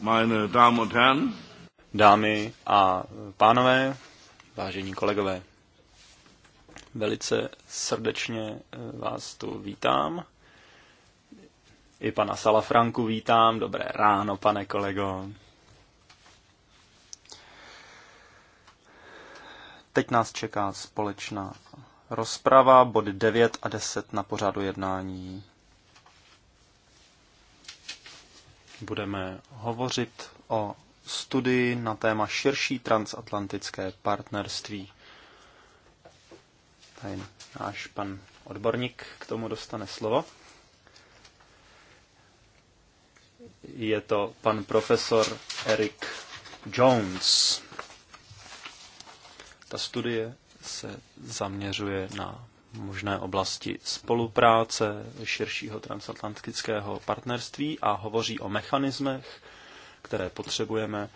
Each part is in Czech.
meine Damen und Herren. Dámy a pánové, vážení kolegové, velice srdečně eh, vás tu vítám. I pana Salafranku vítám. Dobré ráno, pane kolego. Teď nás čeká společná rozprava, body 9 a 10 na pořadu jednání. budeme hovořit o studii na téma širší transatlantické partnerství. Tady náš pan odborník k tomu dostane slovo. Je to pan profesor Eric Jones. Ta studie se zaměřuje na možné oblasti spolupráce, širšího transatlantického partnerství a hovoří o mechanismech, které potřebujeme,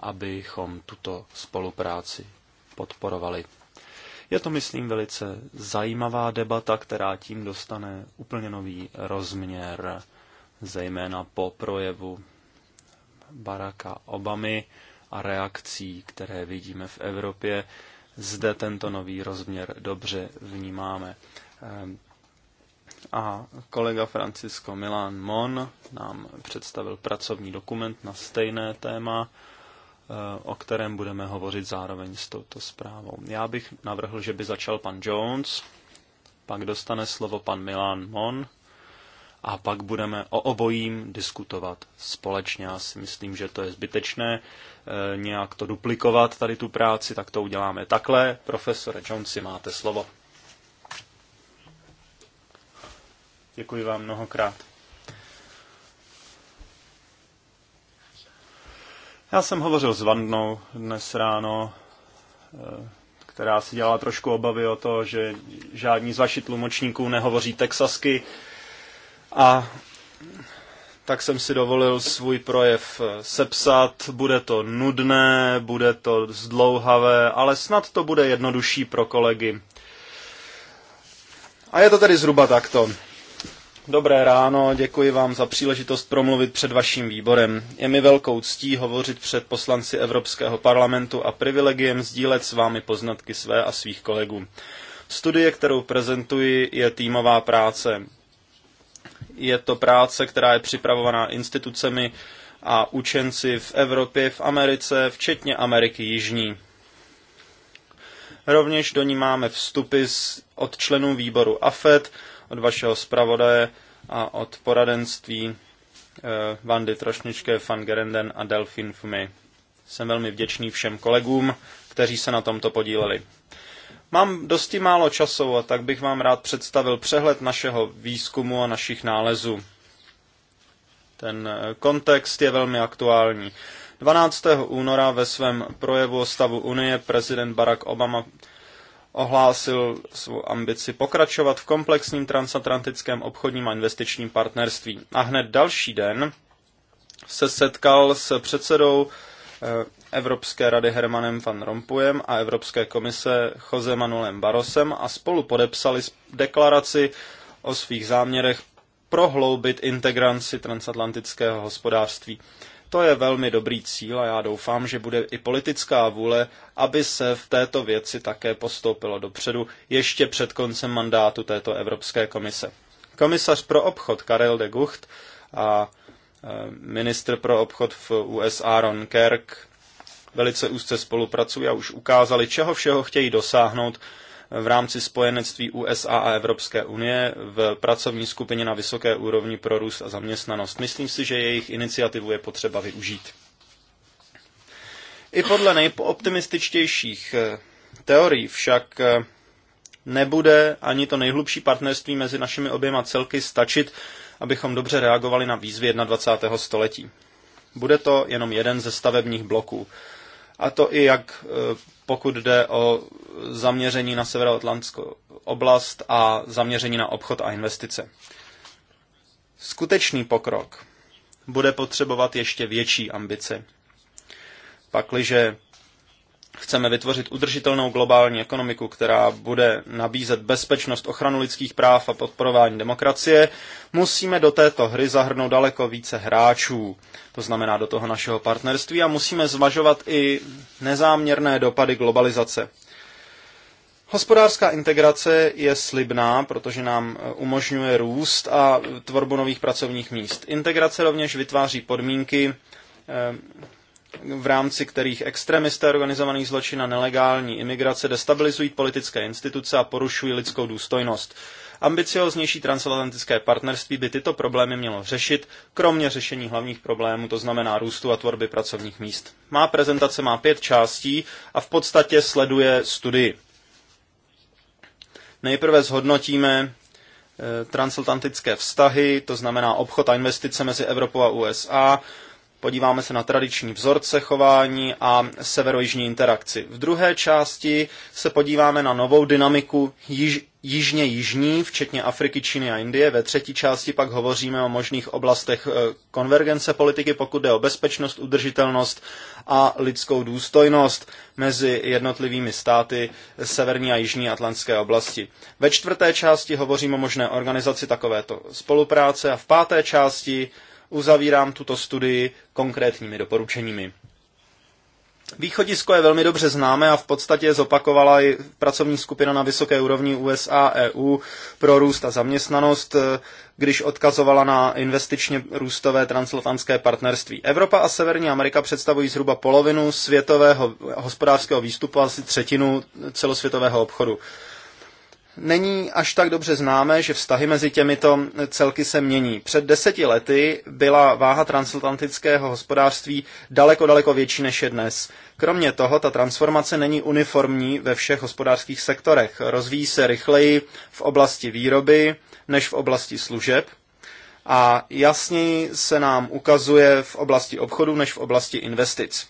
abychom tuto spolupráci podporovali. Je to, myslím, velice zajímavá debata, která tím dostane úplně nový rozměr, zejména po projevu Baracka Obamy a reakcí, které vidíme v Evropě zde tento nový rozměr dobře vnímáme. Ehm, a kolega Francisco Milan Mon nám představil pracovní dokument na stejné téma, e, o kterém budeme hovořit zároveň s touto zprávou. Já bych navrhl, že by začal pan Jones, pak dostane slovo pan Milan Mon, a pak budeme o obojím diskutovat společně. Já si myslím, že to je zbytečné eh, nějak to duplikovat, tady tu práci, tak to uděláme takhle. Profesore Jonesi, máte slovo. Děkuji vám mnohokrát. Já jsem hovořil s Vandnou dnes ráno, eh, která si dělala trošku obavy o to, že žádní z vašich tlumočníků nehovoří texasky, a tak jsem si dovolil svůj projev eh, sepsat. Bude to nudné, bude to zdlouhavé, ale snad to bude jednodušší pro kolegy. A je to tedy zhruba takto. Dobré ráno, děkuji vám za příležitost promluvit před vaším výborem. Je mi velkou ctí hovořit před poslanci Evropského parlamentu a privilegiem sdílet s vámi poznatky své a svých kolegů. Studie, kterou prezentuji, je týmová práce. Je to práce, která je připravovaná institucemi a učenci v Evropě, v Americe, včetně Ameriky Jižní. Rovněž do ní máme vstupy od členů výboru AFED, od vašeho zpravodaje a od poradenství eh, Vandy Trošničké, Van Gerenden a Delfin Fumy. Jsem velmi vděčný všem kolegům, kteří se na tomto podíleli. Mám dosti málo času a tak bych vám rád představil přehled našeho výzkumu a našich nálezů. Ten eh, kontext je velmi aktuální. 12. února ve svém projevu o stavu Unie prezident Barack Obama ohlásil svou ambici pokračovat v komplexním transatlantickém obchodním a investičním partnerství. A hned další den se setkal s předsedou Eh, Evropské rady Hermanem van Rompuyem a Evropské komise Jose Manuelem Barosem a spolu podepsali deklaraci o svých záměrech prohloubit integranci transatlantického hospodářství. To je velmi dobrý cíl a já doufám, že bude i politická vůle, aby se v této věci také postoupilo dopředu ještě před koncem mandátu této Evropské komise. Komisař pro obchod Karel de Gucht a Eh, ministr pro obchod v USA Ron Kirk velice úzce spolupracují a už ukázali, čeho všeho chtějí dosáhnout v rámci spojenectví USA a Evropské unie v pracovní skupině na vysoké úrovni pro růst a zaměstnanost. Myslím si, že jejich iniciativu je potřeba využít. I podle nejoptimističtějších eh, teorií však eh, nebude ani to nejhlubší partnerství mezi našimi oběma celky stačit abychom dobře reagovali na výzvy 21. století. Bude to jenom jeden ze stavebních bloků. A to i jak e, pokud jde o zaměření na severoatlantskou oblast a zaměření na obchod a investice. Skutečný pokrok bude potřebovat ještě větší ambice. Pakliže Chceme vytvořit udržitelnou globální ekonomiku, která bude nabízet bezpečnost, ochranu lidských práv a podporování demokracie. Musíme do této hry zahrnout daleko více hráčů, to znamená do toho našeho partnerství, a musíme zvažovat i nezáměrné dopady globalizace. Hospodářská integrace je slibná, protože nám e, umožňuje růst a tvorbu nových pracovních míst. Integrace rovněž vytváří podmínky e, v rámci kterých extremisté, organizovaný zločin a nelegální imigrace destabilizují politické instituce a porušují lidskou důstojnost. Ambicioznější transatlantické partnerství by tyto problémy mělo řešit, kromě řešení hlavních problémů, to znamená růstu a tvorby pracovních míst. Má prezentace má pět částí a v podstatě sleduje studii. Nejprve zhodnotíme eh, transatlantické vztahy, to znamená obchod a investice mezi Evropou a USA, podíváme se na tradiční vzorce chování a severojižní interakci. V druhé části se podíváme na novou dynamiku již, jižně-jižní, včetně Afriky, Číny a Indie. Ve třetí části pak hovoříme o možných oblastech eh, konvergence politiky, pokud jde o bezpečnost, udržitelnost a lidskou důstojnost mezi jednotlivými státy severní a jižní atlantské oblasti. Ve čtvrté části hovoříme o možné organizaci takovéto spolupráce a v páté části uzavírám tuto studii konkrétními doporučeními. Východisko je velmi dobře známé a v podstatě zopakovala i pracovní skupina na vysoké úrovni USA EU pro růst a zaměstnanost, když odkazovala na investičně růstové transatlantské partnerství. Evropa a Severní Amerika představují zhruba polovinu světového hospodářského výstupu a asi třetinu celosvětového obchodu není až tak dobře známé, že vztahy mezi těmito celky se mění. Před deseti lety byla váha transatlantického hospodářství daleko, daleko větší než je dnes. Kromě toho, ta transformace není uniformní ve všech hospodářských sektorech. Rozvíjí se rychleji v oblasti výroby než v oblasti služeb a jasněji se nám ukazuje v oblasti obchodu než v oblasti investic.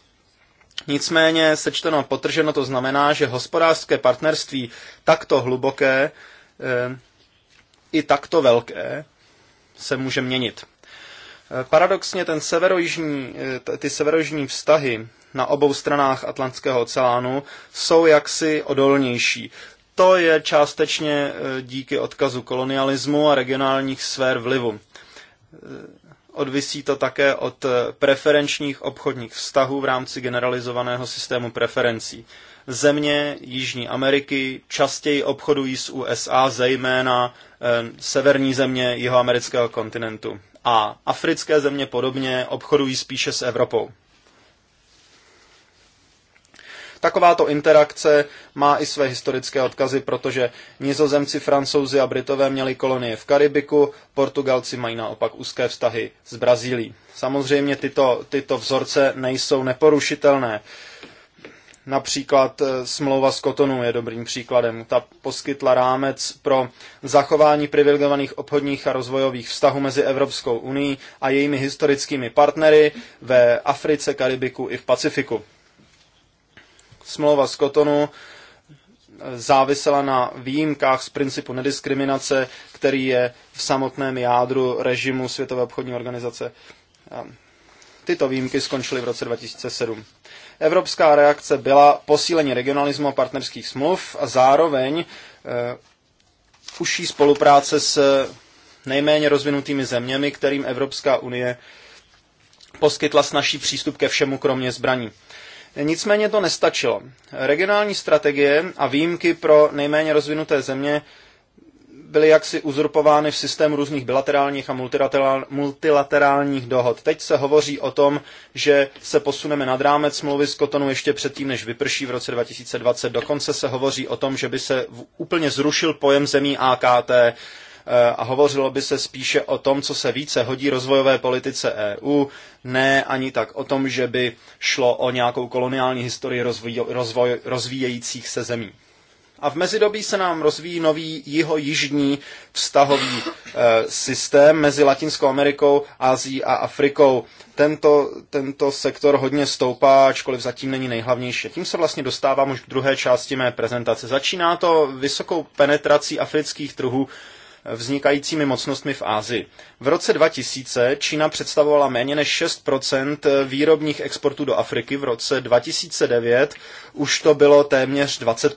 Nicméně sečteno potrženo to znamená, že hospodářské partnerství takto hluboké eh, i takto velké se může měnit. Eh, paradoxně ten severojižní, eh, ty severojižní vztahy na obou stranách Atlantského oceánu jsou jaksi odolnější. To je částečně díky odkazu kolonialismu a regionálních sfér vlivu. Odvisí to také od eh, preferenčních obchodních vztahů v rámci generalizovaného systému preferencí. Země Jižní Ameriky častěji obchodují s USA, zejména eh, severní země jihoamerického kontinentu. A africké země podobně obchodují spíše s Evropou. Takováto interakce má i své historické odkazy, protože nizozemci, francouzi a britové měli kolonie v Karibiku, Portugalci mají naopak úzké vztahy s Brazílií. Samozřejmě tyto, tyto vzorce nejsou neporušitelné. Například eh, smlouva z Kotonu je dobrým příkladem. Ta poskytla rámec pro zachování privilegovaných obchodních a rozvojových vztahů mezi Evropskou unii a jejími historickými partnery ve Africe, Karibiku i v Pacifiku smlouva z Kotonu závisela na výjimkách z principu nediskriminace, který je v samotném jádru režimu Světové obchodní organizace. Tyto výjimky skončily v roce 2007. Evropská reakce byla posílení regionalismu a partnerských smluv a zároveň eh, uší spolupráce s nejméně rozvinutými zeměmi, kterým Evropská unie poskytla snažší přístup ke všemu, kromě zbraní. Nicméně to nestačilo. Regionální strategie a výjimky pro nejméně rozvinuté země byly jaksi uzurpovány v systému různých bilaterálních a multilaterálních dohod. Teď se hovoří o tom, že se posuneme nad rámec smlouvy z Kotonu ještě předtím, než vyprší v roce 2020. Dokonce se hovoří o tom, že by se úplně zrušil pojem zemí AKT Eh, a hovořilo by se spíše o tom, co se více hodí rozvojové politice EU, ne ani tak o tom, že by šlo o nějakou koloniální historii rozvoj, rozvoj, rozvíjejících se zemí. A v mezidobí se nám rozvíjí nový jiho-jižní vztahový e, systém mezi Latinskou Amerikou, Ázií a Afrikou. Tento, tento sektor hodně stoupá, ačkoliv zatím není nejhlavnější. Tím se vlastně dostávám už k druhé části mé prezentace. Začíná to vysokou penetrací afrických trhů vznikajícími mocnostmi v Ázii. V roce 2000 Čína představovala méně než 6 výrobních exportů do Afriky, v roce 2009 už to bylo téměř 20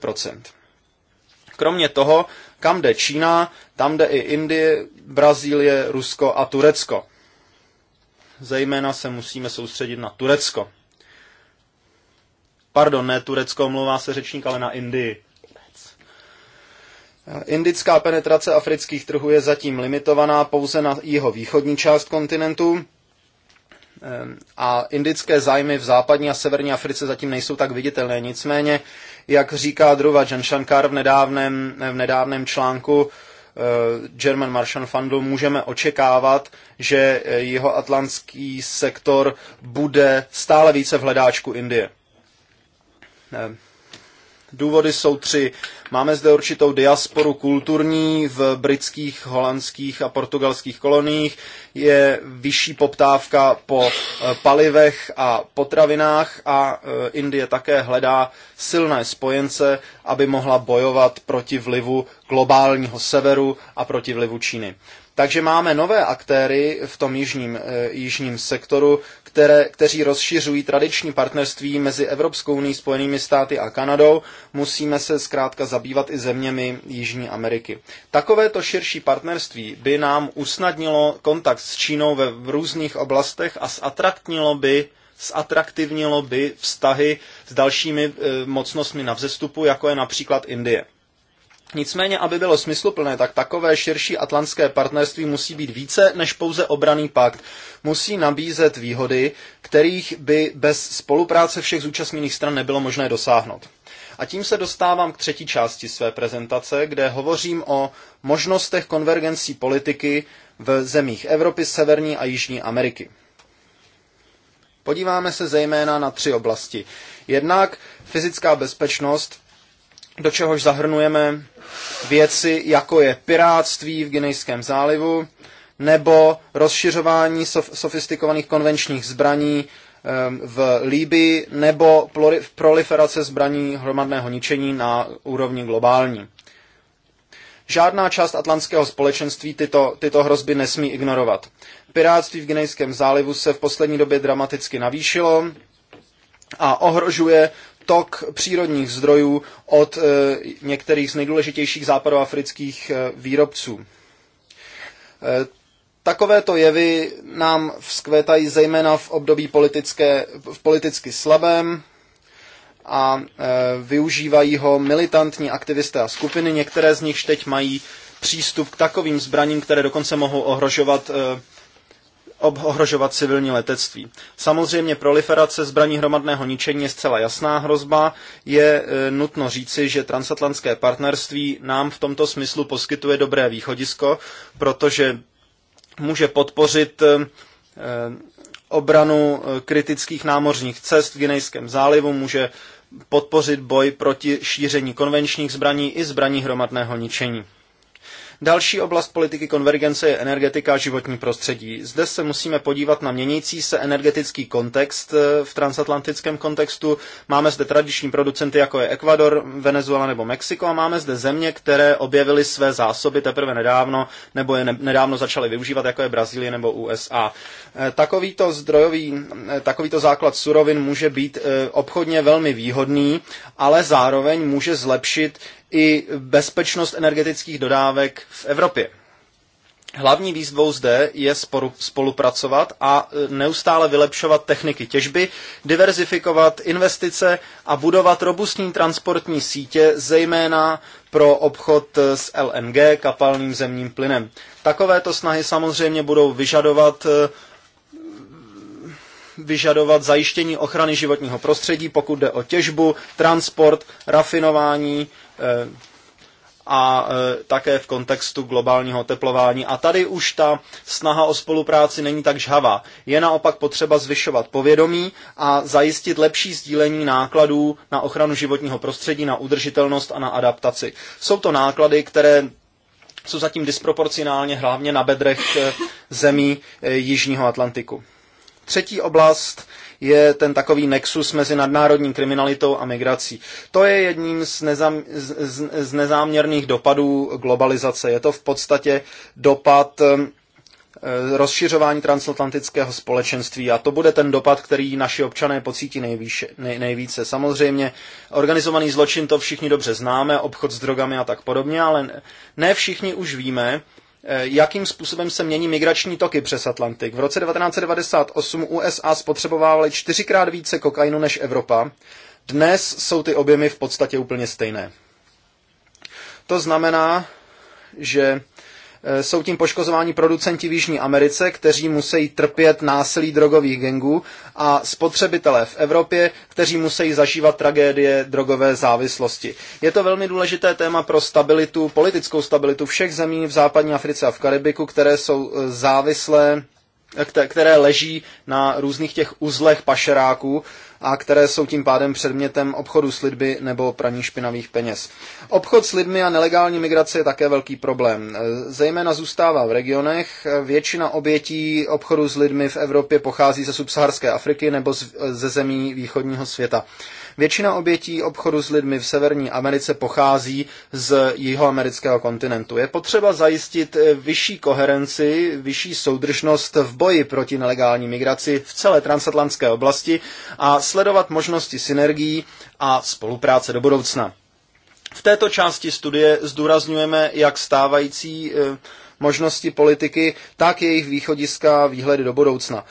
Kromě toho, kam jde Čína, tam jde i Indie, Brazílie, Rusko a Turecko. Zejména se musíme soustředit na Turecko. Pardon, ne Turecko, mluvá se řečník, ale na Indii. Indická penetrace afrických trhů je zatím limitovaná pouze na jeho východní část kontinentu ehm, a indické zájmy v západní a severní Africe zatím nejsou tak viditelné. Nicméně, jak říká Druva Janshankar v nedávném, v nedávném článku eh, German Martian Fundu, můžeme očekávat, že eh, jeho atlantský sektor bude stále více v hledáčku Indie. Ehm, Důvody jsou tři. Máme zde určitou diasporu kulturní v britských, holandských a portugalských koloniích. Je vyšší poptávka po e, palivech a potravinách a e, Indie také hledá silné spojence, aby mohla bojovat proti vlivu globálního severu a proti vlivu Číny. Takže máme nové aktéry v tom jižním, e, jižním sektoru, které, kteří rozšiřují tradiční partnerství mezi Evropskou unii, Spojenými státy a Kanadou, musíme se zkrátka zabývat i zeměmi Jižní Ameriky. Takovéto širší partnerství by nám usnadnilo kontakt s Čínou ve v různých oblastech a zatraktnilo by zatraktivnilo by vztahy s dalšími e, mocnostmi na vzestupu, jako je například Indie. Nicméně, aby bylo smysluplné, tak takové širší atlantské partnerství musí být více než pouze obraný pakt. Musí nabízet výhody, kterých by bez spolupráce všech zúčastněných stran nebylo možné dosáhnout. A tím se dostávám k třetí části své prezentace, kde hovořím o možnostech konvergencí politiky v zemích Evropy, Severní a Jižní Ameriky. Podíváme se zejména na tři oblasti. Jednak fyzická bezpečnost, do čehož zahrnujeme věci, jako je piráctví v Ginejském zálivu nebo rozšiřování sofistikovaných konvenčních zbraní ehm, v Líbii nebo proliferace zbraní hromadného ničení na úrovni globální. Žádná část atlantského společenství tyto, tyto hrozby nesmí ignorovat. Pirátství v Ginejském zálivu se v poslední době dramaticky navýšilo a ohrožuje tok přírodních zdrojů od eh, některých z nejdůležitějších západoafrických eh, výrobců. Eh, takovéto jevy nám vzkvétají zejména v období politické, v politicky slabém a využívají ho militantní aktivisté a skupiny. Některé z nich teď mají přístup k takovým zbraním, které dokonce mohou ohrožovat ohrožovat civilní letectví. Samozřejmě proliferace zbraní hromadného ničení je zcela jasná hrozba. Je e, nutno říci, že transatlantské partnerství nám v tomto smyslu poskytuje dobré východisko, protože může podpořit e, e, obranu kritických námořních cest v Ginejském zálivu, může podpořit boj proti šíření konvenčních zbraní i zbraní hromadného ničení. Další oblast politiky konvergence je energetika a životní prostředí. Zde se musíme podívat na měnící se energetický kontext e, v transatlantickém kontextu. Máme zde tradiční producenty, jako je Ekvador, Venezuela nebo Mexiko a máme zde země, které objevily své zásoby teprve nedávno nebo je nedávno začaly využívat, jako je Brazílie nebo USA. E, takovýto zdrojový, e, takovýto základ surovin může být obchodně velmi výhodný, ale zároveň může zlepšit i bezpečnost energetických dodávek v Evropě. Hlavní výzvou zde je spolupracovat a e, neustále vylepšovat techniky těžby, diverzifikovat investice a budovat robustní transportní sítě, zejména pro obchod e, s LNG, kapalným zemním plynem. Takovéto snahy samozřejmě budou vyžadovat e, vyžadovat zajištění ochrany životního prostředí, pokud jde o těžbu, transport, rafinování, a e, také v kontextu globálního oteplování. A tady už ta snaha o spolupráci není tak žhavá. Je naopak potřeba zvyšovat povědomí a zajistit lepší sdílení nákladů na ochranu životního prostředí, na udržitelnost a na adaptaci. Jsou to náklady, které jsou zatím disproporcionálně hlavně na bedrech e, zemí e, Jižního Atlantiku. Třetí oblast je ten takový nexus mezi nadnárodní kriminalitou a migrací. To je jedním z, nezam, z, z, z nezáměrných dopadů globalizace. Je to v podstatě dopad eh, rozšiřování transatlantického společenství a to bude ten dopad, který naši občané pocítí nejvíce. nej, nejvíce. Samozřejmě organizovaný zločin to všichni dobře známe, obchod s drogami a tak podobně, ale ne všichni už víme, Eh, jakým způsobem se mění migrační toky přes Atlantik. V roce 1998 USA spotřebovávaly čtyřikrát více kokainu než Evropa. Dnes jsou ty objemy v podstatě úplně stejné. To znamená, že Eh, jsou tím poškozováni producenti v Jižní Americe, kteří musí trpět násilí drogových gengů a spotřebitelé v Evropě, kteří musí zažívat tragédie drogové závislosti. Je to velmi důležité téma pro stabilitu, politickou stabilitu všech zemí v západní Africe a v Karibiku, které jsou eh, závislé eh, které leží na různých těch uzlech pašeráků a které jsou tím pádem předmětem obchodu s lidmi nebo praní špinavých peněz. Obchod s lidmi a nelegální migrace je také velký problém. Zejména zůstává v regionech. Většina obětí obchodu s lidmi v Evropě pochází ze subsaharské Afriky nebo ze zemí východního světa. Většina obětí obchodu s lidmi v Severní Americe pochází z jihoamerického kontinentu. Je potřeba zajistit eh, vyšší koherenci, vyšší soudržnost v boji proti nelegální migraci v celé transatlantské oblasti a sledovat možnosti synergií a spolupráce do budoucna. V této části studie zdůrazňujeme, jak stávající eh, možnosti politiky, tak jejich východiska výhledy do budoucna.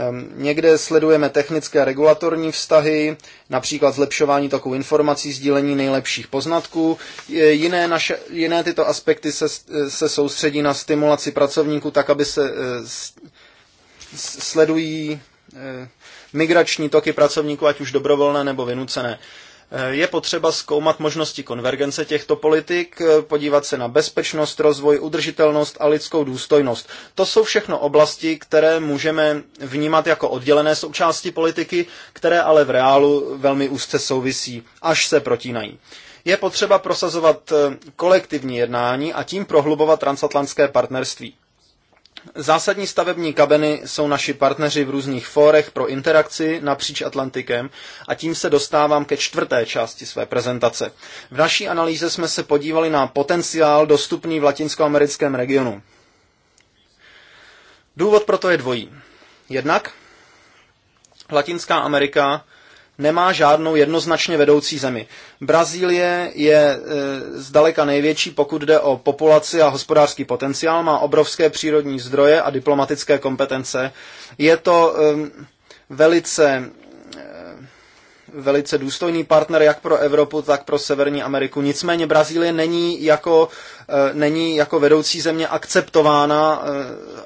Ehm, někde sledujeme technické a regulatorní vztahy, například zlepšování toku informací, sdílení nejlepších poznatků. Jiné, naše, jiné tyto aspekty se, se soustředí na stimulaci pracovníků tak, aby se eh, sledují eh, migrační toky pracovníků, ať už dobrovolné nebo vynucené. Je potřeba zkoumat možnosti konvergence těchto politik, podívat se na bezpečnost, rozvoj, udržitelnost a lidskou důstojnost. To jsou všechno oblasti, které můžeme vnímat jako oddělené součásti politiky, které ale v reálu velmi úzce souvisí, až se protínají je potřeba prosazovat kolektivní jednání a tím prohlubovat transatlantské partnerství. Zásadní stavební kabiny jsou naši partneři v různých fórech pro interakci napříč Atlantikem a tím se dostávám ke čtvrté části své prezentace. V naší analýze jsme se podívali na potenciál dostupný v latinskoamerickém regionu. Důvod pro to je dvojí. Jednak Latinská Amerika nemá žádnou jednoznačně vedoucí zemi. Brazílie je e, zdaleka největší, pokud jde o populaci a hospodářský potenciál, má obrovské přírodní zdroje a diplomatické kompetence. Je to e, velice velice důstojný partner jak pro Evropu, tak pro Severní Ameriku. Nicméně Brazílie není jako, e, není jako vedoucí země akceptována e,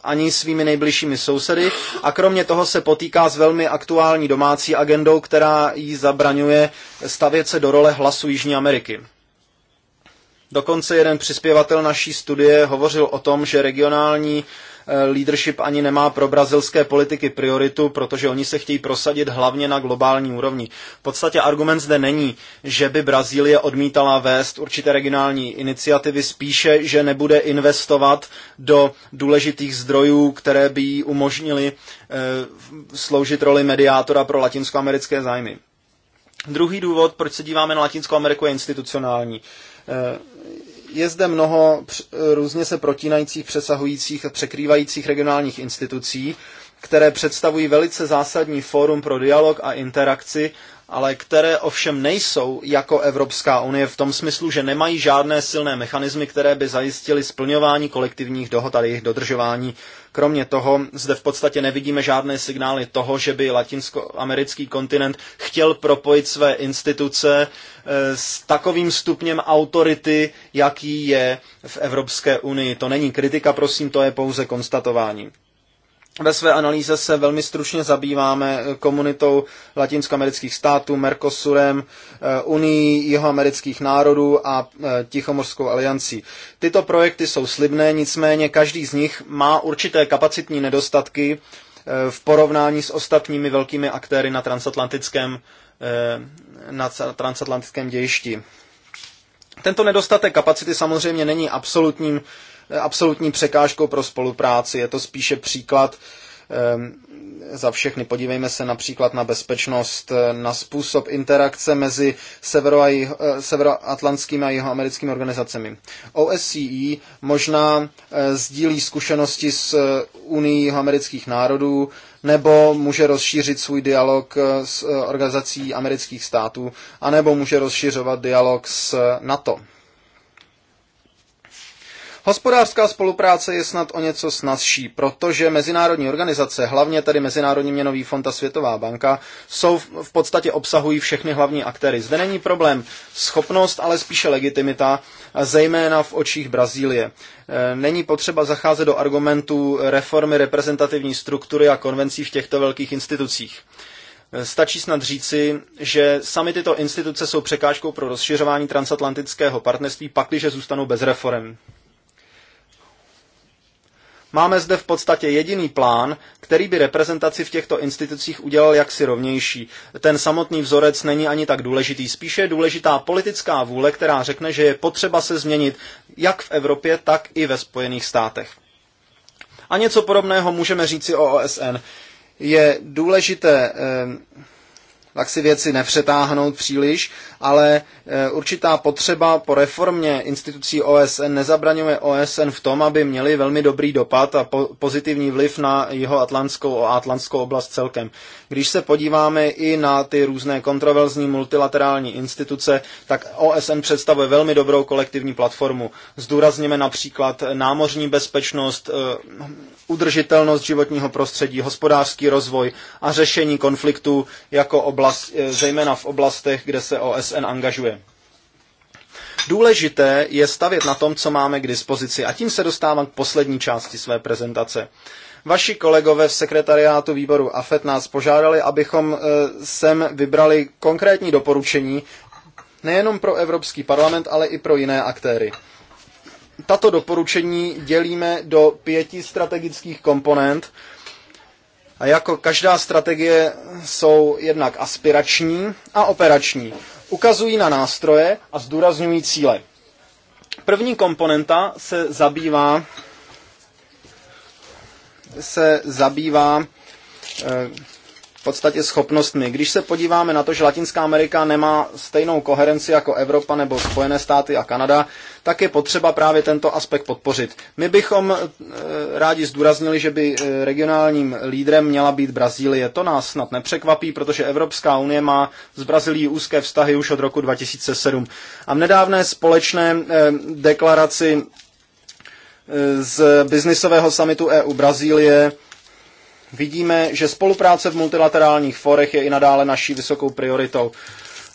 ani svými nejbližšími sousedy a kromě toho se potýká s velmi aktuální domácí agendou, která jí zabraňuje stavět se do role hlasu Jižní Ameriky. Dokonce jeden přispěvatel naší studie hovořil o tom, že regionální uh, Eh, leadership ani nemá pro brazilské politiky prioritu, protože oni se chtějí prosadit hlavně na globální úrovni. V podstatě argument zde není, že by Brazílie odmítala vést určité regionální iniciativy, spíše, že nebude investovat do důležitých zdrojů, které by jí umožnili eh, sloužit roli mediátora pro latinskoamerické zájmy. Druhý důvod, proč se díváme na Latinskou Ameriku, je institucionální. Eh, je zde mnoho různě se protínajících, přesahujících a překrývajících regionálních institucí, které představují velice zásadní fórum pro dialog a interakci, ale které ovšem nejsou jako Evropská unie v tom smyslu, že nemají žádné silné mechanismy, které by zajistily splňování kolektivních dohod a jejich dodržování Kromě toho zde v podstatě nevidíme žádné signály toho, že by latinskoamerický kontinent chtěl propojit své instituce eh, s takovým stupněm autority, jaký je v Evropské unii. To není kritika, prosím, to je pouze konstatování. Ve své analýze se velmi stručně zabýváme eh, komunitou latinskoamerických států, Mercosurem, eh, Unii jihoamerických národů a eh, Tichomorskou aliancí. Tyto projekty jsou slibné, nicméně každý z nich má určité kapacitní nedostatky v porovnání s ostatními velkými aktéry na transatlantickém, na transatlantickém dějišti. Tento nedostatek kapacity samozřejmě není absolutním absolutní překážkou pro spolupráci. Je to spíše příklad ehm, za všechny. Podívejme se například na bezpečnost, eh, na způsob interakce mezi severo a jiho, eh, severoatlantskými a jihoamerickými organizacemi. OSCE možná eh, sdílí zkušenosti s Unii jihoamerických národů nebo může rozšířit svůj dialog s organizací amerických států, anebo může rozšiřovat dialog s NATO. Hospodářská spolupráce je snad o něco snazší, protože mezinárodní organizace, hlavně tedy Mezinárodní měnový fond a Světová banka, jsou v podstatě obsahují všechny hlavní aktéry. Zde není problém schopnost, ale spíše legitimita, zejména v očích Brazílie. E, není potřeba zacházet do argumentů reformy reprezentativní struktury a konvencí v těchto velkých institucích. E, stačí snad říci, že sami tyto instituce jsou překážkou pro rozšiřování transatlantického partnerství, pakliže zůstanou bez reform. Máme zde v podstatě jediný plán, který by reprezentaci v těchto institucích udělal jaksi rovnější. Ten samotný vzorec není ani tak důležitý, spíše je důležitá politická vůle, která řekne, že je potřeba se změnit jak v Evropě, tak i ve Spojených státech. A něco podobného můžeme říci o OSN. Je důležité eh, tak si věci nepřetáhnout příliš, ale e, určitá potřeba po reformě institucí OSN nezabraňuje OSN v tom, aby měli velmi dobrý dopad a pozitivní vliv na jeho atlantskou a atlantskou oblast celkem. Když se podíváme i na ty různé kontroverzní multilaterální instituce, tak OSN představuje velmi dobrou kolektivní platformu. Zdůrazněme například námořní bezpečnost, e, udržitelnost životního prostředí, hospodářský rozvoj a řešení konfliktů jako oblast oblast, zejména v oblastech, kde se OSN angažuje. Důležité je stavět na tom, co máme k dispozici. A tím se dostávám k poslední části své prezentace. Vaši kolegové v sekretariátu výboru AFET nás požádali, abychom e, sem vybrali konkrétní doporučení nejenom pro Evropský parlament, ale i pro jiné aktéry. Tato doporučení dělíme do pěti strategických komponent, a jako každá strategie jsou jednak aspirační a operační. Ukazují na nástroje a zdůrazňují cíle. První komponenta se zabývá se zabývá eh, podstatě schopnostmi. Když se podíváme na to, že Latinská Amerika nemá stejnou koherenci jako Evropa nebo Spojené státy a Kanada, tak je potřeba právě tento aspekt podpořit. My bychom eh, rádi zdůraznili, že by eh, regionálním lídrem měla být Brazílie. To nás snad nepřekvapí, protože Evropská unie má s Brazílií úzké vztahy už od roku 2007. A v nedávné společné eh, deklaraci z biznisového samitu EU Brazílie Vidíme, že spolupráce v multilaterálních forech je i nadále naší vysokou prioritou.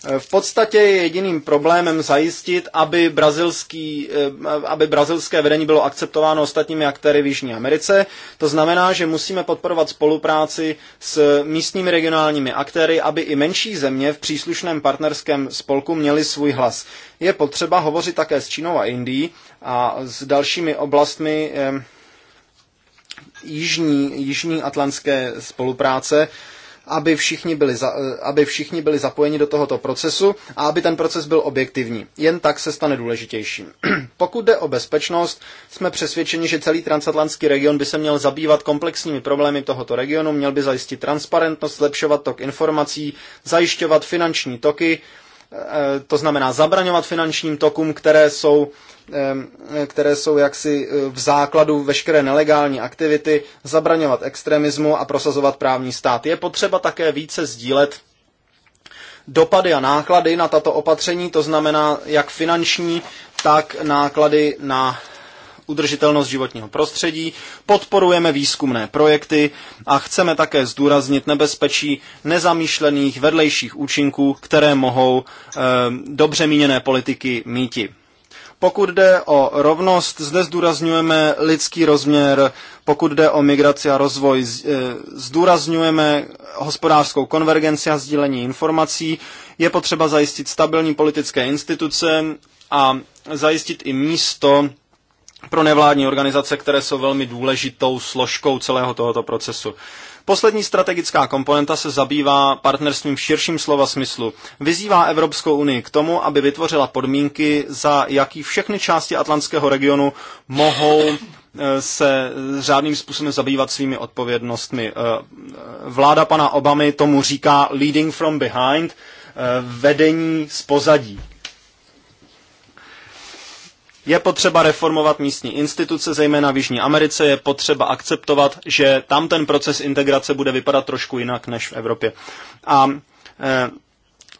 E, v podstatě je jediným problémem zajistit, aby, brazilský, e, aby brazilské vedení bylo akceptováno ostatními aktéry v Jižní Americe. To znamená, že musíme podporovat spolupráci s místními regionálními aktéry, aby i menší země v příslušném partnerském spolku měly svůj hlas. Je potřeba hovořit také s Čínou a Indií a s dalšími oblastmi. Eh, jižní, jižní atlantské spolupráce, aby všichni, byli za, eh, aby všichni byli zapojeni do tohoto procesu a aby ten proces byl objektivní. Jen tak se stane důležitějším. Pokud jde o bezpečnost, jsme přesvědčeni, že celý transatlantský region by se měl zabývat komplexními problémy tohoto regionu, měl by zajistit transparentnost, zlepšovat tok informací, zajišťovat finanční toky, Eh, to znamená zabraňovat finančním tokům, které jsou, eh, které jsou jaksi eh, v základu veškeré nelegální aktivity, zabraňovat extremismu a prosazovat právní stát. Je potřeba také více sdílet dopady a náklady na tato opatření, to znamená jak finanční, tak náklady na udržitelnost životního prostředí, podporujeme výzkumné projekty a chceme také zdůraznit nebezpečí nezamýšlených vedlejších účinků, které mohou e, dobře míněné politiky míti. Pokud jde o rovnost, zde zdůrazňujeme lidský rozměr, pokud jde o migraci a rozvoj, e, zdůrazňujeme hospodářskou konvergenci a sdílení informací, je potřeba zajistit stabilní politické instituce a zajistit i místo pro nevládní organizace, které jsou velmi důležitou složkou celého tohoto procesu. Poslední strategická komponenta se zabývá partnerstvím v širším slova smyslu. Vyzývá Evropskou unii k tomu, aby vytvořila podmínky, za jaký všechny části atlantského regionu mohou eh, se řádným způsobem zabývat svými odpovědnostmi. Eh, vláda pana Obamy tomu říká leading from behind, eh, vedení z pozadí. Je potřeba reformovat místní instituce, zejména v Jižní Americe, je potřeba akceptovat, že tam ten proces integrace bude vypadat trošku jinak než v Evropě. A e,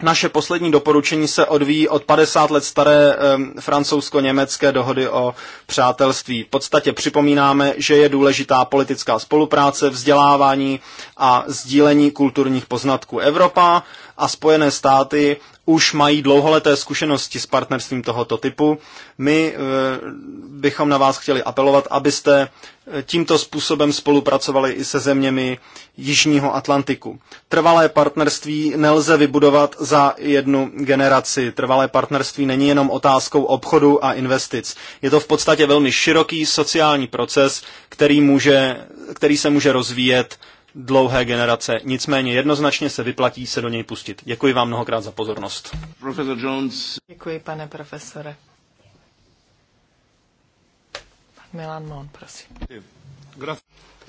naše poslední doporučení se odvíjí od 50 let staré e, francouzsko-německé dohody o přátelství. V podstatě připomínáme, že je důležitá politická spolupráce, vzdělávání a sdílení kulturních poznatků. Evropa a Spojené státy už mají dlouholeté zkušenosti s partnerstvím tohoto typu. My eh, bychom na vás chtěli apelovat, abyste eh, tímto způsobem spolupracovali i se zeměmi Jižního Atlantiku. Trvalé partnerství nelze vybudovat za jednu generaci. Trvalé partnerství není jenom otázkou obchodu a investic. Je to v podstatě velmi široký sociální proces, který, může, který se může rozvíjet dlouhé generace. Nicméně jednoznačně se vyplatí se do něj pustit. Děkuji vám mnohokrát za pozornost. Profesor Jones. Děkuji, pane profesore. Milan Mon, prosím.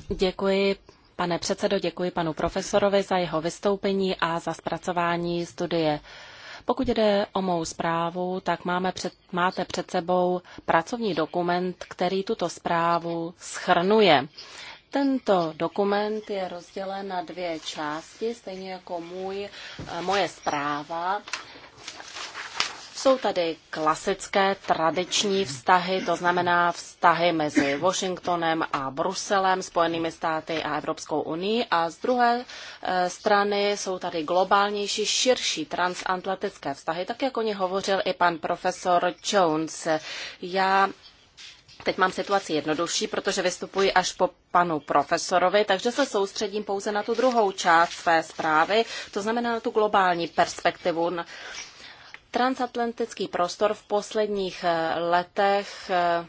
Děkuji, pane předsedo, děkuji panu profesorovi za jeho vystoupení a za zpracování studie. Pokud jde o mou zprávu, tak máme před, máte před sebou pracovní dokument, který tuto zprávu schrnuje. Tento dokument je rozdělen na dvě části, stejně jako můj, eh, moje zpráva. Jsou tady klasické tradiční vztahy, to znamená vztahy mezi Washingtonem a Bruselem, Spojenými státy a Evropskou unii. A z druhé eh, strany jsou tady globálnější, širší transatlantické vztahy, tak jak o ně hovořil i pan profesor Jones. Já Teď mám situaci jednodušší, protože vystupuji až po panu profesorovi, takže se soustředím pouze na tu druhou část své zprávy, to znamená na tu globální perspektivu. Transatlantický prostor v posledních eh, letech eh,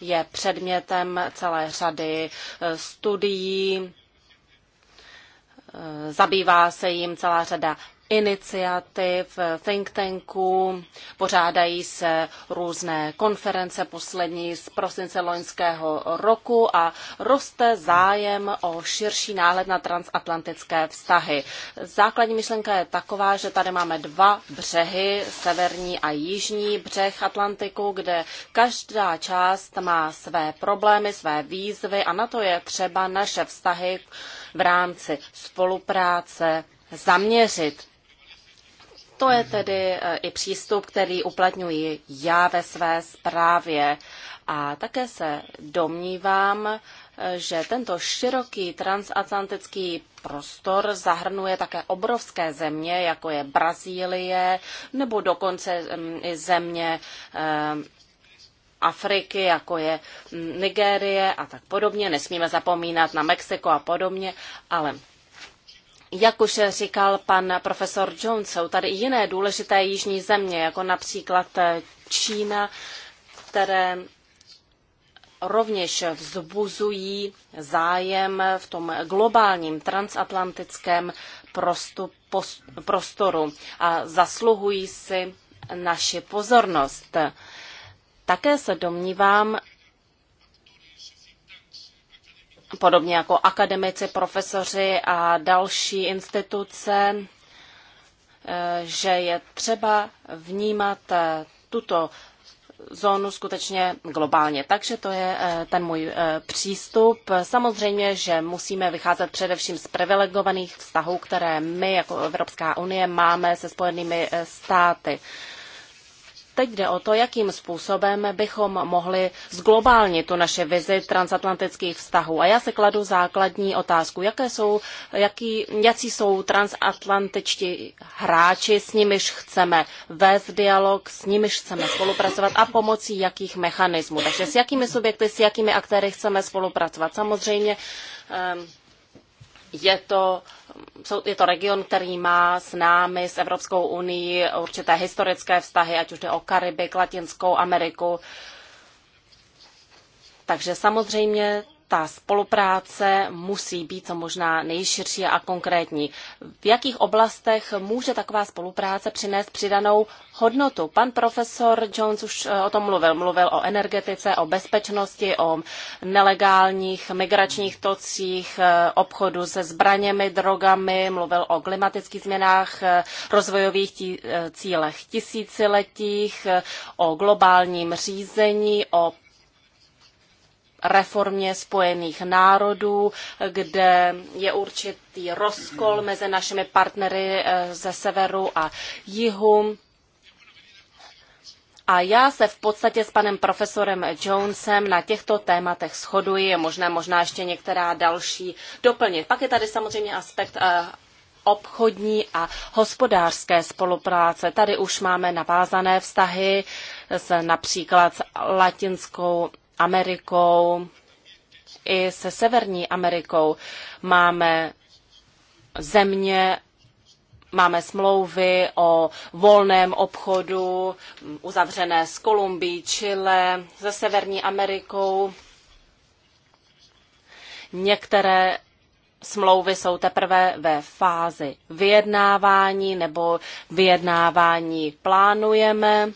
je předmětem celé řady eh, studií, zabývá se jim celá řada iniciativ, think tanků, pořádají se různé konference, poslední z prosince loňského roku a roste zájem o širší náhled na transatlantické vztahy. Základní myšlenka je taková, že tady máme dva břehy, severní a jižní břeh Atlantiku, kde každá část má své problémy, své výzvy a na to je třeba naše vztahy v rámci spolupráce zaměřit to je tedy e, i přístup, který uplatňuji já ve své zprávě. A také se domnívám, e, že tento široký transatlantický prostor zahrnuje také obrovské země, jako je Brazílie, nebo dokonce i země e, Afriky, jako je Nigérie a tak podobně. Nesmíme zapomínat na Mexiko a podobně, ale jak už říkal pan profesor Jones, jsou tady i jiné důležité jižní země, jako například eh, Čína, které rovněž vzbuzují zájem v tom globálním transatlantickém prostu, prostoru a zasluhují si naši pozornost. Také se domnívám, podobně jako akademici, profesoři a další instituce, eh, že je třeba vnímat eh, tuto zónu skutečně globálně. Takže to je eh, ten můj přístup. Samozřejmě, že musíme vycházet především z privilegovaných vztahů, které my jako Evropská unie máme se Spojenými státy teď jde o to, jakým způsobem bychom mohli zglobálnit tu naše vizi transatlantických vztahů. A já se kladu základní otázku, jaké jsou, jaký, jaký jsou transatlantičtí hráči, s nimiž chceme vést dialog, s nimiž chceme spolupracovat a pomocí jakých mechanismů. Takže s jakými subjekty, s jakými aktéry chceme spolupracovat. Samozřejmě um, je to, je to region, který má s námi, s Evropskou unii určité historické vztahy, ať už jde o Karibik, Latinskou Ameriku. Takže samozřejmě ta spolupráce musí být co možná nejširší a konkrétní. V jakých oblastech může taková spolupráce přinést přidanou hodnotu? Pan profesor Jones už eh, o tom mluvil. Mluvil o energetice, o bezpečnosti, o nelegálních migračních tocích, eh, obchodu se zbraněmi, drogami, mluvil o klimatických změnách, eh, rozvojových tí, cílech tisíciletích, o globálním řízení, o reformě spojených národů, kde je určitý rozkol mezi našimi partnery eh, ze severu a jihu. A já se v podstatě s panem profesorem Jonesem na těchto tématech shoduji, je možné možná ještě některá další doplnit. Pak je tady samozřejmě aspekt eh, obchodní a hospodářské spolupráce. Tady už máme navázané vztahy s například s Latinskou Amerikou i se Severní Amerikou. Máme země, máme smlouvy o volném obchodu uzavřené s Kolumbií, Chile, se Severní Amerikou. Některé smlouvy jsou teprve ve fázi vyjednávání nebo vyjednávání plánujeme.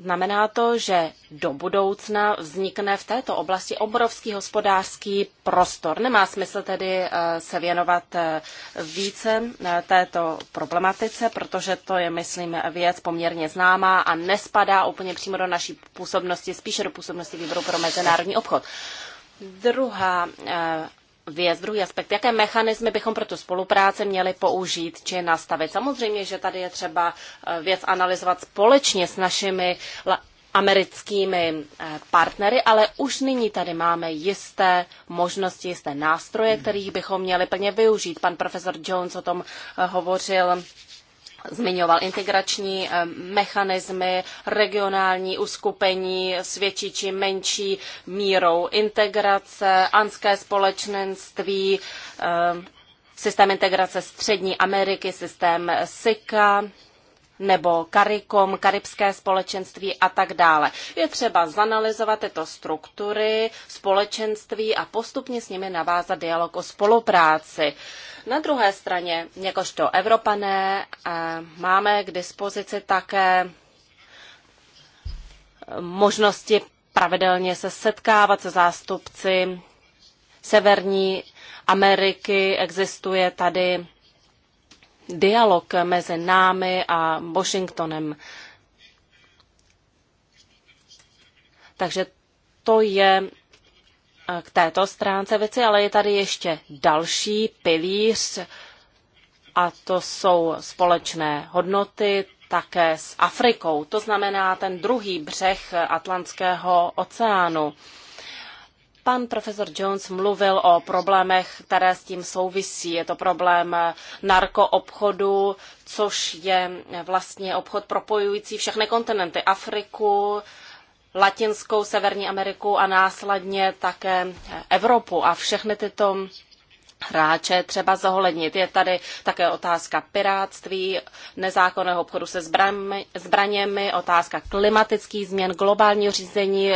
Znamená to, že do budoucna vznikne v této oblasti obrovský hospodářský prostor. Nemá smysl tedy eh, se věnovat eh, více eh, této problematice, protože to je, myslím, věc poměrně známá a nespadá úplně přímo do naší působnosti, spíše do působnosti výboru pro mezinárodní obchod. Druhá věc, druhý aspekt, jaké mechanismy bychom pro tu spolupráci měli použít či nastavit. Samozřejmě, že tady je třeba eh, věc analyzovat společně s našimi americkými eh, partnery, ale už nyní tady máme jisté možnosti, jisté nástroje, hmm. kterých bychom měli plně využít. Pan profesor Jones o tom eh, hovořil zmiňoval integrační eh, mechanismy, regionální uskupení s větší či menší mírou integrace, anské společenství, eh, systém integrace Střední Ameriky, systém SICA nebo CARICOM, Karibské společenství a tak dále. Je třeba zanalizovat tyto struktury, společenství a postupně s nimi navázat dialog o spolupráci. Na druhé straně, jakožto Evropané, eh, máme k dispozici také možnosti pravidelně se setkávat se zástupci Severní Ameriky. Existuje tady dialog mezi námi a Washingtonem. Takže to je eh, k této stránce věci, ale je tady ještě další pilíř a to jsou společné hodnoty také s Afrikou. To znamená ten druhý břeh Atlantského oceánu. Pan profesor Jones mluvil o problémech, které s tím souvisí. Je to problém narkoobchodu, což je vlastně obchod propojující všechny kontinenty. Afriku, Latinskou, Severní Ameriku a následně také Evropu. A všechny tyto hráče třeba zohlednit. Je tady také otázka piráctví, nezákonného obchodu se zbraněmi, otázka klimatických změn, globálního řízení,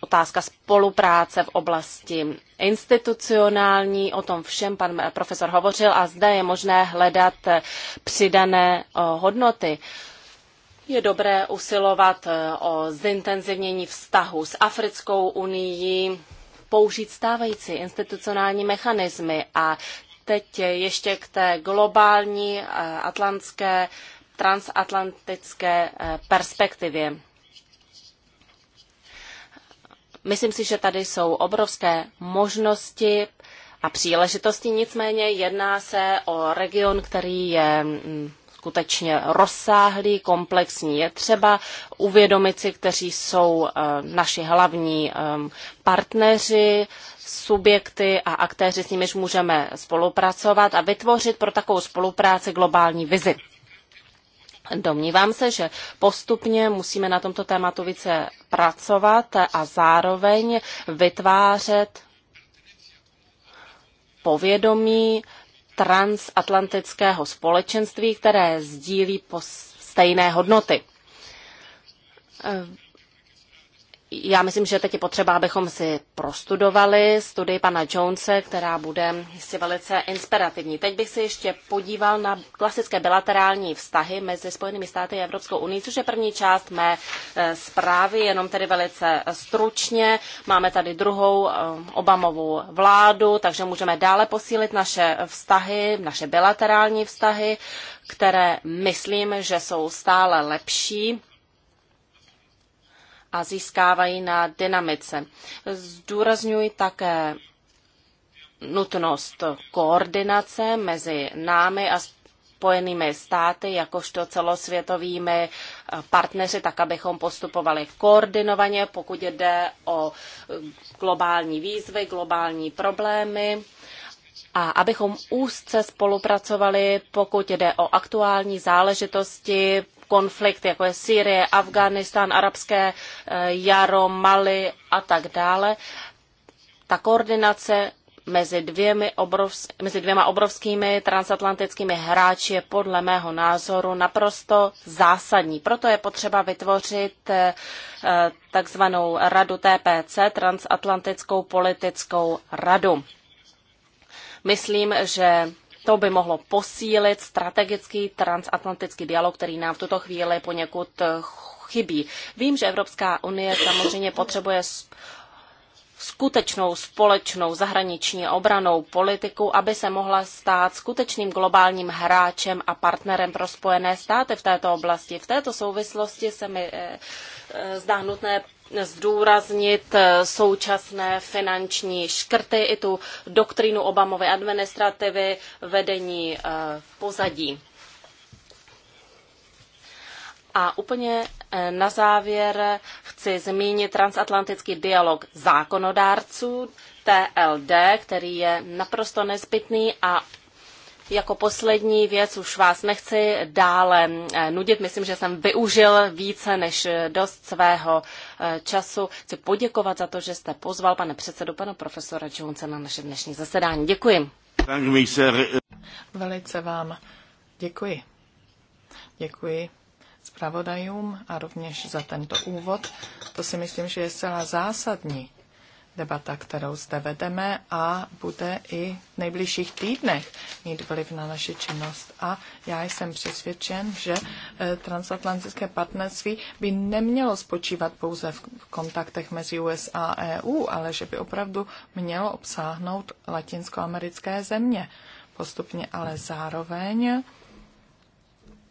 otázka spolupráce v oblasti institucionální. O tom všem pan profesor hovořil a zde je možné hledat přidané eh, hodnoty. Je dobré usilovat eh, o zintenzivnění vztahu s Africkou unii, použít stávající institucionální mechanismy. A teď ještě k té globální eh, atlantské, transatlantické eh, perspektivě. Myslím si, že tady jsou obrovské možnosti a příležitosti, nicméně jedná se o region, který je mm, skutečně rozsáhlý, komplexní. Je třeba uvědomit si, kteří jsou eh, naši hlavní ehm, partneři, subjekty a aktéři, s nimiž můžeme spolupracovat a vytvořit pro takovou spolupráci globální vizi. Domnívám se, že postupně musíme na tomto tématu více pracovat a zároveň vytvářet povědomí transatlantického společenství, které sdílí stejné hodnoty já myslím, že teď je potřeba, abychom si prostudovali studii pana Jonese, která bude jistě velice inspirativní. Teď bych se ještě podíval na klasické bilaterální vztahy mezi Spojenými státy a Evropskou unii, což je první část mé eh, zprávy, jenom tedy velice stručně. Máme tady druhou eh, Obamovou vládu, takže můžeme dále posílit naše vztahy, naše bilaterální vztahy, které myslím, že jsou stále lepší a získávají na dynamice. Zdůrazňuji také nutnost koordinace mezi námi a spojenými státy, jakožto celosvětovými partneři, tak abychom postupovali koordinovaně, pokud jde o globální výzvy, globální problémy a abychom úzce spolupracovali, pokud jde o aktuální záležitosti konflikt, jako je Sýrie, Afghánistán, arabské eh, jaro, Mali a tak dále. Ta koordinace mezi, dvěmi obrovsk- mezi dvěma obrovskými transatlantickými hráči je podle mého názoru naprosto zásadní. Proto je potřeba vytvořit eh, eh, takzvanou radu TPC, transatlantickou politickou radu. Myslím, že to by mohlo posílit strategický transatlantický dialog, který nám v tuto chvíli poněkud eh, chybí. Vím, že Evropská unie samozřejmě potřebuje skutečnou společnou zahraniční obranou politiku, aby se mohla stát skutečným globálním hráčem a partnerem pro Spojené státy v této oblasti. V této souvislosti se mi eh, eh, zdá nutné zdůraznit eh, současné finanční škrty i tu doktrínu Obamovy administrativy vedení eh, pozadí. A úplně eh, na závěr chci zmínit transatlantický dialog zákonodárců TLD, který je naprosto nezbytný a jako poslední věc už vás nechci dále eh, nudit. Myslím, že jsem využil více než eh, dost svého eh, času. Chci poděkovat za to, že jste pozval pane předsedu, pana profesora Jonesa na naše dnešní zasedání. Děkuji. Velice vám děkuji. Děkuji zpravodajům a rovněž za tento úvod. To si myslím, že je zcela zásadní debata, kterou zde vedeme a bude i v nejbližších týdnech mít vliv na naši činnost. A já jsem přesvědčen, že eh, transatlantické partnerství by nemělo spočívat pouze v kontaktech mezi USA a EU, ale že by opravdu mělo obsáhnout latinskoamerické země postupně, ale zároveň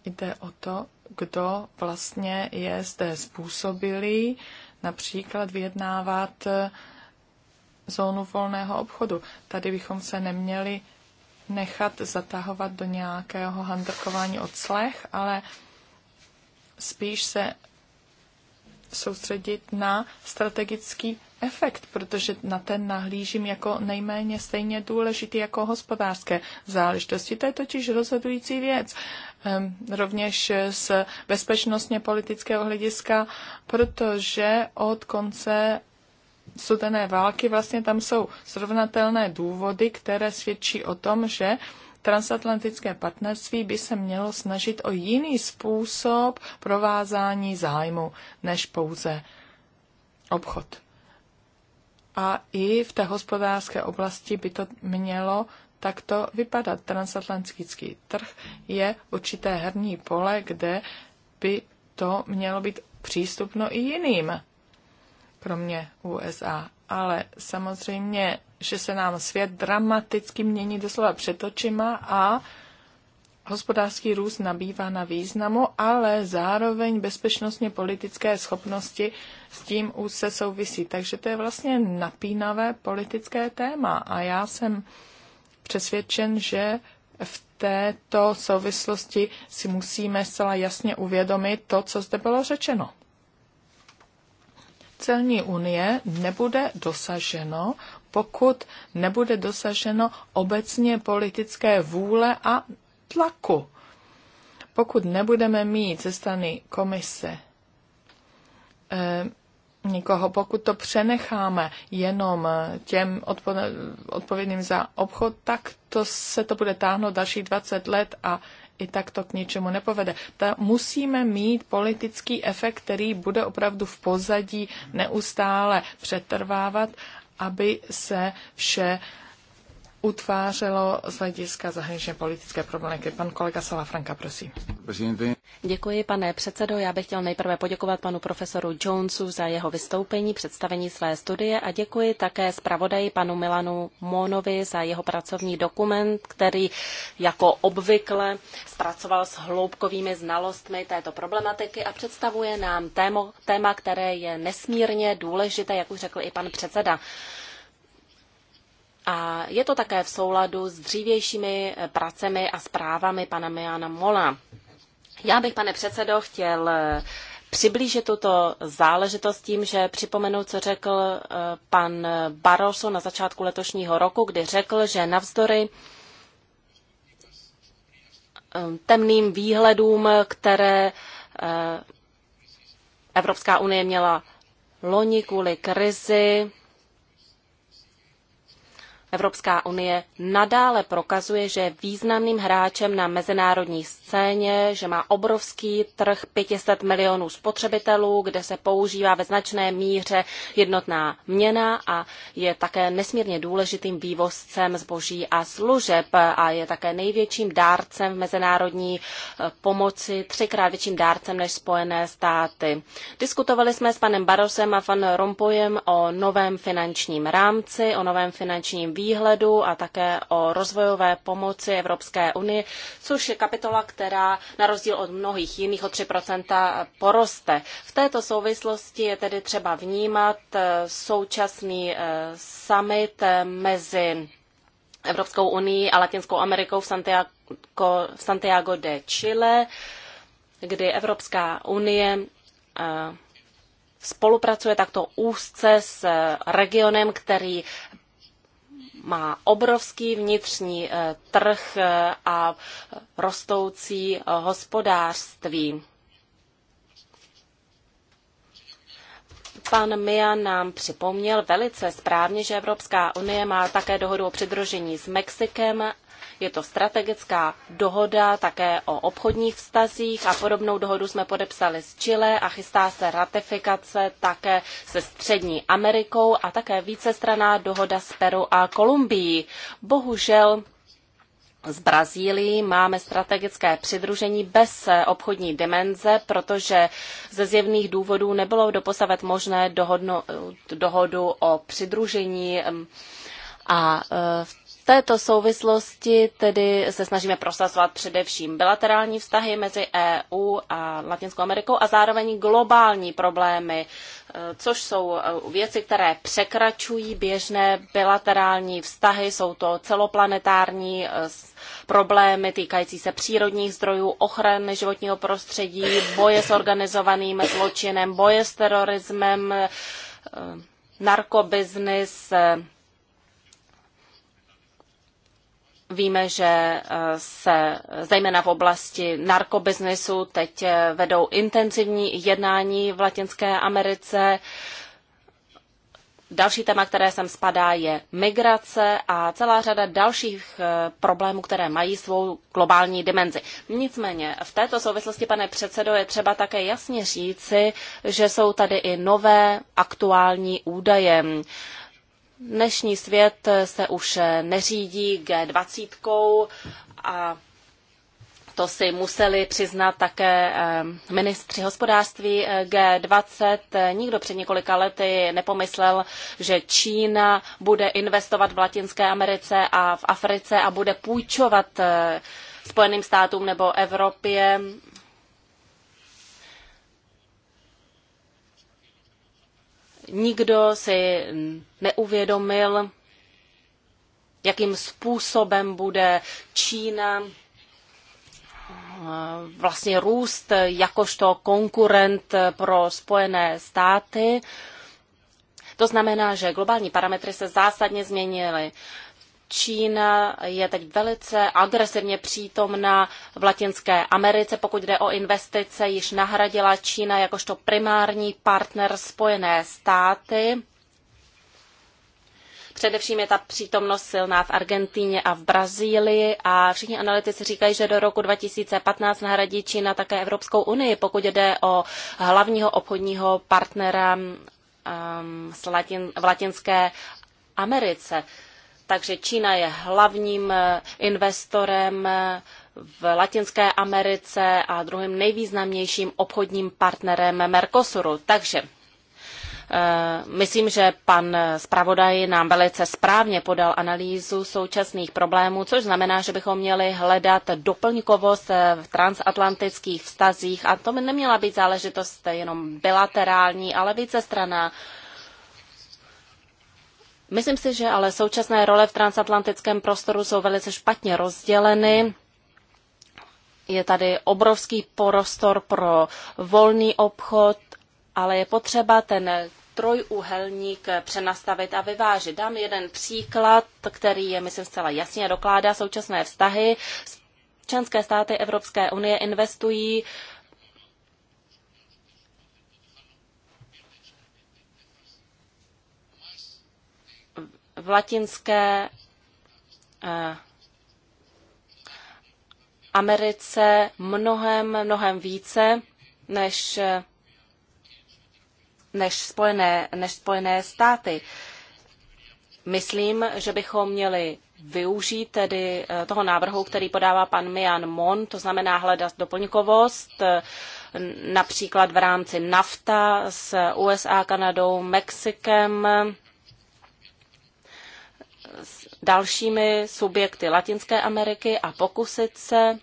jde o to, kdo vlastně je zde způsobilý, například vyjednávat eh, zónu volného obchodu. Tady bychom se neměli nechat zatahovat do nějakého handrkování od slech, ale spíš se soustředit na strategický efekt, protože na ten nahlížím jako nejméně stejně důležitý jako hospodářské záležitosti. To je totiž rozhodující věc. Ehm, rovněž z bezpečnostně politického hlediska, protože od konce studené války, vlastně tam jsou srovnatelné důvody, které svědčí o tom, že transatlantické partnerství by se mělo snažit o jiný způsob provázání zájmu než pouze obchod. A i v té hospodářské oblasti by to mělo takto vypadat. Transatlantický trh je určité herní pole, kde by to mělo být přístupno i jiným kromě USA. Ale samozřejmě, že se nám svět dramaticky mění doslova před očima a hospodářský růst nabývá na významu, ale zároveň bezpečnostně politické schopnosti s tím už se souvisí. Takže to je vlastně napínavé politické téma a já jsem přesvědčen, že v této souvislosti si musíme zcela jasně uvědomit to, co zde bylo řečeno celní unie nebude dosaženo, pokud nebude dosaženo obecně politické vůle a tlaku. Pokud nebudeme mít ze strany komise e, nikoho, pokud to přenecháme jenom eh, těm odpovědným za obchod, tak to se to bude táhnout další 20 let a i tak to k ničemu nepovede. Ta musíme mít politický efekt, který bude opravdu v pozadí neustále přetrvávat, aby se vše uh, utvářelo z hlediska zahraničně politické problémy. Pan kolega Sala Franka prosím. Děkuji, pane předsedo. Já bych chtěl nejprve poděkovat panu profesoru Jonesu za jeho vystoupení, představení své studie a děkuji také zpravodaji panu Milanu Monovi za jeho pracovní dokument, který jako obvykle zpracoval s hloubkovými znalostmi této problematiky a představuje nám téma, téma které je nesmírně důležité, jak už řekl i pan předseda a je to také v souladu s dřívějšími eh, pracemi a zprávami pana Miana Mola. Já bych, pane předsedo, chtěl eh, přiblížit tuto záležitost tím, že připomenu, co řekl eh, pan Barroso na začátku letošního roku, kdy řekl, že navzdory temným výhledům, které Evropská unie měla loni kvůli krizi, Evropská unie nadále prokazuje, že je významným hráčem na mezinárodní scéně, že má obrovský trh 500 milionů spotřebitelů, kde se používá ve značné míře jednotná měna a je také nesmírně důležitým vývozcem zboží a služeb a je také největším dárcem v mezinárodní eh, pomoci, třikrát větším dárcem než Spojené státy. Diskutovali jsme s panem Barosem a van Rompojem o novém finančním rámci, o novém finančním výhledu a také o rozvojové pomoci Evropské unie, což je kapitola, která na rozdíl od mnohých jiných o 3% poroste. V této souvislosti je tedy třeba vnímat eh, současný eh, summit eh, mezi Evropskou unii a Latinskou Amerikou v Santiago, v Santiago de Chile, kdy Evropská unie spolupracuje takto úzce s regionem, který má obrovský vnitřní eh, trh eh, a rostoucí eh, hospodářství. Pan Mia nám připomněl velice správně, že Evropská unie má také dohodu o přidružení s Mexikem je to strategická dohoda také o obchodních vztazích a podobnou dohodu jsme podepsali s Chile a chystá se ratifikace také se Střední Amerikou a také vícestraná dohoda s Peru a Kolumbií. Bohužel z Brazílií máme strategické přidružení bez obchodní dimenze, protože ze zjevných důvodů nebylo doposavet možné dohodnout dohodu o přidružení mm, a e, v této souvislosti tedy se snažíme prosazovat především bilaterální vztahy mezi EU a Latinskou Amerikou a zároveň globální problémy, e, což jsou e, věci, které překračují běžné bilaterální vztahy. Jsou to celoplanetární e, problémy týkající se přírodních zdrojů, ochrany životního prostředí, boje s organizovaným zločinem, boje s terorismem, narkobiznis, Víme, že eh, se zejména v oblasti narkobiznesu teď eh, vedou intenzivní jednání v Latinské Americe. Další téma, které sem spadá, je migrace a celá řada dalších eh, problémů, které mají svou globální dimenzi. Nicméně v této souvislosti, pane předsedo, je třeba také jasně říci, že jsou tady i nové aktuální údaje. Dnešní svět se už neřídí G20 a to si museli přiznat také eh, ministři hospodářství eh, G20. Nikdo před několika lety nepomyslel, že Čína bude investovat v Latinské Americe a v Africe a bude půjčovat eh, Spojeným státům nebo Evropě nikdo si neuvědomil, jakým způsobem bude Čína eh, vlastně růst jakožto konkurent pro Spojené státy. To znamená, že globální parametry se zásadně změnily. Čína je teď velice agresivně přítomna v Latinské Americe. Pokud jde o investice, již nahradila Čína jakožto primární partner Spojené státy. Především je ta přítomnost silná v Argentíně a v Brazílii a všichni analytici říkají, že do roku 2015 nahradí Čína také Evropskou unii, pokud jde o hlavního obchodního partnera um, v Latinské Americe. Takže Čína je hlavním eh, investorem eh, v Latinské Americe a druhým nejvýznamnějším obchodním partnerem Mercosuru. Takže eh, Myslím, že pan zpravodaj nám velice správně podal analýzu současných problémů, což znamená, že bychom měli hledat doplňkovost v transatlantických vztazích a to by neměla být záležitost jenom bilaterální, ale více strana. Myslím si, že ale současné role v transatlantickém prostoru jsou velice špatně rozděleny. Je tady obrovský prostor pro volný obchod, ale je potřeba ten trojúhelník přenastavit a vyvážit. Dám jeden příklad, který je, myslím, zcela jasně dokládá současné vztahy. Členské státy Evropské unie investují v latinské eh, Americe mnohem, mnohem více než, než, spojené, než spojené státy. Myslím, že bychom měli využít tedy eh, toho návrhu, který podává pan Mian Mon, to znamená hledat doplňkovost, eh, například v rámci NAFTA s USA, Kanadou, Mexikem, s dalšími subjekty Latinské Ameriky a pokusit se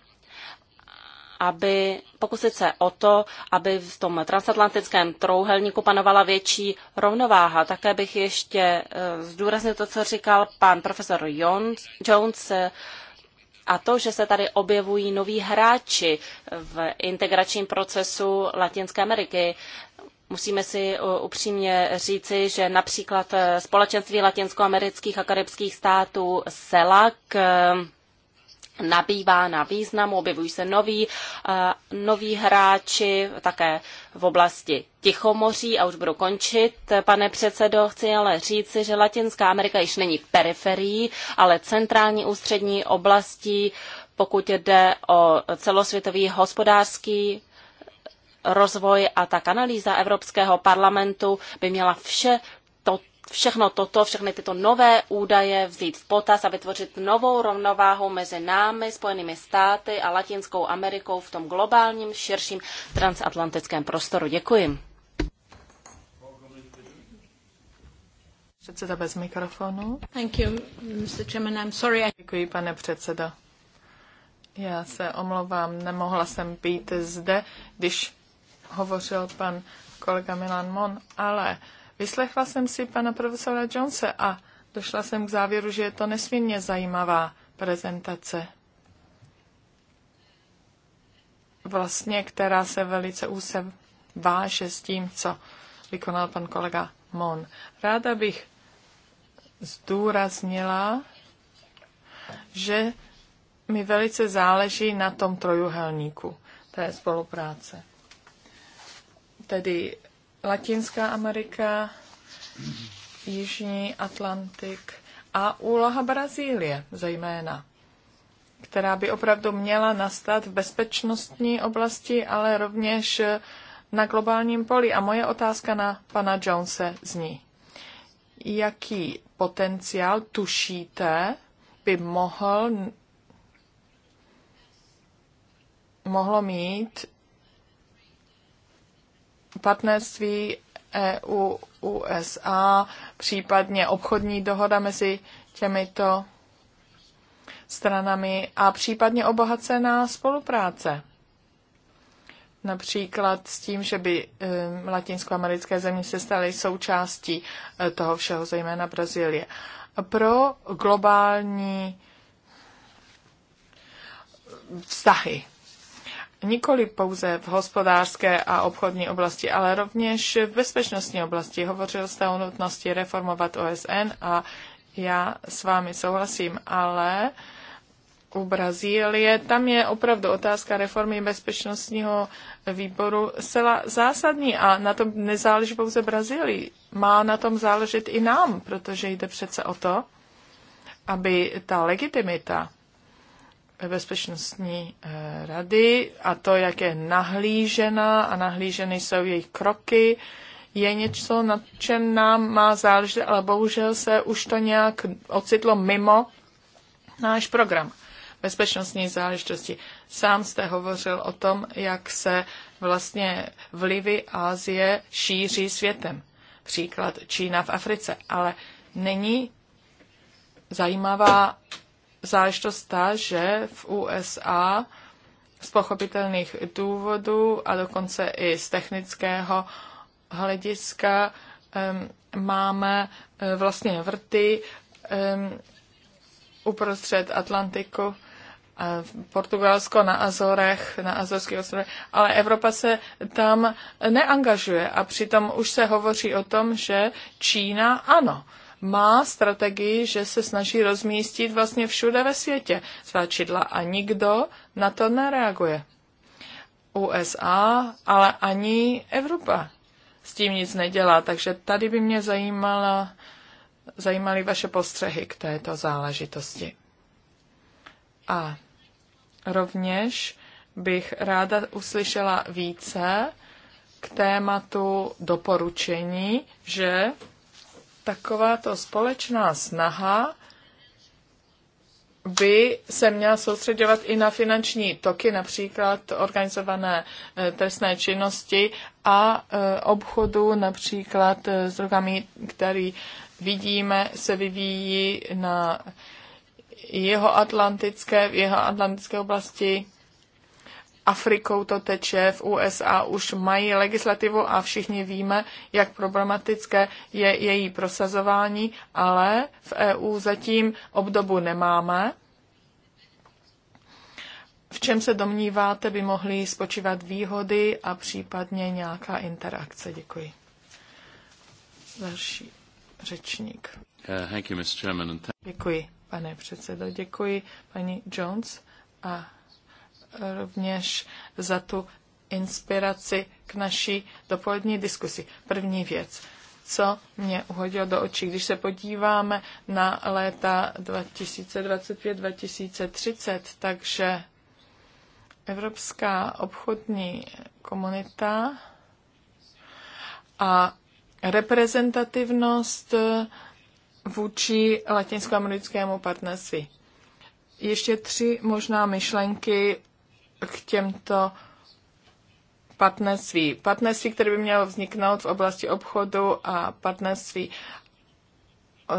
aby pokusit se o to, aby v tom transatlantickém trouhelníku panovala větší rovnováha. Také bych ještě eh, zdůraznil to, co říkal pan profesor Jones a to, že se tady objevují noví hráči v integračním procesu Latinské Ameriky. Musíme si eh, upřímně říci, že například eh, společenství latinskoamerických a karibských států SELAC eh, nabývá na významu, objevují se noví, noví hráči také v oblasti Tichomoří a už budu končit. Pane předsedo, chci ale říci, že Latinská Amerika již není periferií, ale centrální ústřední oblastí, pokud jde o celosvětový hospodářský rozvoj a ta analýza Evropského parlamentu by měla vše to, všechno toto, všechny tyto nové údaje vzít v potaz a vytvořit novou rovnováhu mezi námi, Spojenými státy a Latinskou Amerikou v tom globálním širším transatlantickém prostoru. Děkuji. Předseda bez mikrofonu. Thank you, Mr. Chairman. I'm sorry. Děkuji, pane předsedo. Já se omlouvám, nemohla jsem být zde, když hovořil pan kolega Milan Mon, ale vyslechla jsem si pana profesora Jonese a došla jsem k závěru, že je to nesmírně zajímavá prezentace. Vlastně, která se velice úse váže s tím, co vykonal pan kolega Mon. Ráda bych zdůraznila, že mi velice záleží na tom trojuhelníku té spolupráce tedy Latinská Amerika, Jižní Atlantik a úloha Brazílie zejména, která by opravdu měla nastat v bezpečnostní oblasti, ale rovněž na globálním poli. A moje otázka na pana Jonese zní, jaký potenciál tušíte by mohl mohlo mít partnerství EU-USA, případně obchodní dohoda mezi těmito stranami a případně obohacená spolupráce. Například s tím, že by eh, latinskoamerické země se staly součástí eh, toho všeho, zejména Brazílie. Pro globální vztahy nikoli pouze v hospodářské a obchodní oblasti, ale rovněž v bezpečnostní oblasti. Hovořil jste o nutnosti reformovat OSN a já s vámi souhlasím, ale u Brazílie, tam je opravdu otázka reformy bezpečnostního výboru zcela zásadní a na tom nezáleží pouze Brazílii. Má na tom záležet i nám, protože jde přece o to, aby ta legitimita bezpečnostní eh, rady a to, jak je nahlížena a nahlíženy jsou její kroky, je něco, na čem nám má záležet, ale bohužel se už to nějak ocitlo mimo náš program bezpečnostní záležitosti. Sám jste hovořil o tom, jak se vlastně vlivy Ázie šíří světem. Příklad Čína v Africe. Ale není zajímavá záležitost ta, že v USA z pochopitelných důvodů a dokonce i z technického hlediska um, máme um, vlastně vrty um, uprostřed Atlantiku, eh, Portugalsko na Azorech, na Azorských ostrovech, ale Evropa se tam neangažuje a přitom už se hovoří o tom, že Čína ano. Uh, má strategii, že se snaží rozmístit vlastně všude ve světě svá čidla a nikdo na to nereaguje. USA, ale ani Evropa s tím nic nedělá, takže tady by mě zajímala, zajímaly vaše postřehy k této záležitosti. A rovněž bych ráda uslyšela více k tématu doporučení, že takováto společná snaha by se měla soustředovat i na finanční toky, například organizované e, trestné činnosti a e, obchodu například e, s drogami, který vidíme, se vyvíjí na jeho atlantické, v jeho atlantické oblasti Afrikou to teče, v USA už mají legislativu a všichni víme, jak problematické je její prosazování, ale v EU zatím obdobu nemáme. V čem se domníváte, by mohly spočívat výhody a případně nějaká interakce? Děkuji. Další řečník. Uh, Děkuji, pane předsedo. Děkuji, paní Jones. A rovněž za tu inspiraci k naší dopolední diskusi. První věc, co mě uhodilo do očí, když se podíváme na léta 2025-2030, takže Evropská obchodní komunita a reprezentativnost vůči latinskoamerickému partnerství. Ještě tři možná myšlenky k těmto partnerství. Partnerství, které by mělo vzniknout v oblasti obchodu a partnerství. Eh,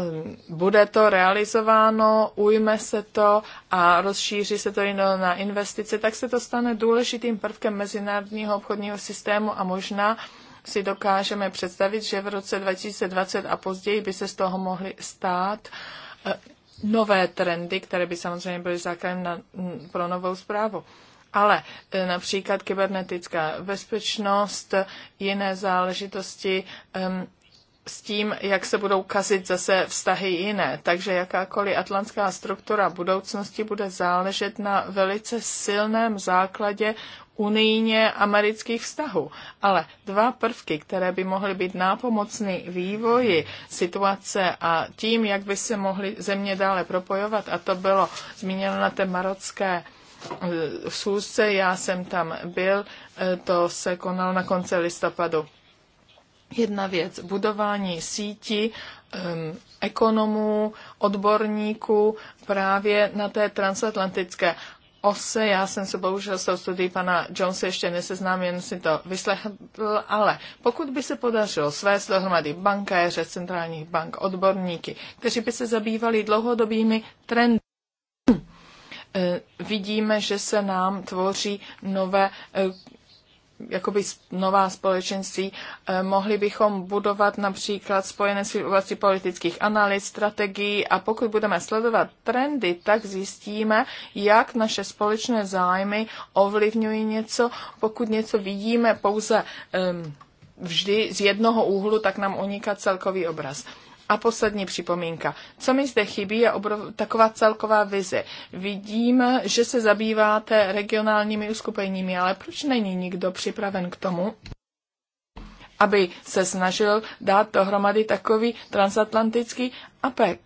bude to realizováno, ujme se to a rozšíří se to i na investice, tak se to stane důležitým prvkem mezinárodního obchodního systému a možná si dokážeme představit, že v roce 2020 a později by se z toho mohly stát eh, nové trendy, které by samozřejmě byly základem pro novou zprávu. Ale e, například kybernetická bezpečnost, jiné záležitosti, s tím, jak se budou kazit zase vztahy jiné. Takže jakákoliv atlantská struktura budoucnosti bude záležet na velice silném základě unijně amerických vztahů. Ale dva prvky, které by mohly být nápomocný vývoji situace a tím, jak by se mohly země dále propojovat, a to bylo zmíněno na té marocké v eh, Sůzce, já jsem tam byl, eh, to se konalo na konci listopadu. Jedna věc, budování síti um, ehm, ekonomů, odborníků právě na té transatlantické ose. Já jsem se bohužel s tou studií pana Jonesa ještě neseznám, jen si to vyslechl, ale pokud by se podařilo své dohromady bankéře, centrálních bank, odborníky, kteří by se zabývali dlouhodobými trendy, Eh, vidíme, že se nám tvoří nové eh, jakoby nová společenství. Eh, mohli bychom budovat například spojené v oblasti politických analýz, strategií a pokud budeme sledovat trendy, tak zjistíme, jak naše společné zájmy ovlivňují něco. Pokud něco vidíme pouze um, vždy z jednoho úhlu, tak nám uniká celkový obraz. A poslední připomínka. Co mi zde chybí, je obrov, taková celková vize. Vidím, že se zabýváte regionálními uskupeními, ale proč není nikdo připraven k tomu, aby se snažil dát dohromady takový transatlantický APEC?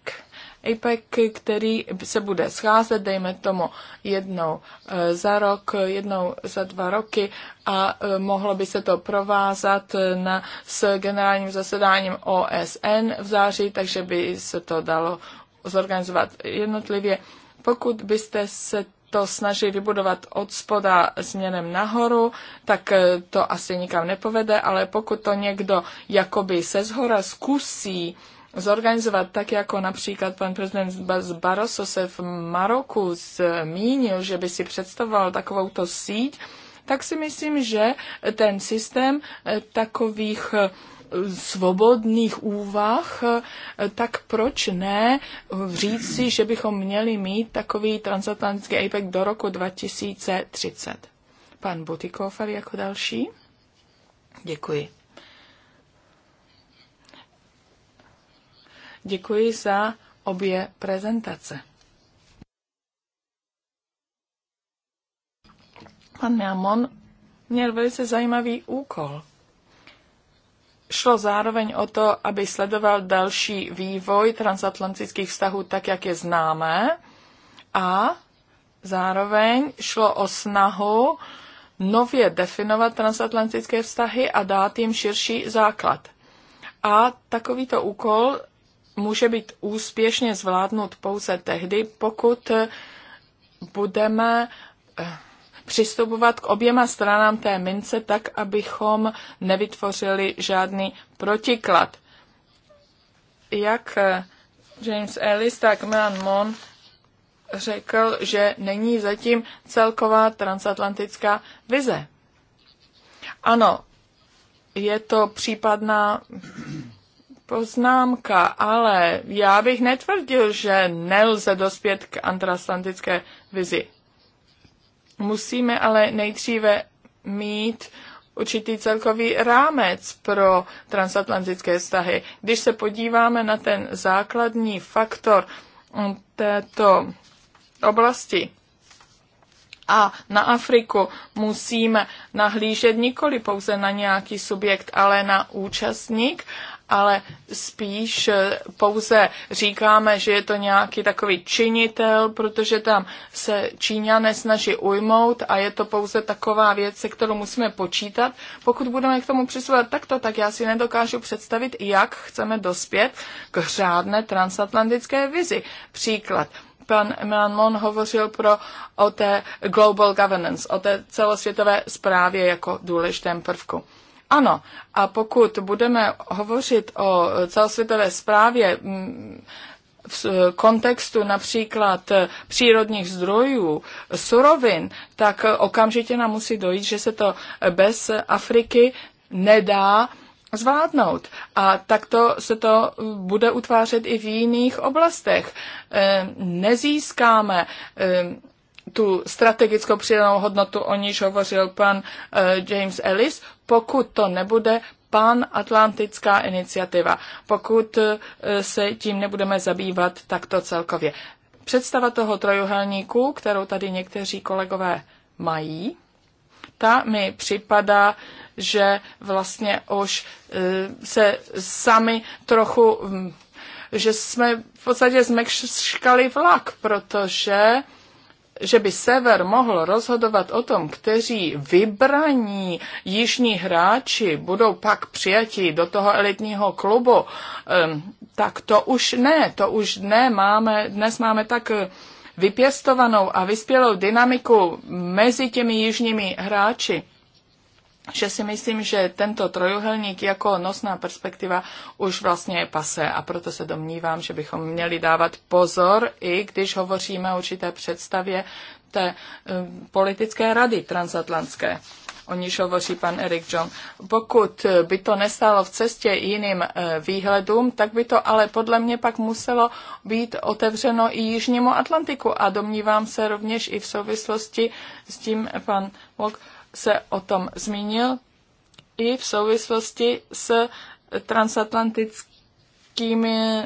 APEC, který se bude scházet, dejme tomu, jednou eh, za rok, jednou za dva roky a eh, mohlo by se to provázat eh, na, s generálním zasedáním OSN v září, takže by se to dalo zorganizovat jednotlivě. Pokud byste se to snaží vybudovat od spoda směrem nahoru, tak to asi nikam nepovede, ale pokud to někdo jakoby se zhora zkusí zorganizovat, tak jako například pan prezident Barroso se v Maroku zmínil, že by si představoval takovouto síť, tak si myslím, že ten systém eh, takových eh, svobodných úvah, eh, tak proč ne říct si, že bychom měli mít takový transatlantický APEC do roku 2030? Pan Butikofer jako další. Děkuji. Děkuji za obě prezentace. Pan Miamon měl velice zajímavý úkol. Šlo zároveň o to, aby sledoval další vývoj transatlantických vztahů tak, jak je známe, a zároveň šlo o snahu nově definovat transatlantické vztahy a dát jim širší základ. A takovýto úkol může být úspěšně zvládnut pouze tehdy, pokud budeme eh, přistupovat k oběma stranám té mince tak, abychom nevytvořili žádný protiklad. Jak eh, James Ellis, tak Milan Mon řekl, že není zatím celková transatlantická vize. Ano, je to případná poznámka, ale já bych netvrdil, že nelze dospět k antrasantické vizi. Musíme ale nejdříve mít určitý celkový rámec pro transatlantické vztahy. Když se podíváme na ten základní faktor této oblasti, a na Afriku musíme nahlížet nikoli pouze na nějaký subjekt, ale na účastník ale spíš eh, pouze říkáme, že je to nějaký takový činitel, protože tam se Číňané snaží ujmout a je to pouze taková věc, se kterou musíme počítat. Pokud budeme k tomu přistupovat takto, tak já si nedokážu představit, jak chceme dospět k řádné transatlantické vizi. Příklad pan Milan Mon hovořil pro, o té global governance, o té celosvětové správě jako důležitém prvku. Ano, a pokud budeme hovořit o celosvětové zprávě, mm, v kontextu například přírodních zdrojů, surovin, tak okamžitě nám musí dojít, že se to bez Afriky nedá zvládnout. A takto se to bude utvářet i v jiných oblastech. E, nezískáme e, tu strategickou přidanou hodnotu, o níž hovořil pan uh, James Ellis, pokud to nebude pan Atlantická iniciativa, pokud uh, se tím nebudeme zabývat takto celkově. Představa toho trojuhelníku, kterou tady někteří kolegové mají, ta mi připadá, že vlastně už uh, se sami trochu, um, že jsme v podstatě zmekškali vlak, protože uh, že by sever mohl rozhodovat o tom, kteří vybraní jižní hráči budou pak přijati do toho elitního klubu, tak to už ne, to už ne máme, dnes máme tak eh, vypěstovanou a vyspělou dynamiku mezi těmi jižními hráči že si myslím, že tento trojuhelník jako nosná perspektiva už vlastně je pase a proto se domnívám, že bychom měli dávat pozor, i když hovoříme o určité představě té eh, politické rady transatlantské o níž hovoří pan Erik John. Pokud by to nestálo v cestě jiným eh, výhledům, tak by to ale podle mě pak muselo být otevřeno i Jižnímu Atlantiku a domnívám se rovněž i v souvislosti s tím eh, pan Wok se o tom zmínil i v souvislosti s transatlantickými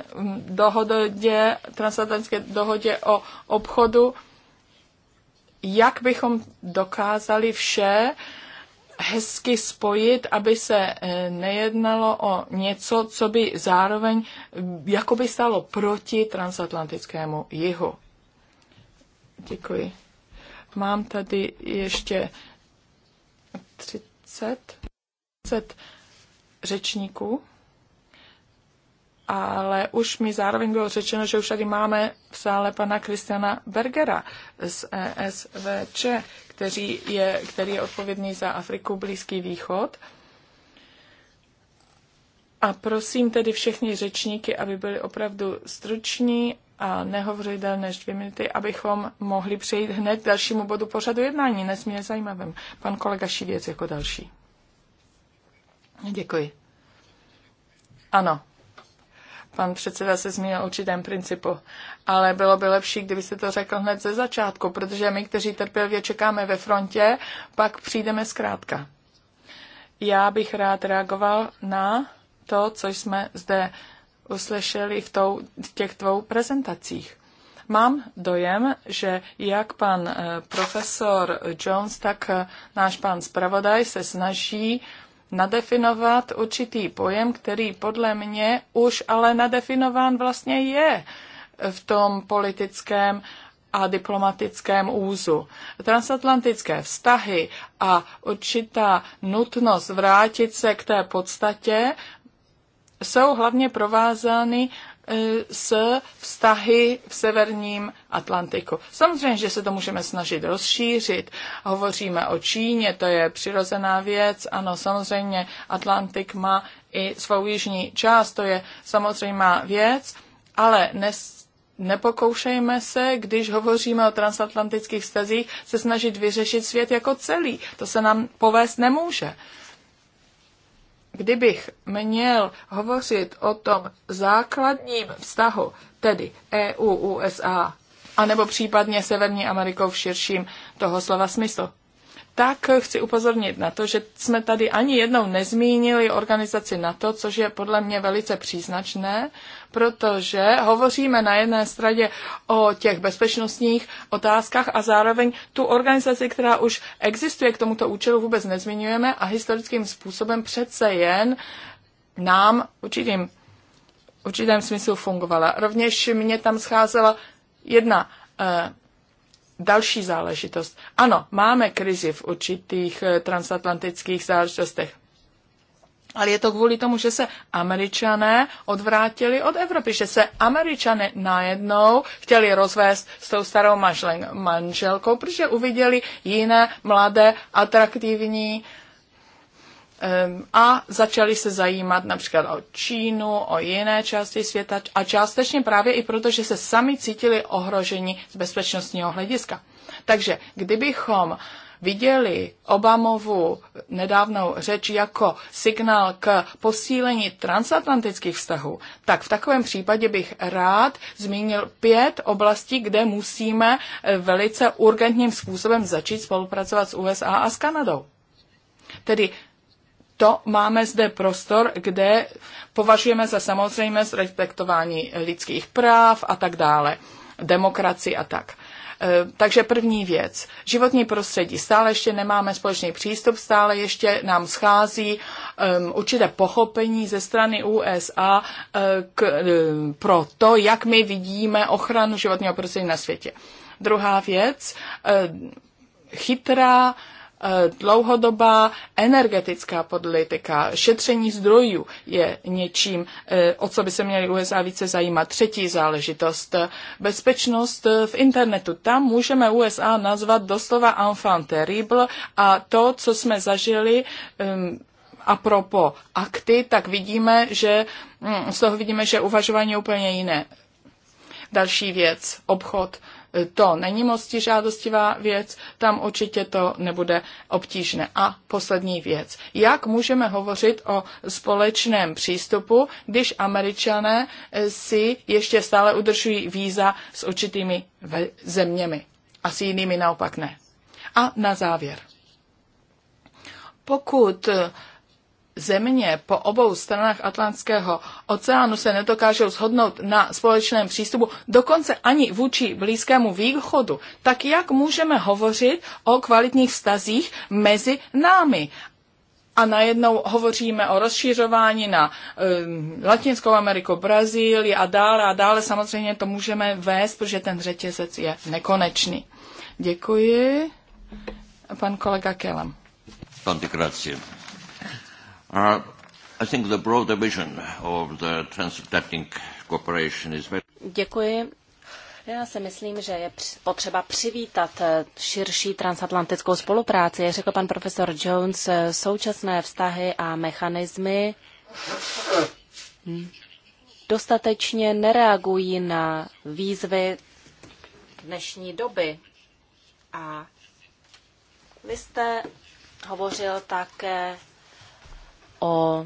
dohodě, transatlantické dohodě o obchodu, jak bychom dokázali vše hezky spojit, aby se eh, nejednalo o něco, co by zároveň eh, jakoby stalo proti transatlantickému jihu. Děkuji. Mám tady ještě 30, 30 řečníků, ale už mi zároveň bylo řečeno, že už tady máme v sále pana Kristiana Bergera z ESVČ, který je, který je odpovědný za Afriku, Blízký východ. A prosím tedy všechny řečníky, aby byli opravdu struční a nehovořit déle než dvě minuty, abychom mohli přejít hned k dalšímu bodu pořadu jednání, nesmírně zajímavým. Pan kolega Šivěc jako další. Děkuji. Ano, pan předseda se zmínil o určitém principu, ale bylo by lepší, kdybyste to řekl hned ze začátku, protože my, kteří trpělivě čekáme ve frontě, pak přijdeme zkrátka. Já bych rád reagoval na to, co jsme zde uslyšeli v, tou, v těch dvou prezentacích. Mám dojem, že jak pan eh, profesor Jones, tak eh, náš pan zpravodaj se snaží nadefinovat určitý pojem, který podle mě už ale nadefinován vlastně je v tom politickém a diplomatickém úzu. Transatlantické vztahy a určitá nutnost vrátit se k té podstatě jsou hlavně provázány e, s vztahy v severním Atlantiku. Samozřejmě, že se to můžeme snažit rozšířit. Hovoříme o Číně, to je přirozená věc. Ano, samozřejmě Atlantik má i svou jižní část, to je samozřejmá věc, ale nes, nepokoušejme se, když hovoříme o transatlantických vztazích, se snažit vyřešit svět jako celý. To se nám povést nemůže. Kdybych měl hovořit o tom základním vztahu, tedy EU-USA, anebo případně Severní Amerikou v širším toho slova smyslu tak chci upozornit na to, že jsme tady ani jednou nezmínili organizaci NATO, což je podle mě velice příznačné, protože hovoříme na jedné straně o těch bezpečnostních otázkách a zároveň tu organizaci, která už existuje k tomuto účelu, vůbec nezmiňujeme a historickým způsobem přece jen nám určitým, určitém smyslu fungovala. Rovněž mě tam scházela jedna eh, Další záležitost. Ano, máme krizi v určitých eh, transatlantických záležitostech. Ale je to kvůli tomu, že se američané odvrátili od Evropy, že se američané najednou chtěli rozvést s tou starou manželkou, protože uviděli jiné mladé, atraktivní uh, a začali se zajímat například o Čínu, o jiné části světa a částečně právě i proto, že se sami cítili ohroženi z bezpečnostního hlediska. Takže kdybychom viděli Obamovu nedávnou řeč jako signál k posílení transatlantických vztahů, tak v takovém případě bych rád zmínil pět oblastí, kde musíme eh, velice urgentním způsobem začít spolupracovat s USA a s Kanadou. Tedy to máme zde prostor, kde považujeme za samozřejmé respektování lidských práv a tak dále, demokracii a tak. E, takže první věc, životní prostředí. Stále ještě nemáme společný přístup, stále ještě nám schází um, určité pochopení ze strany USA uh, e, k, uh, pro to, jak my vidíme ochranu životního prostředí na světě. Druhá věc, uh, chytrá uh, Eh, dlouhodobá energetická politika, šetření zdrojů je něčím, eh, o co by se měly USA více zajímat. Třetí záležitost, bezpečnost eh, v internetu. Tam můžeme USA nazvat doslova enfant terrible a to, co jsme zažili ehm, a propo akty, tak vidíme, že mm, z toho vidíme, že uvažování je úplně jiné. Další věc, obchod. To není moc žádostivá věc, tam určitě to nebude obtížné. A poslední věc. Jak můžeme hovořit o společném přístupu, když američané si ještě stále udržují víza s určitými zeměmi a s jinými naopak ne? A na závěr. Pokud země po obou stranách Atlantského oceánu se nedokážou shodnout na společném přístupu, dokonce ani vůči Blízkému východu, tak jak můžeme hovořit o kvalitních vztazích mezi námi? A najednou hovoříme o rozšířování na um, Latinskou Ameriku, Brazílii a dále a dále. Samozřejmě to můžeme vést, protože ten řetězec je nekonečný. Děkuji. Pan kolega Kelem. Pan Grazie. Děkuji. Já si myslím, že je potřeba přivítat eh, širší transatlantickou spolupráci. Jak řekl pan profesor Jones, eh, současné vztahy a mechanismy hm, dostatečně nereagují na výzvy dnešní doby. A vy jste hovořil také o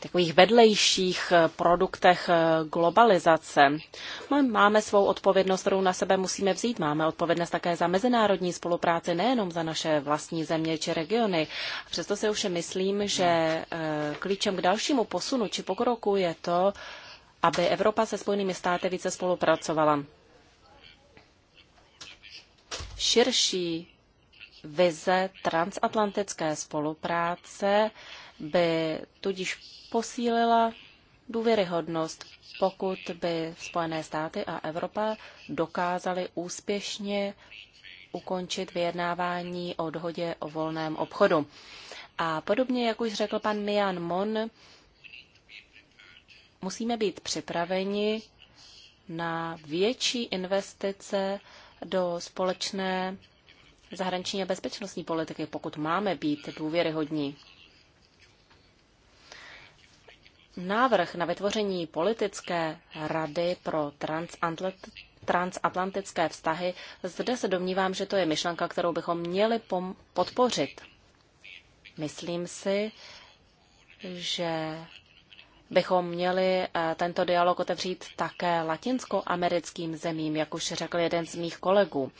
takových vedlejších eh, produktech eh, globalizace. My máme svou odpovědnost, kterou na sebe musíme vzít. Máme odpovědnost také za mezinárodní spolupráci, nejenom za naše vlastní země či regiony. Přesto si už myslím, že eh, klíčem k dalšímu posunu či pokroku je to, aby Evropa se Spojenými státy více spolupracovala. Širší vize transatlantické spolupráce by tudíž posílila důvěryhodnost, pokud by Spojené státy a Evropa dokázaly úspěšně ukončit vyjednávání o dohodě o volném obchodu. A podobně, jak už řekl pan Mian Mon, musíme být připraveni na větší investice do společné zahraniční a bezpečnostní politiky, pokud máme být důvěryhodní. Návrh na vytvoření politické rady pro transatlantické vztahy, zde se domnívám, že to je myšlenka, kterou bychom měli podpořit. Myslím si, že bychom měli eh, tento dialog otevřít také latinskoamerickým zemím, jak už řekl jeden z mých kolegů.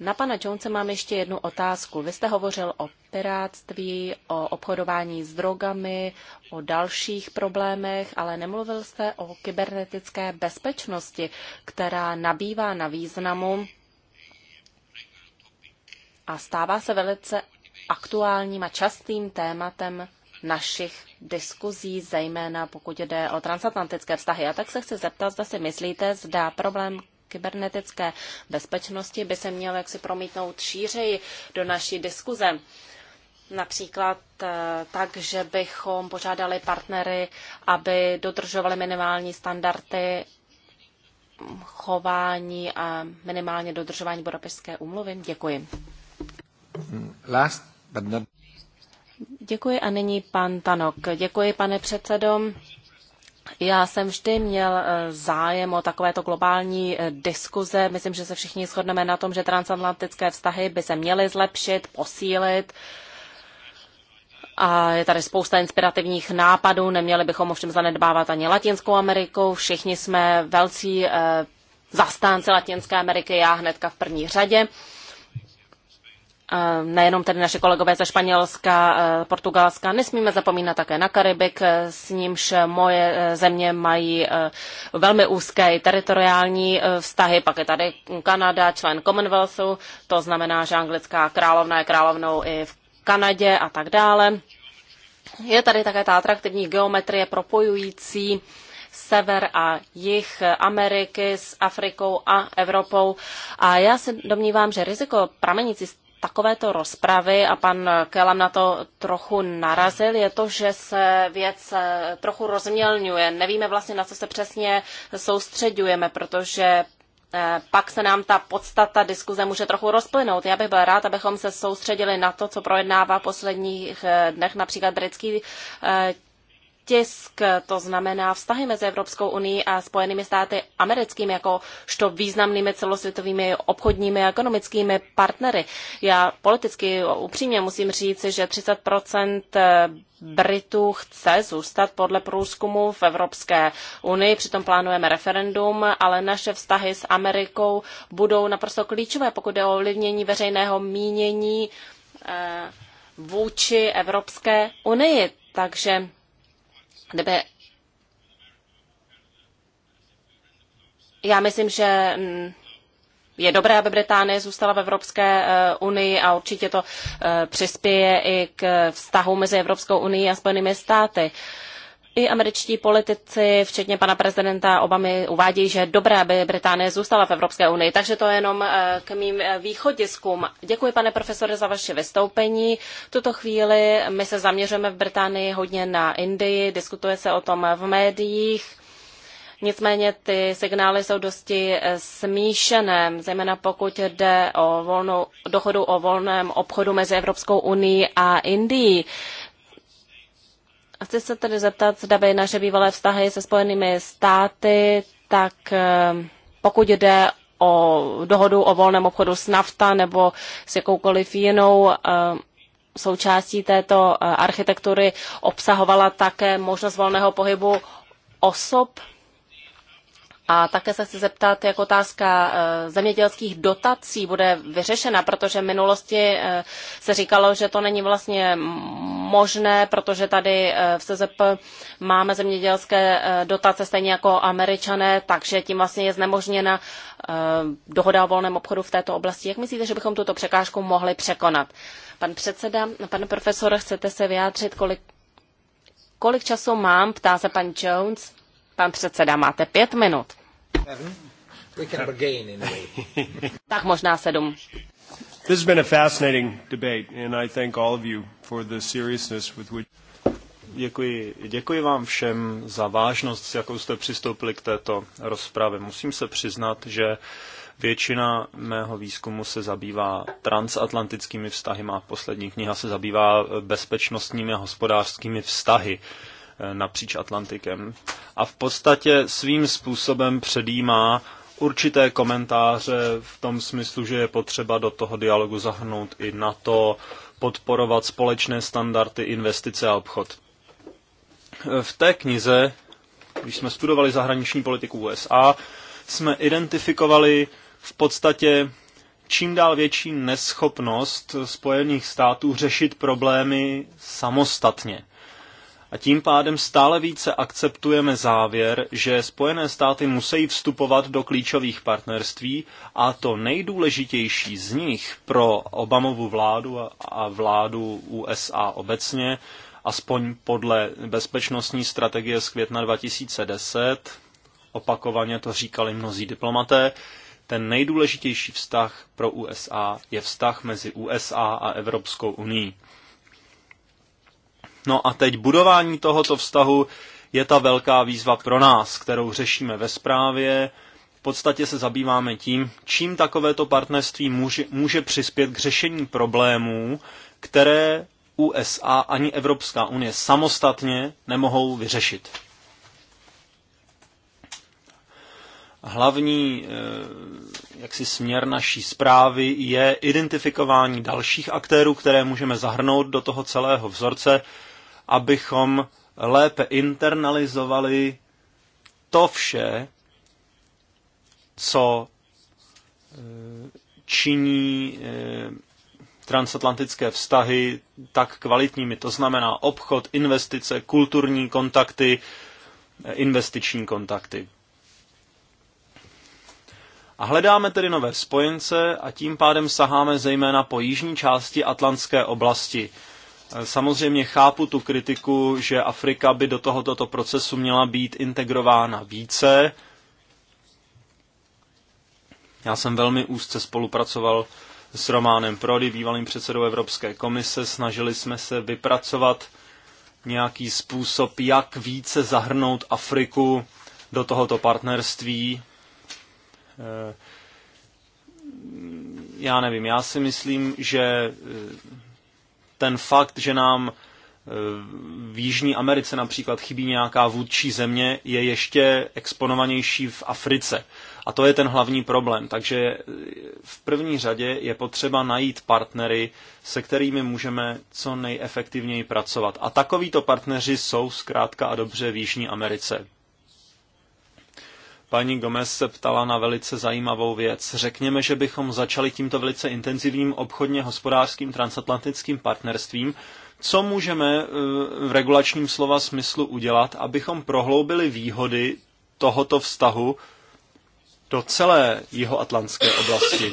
Na pana Jonese mám ještě jednu otázku. Vy jste hovořil o piráctví, o obchodování s drogami, o dalších problémech, ale nemluvil jste o kybernetické bezpečnosti, která nabývá na významu a stává se velice aktuálním a častým tématem našich diskuzí, zejména pokud jde o transatlantické vztahy. A tak se chci zeptat, zda si myslíte, zda problém kybernetické bezpečnosti by se měl jaksi promítnout šířeji do naší diskuze. Například eh, tak, že bychom požádali partnery, aby dodržovali minimální standardy chování a minimálně dodržování Budapešské úmluvy. Děkuji. Last but not... Děkuji a nyní pan Tanok. Děkuji, pane předsedo. Já jsem vždy měl eh, zájem o takovéto globální eh, diskuze. Myslím, že se všichni shodneme na tom, že transatlantické vztahy by se měly zlepšit, posílit. A je tady spousta inspirativních nápadů, neměli bychom ovšem zanedbávat ani Latinskou Ameriku. Všichni jsme velcí eh, zastánci Latinské Ameriky, já hnedka v první řadě nejenom tedy naše kolegové ze Španělska, eh, Portugalska, nesmíme zapomínat také na Karibik, eh, s nímž moje eh, země mají velmi úzké teritoriální vztahy, pak je tady Kanada, člen Commonwealthu, to znamená, že anglická královna je královnou i v Kanadě a tak dále. Je tady také ta atraktivní geometrie propojující sever a jih Ameriky s Afrikou a Evropou. A já se domnívám, že riziko pramenící z takovéto rozpravy, a pan Kelam na to trochu narazil, je to, že se věc eh, trochu rozmělňuje. Nevíme vlastně, na co se přesně soustředujeme, protože eh, pak se nám ta podstata diskuze může trochu rozplynout. Já bych byl rád, abychom se soustředili na to, co projednává v posledních eh, dnech například britský tisk, to znamená vztahy mezi Evropskou unii a Spojenými státy americkými jako što významnými celosvětovými obchodními a ekonomickými partnery. Já politicky upřímně musím říct, že 30% eh, Britů chce zůstat podle průzkumu v Evropské unii, přitom plánujeme referendum, ale naše vztahy s Amerikou budou naprosto klíčové, pokud je o ovlivnění veřejného mínění eh, vůči Evropské unii. Takže kdyby já myslím, že mm, je dobré, aby Británie zůstala v Evropské eh, unii a určitě to eh, přispěje i k vztahu mezi Evropskou unii a Spojenými státy. Uh, i američtí politici, včetně pana prezidenta Obamy, uvádějí, že je dobré, aby Británie zůstala v Evropské unii. Takže to je jenom eh, k mým eh, východiskům. Děkuji, pane profesore, za vaše vystoupení. V tuto chvíli my se zaměřujeme v Británii hodně na Indii, diskutuje se o tom v médiích. Nicméně ty signály jsou dosti eh, smíšené, zejména pokud jde o volnou, dohodu o volném obchodu mezi Evropskou unii a Indií. Chci se tedy zeptat, zda by naše bývalé vztahy se Spojenými státy, tak eh, pokud jde o dohodu o volném obchodu s nafta nebo s jakoukoliv jinou eh, součástí této eh, architektury obsahovala také možnost volného pohybu osob. A také se chci zeptat, jak otázka zemědělských dotací bude vyřešena, protože v minulosti se říkalo, že to není vlastně možné, protože tady eh, v CZP máme zemědělské eh, dotace stejně jako američané, takže tím vlastně je znemožněna eh, dohoda o volném obchodu v této oblasti. Jak myslíte, že bychom tuto překážku mohli překonat? Pan předseda, pane profesor, chcete se vyjádřit, kolik, kolik času mám? Ptá se pan Jones. Pan předseda, máte pět minut. tak možná sedm. This has been a fascinating debate, and I thank all of you for the seriousness with which... Děkuji, děkuji vám všem za vážnost, s jakou jste přistoupili k této rozpravě. Musím se přiznat, že většina mého výzkumu se zabývá transatlantickými vztahy. Má poslední kniha se zabývá bezpečnostními a hospodářskými vztahy eh, napříč Atlantikem. A v podstatě svým způsobem předjímá určité komentáře v tom smyslu, že je potřeba do toho dialogu zahrnout i na to, podporovat společné standardy, investice a obchod. V té knize, když jsme studovali zahraniční politiku USA, jsme identifikovali v podstatě čím dál větší neschopnost Spojených států řešit problémy samostatně. A tím pádem stále více akceptujeme závěr, že Spojené státy musí vstupovat do klíčových partnerství a to nejdůležitější z nich pro Obamovu vládu a vládu USA obecně, aspoň podle bezpečnostní strategie z května 2010, opakovaně to říkali mnozí diplomaté, ten nejdůležitější vztah pro USA je vztah mezi USA a Evropskou unii. No a teď budování tohoto vztahu je ta velká výzva pro nás, kterou řešíme ve zprávě. V podstatě se zabýváme tím, čím takovéto partnerství může, může přispět k řešení problémů, které USA ani Evropská unie samostatně nemohou vyřešit. Hlavní eh, jaksi směr naší zprávy je identifikování dalších aktérů, které můžeme zahrnout do toho celého vzorce, abychom lépe internalizovali to vše, co eh, činí eh, transatlantické vztahy tak kvalitními. To znamená obchod, investice, kulturní kontakty, eh, investiční kontakty. A hledáme tedy nové spojence a tím pádem saháme zejména po jižní části Atlantské oblasti. Samozřejmě chápu tu kritiku, že Afrika by do tohoto procesu měla být integrována více. Já jsem velmi úzce spolupracoval s Románem Prody, bývalým předsedou Evropské komise. Snažili jsme se vypracovat nějaký způsob, jak více zahrnout Afriku do tohoto partnerství. Eh, já nevím, já si myslím, že eh, ten fakt, že nám e, v Jižní Americe například chybí nějaká vůdčí země, je ještě exponovanější v Africe. A to je ten hlavní problém. Takže e, v první řadě je potřeba najít partnery, se kterými můžeme co nejefektivněji pracovat. A takovýto partneři jsou zkrátka a dobře v Jižní Americe. Paní Gomez se ptala na velice zajímavou věc. Řekněme, že bychom začali tímto velice intenzivním obchodně hospodářským transatlantickým partnerstvím. Co můžeme eh, v regulačním slova smyslu udělat, abychom prohloubili výhody tohoto vztahu do celé jihoatlantské oblasti?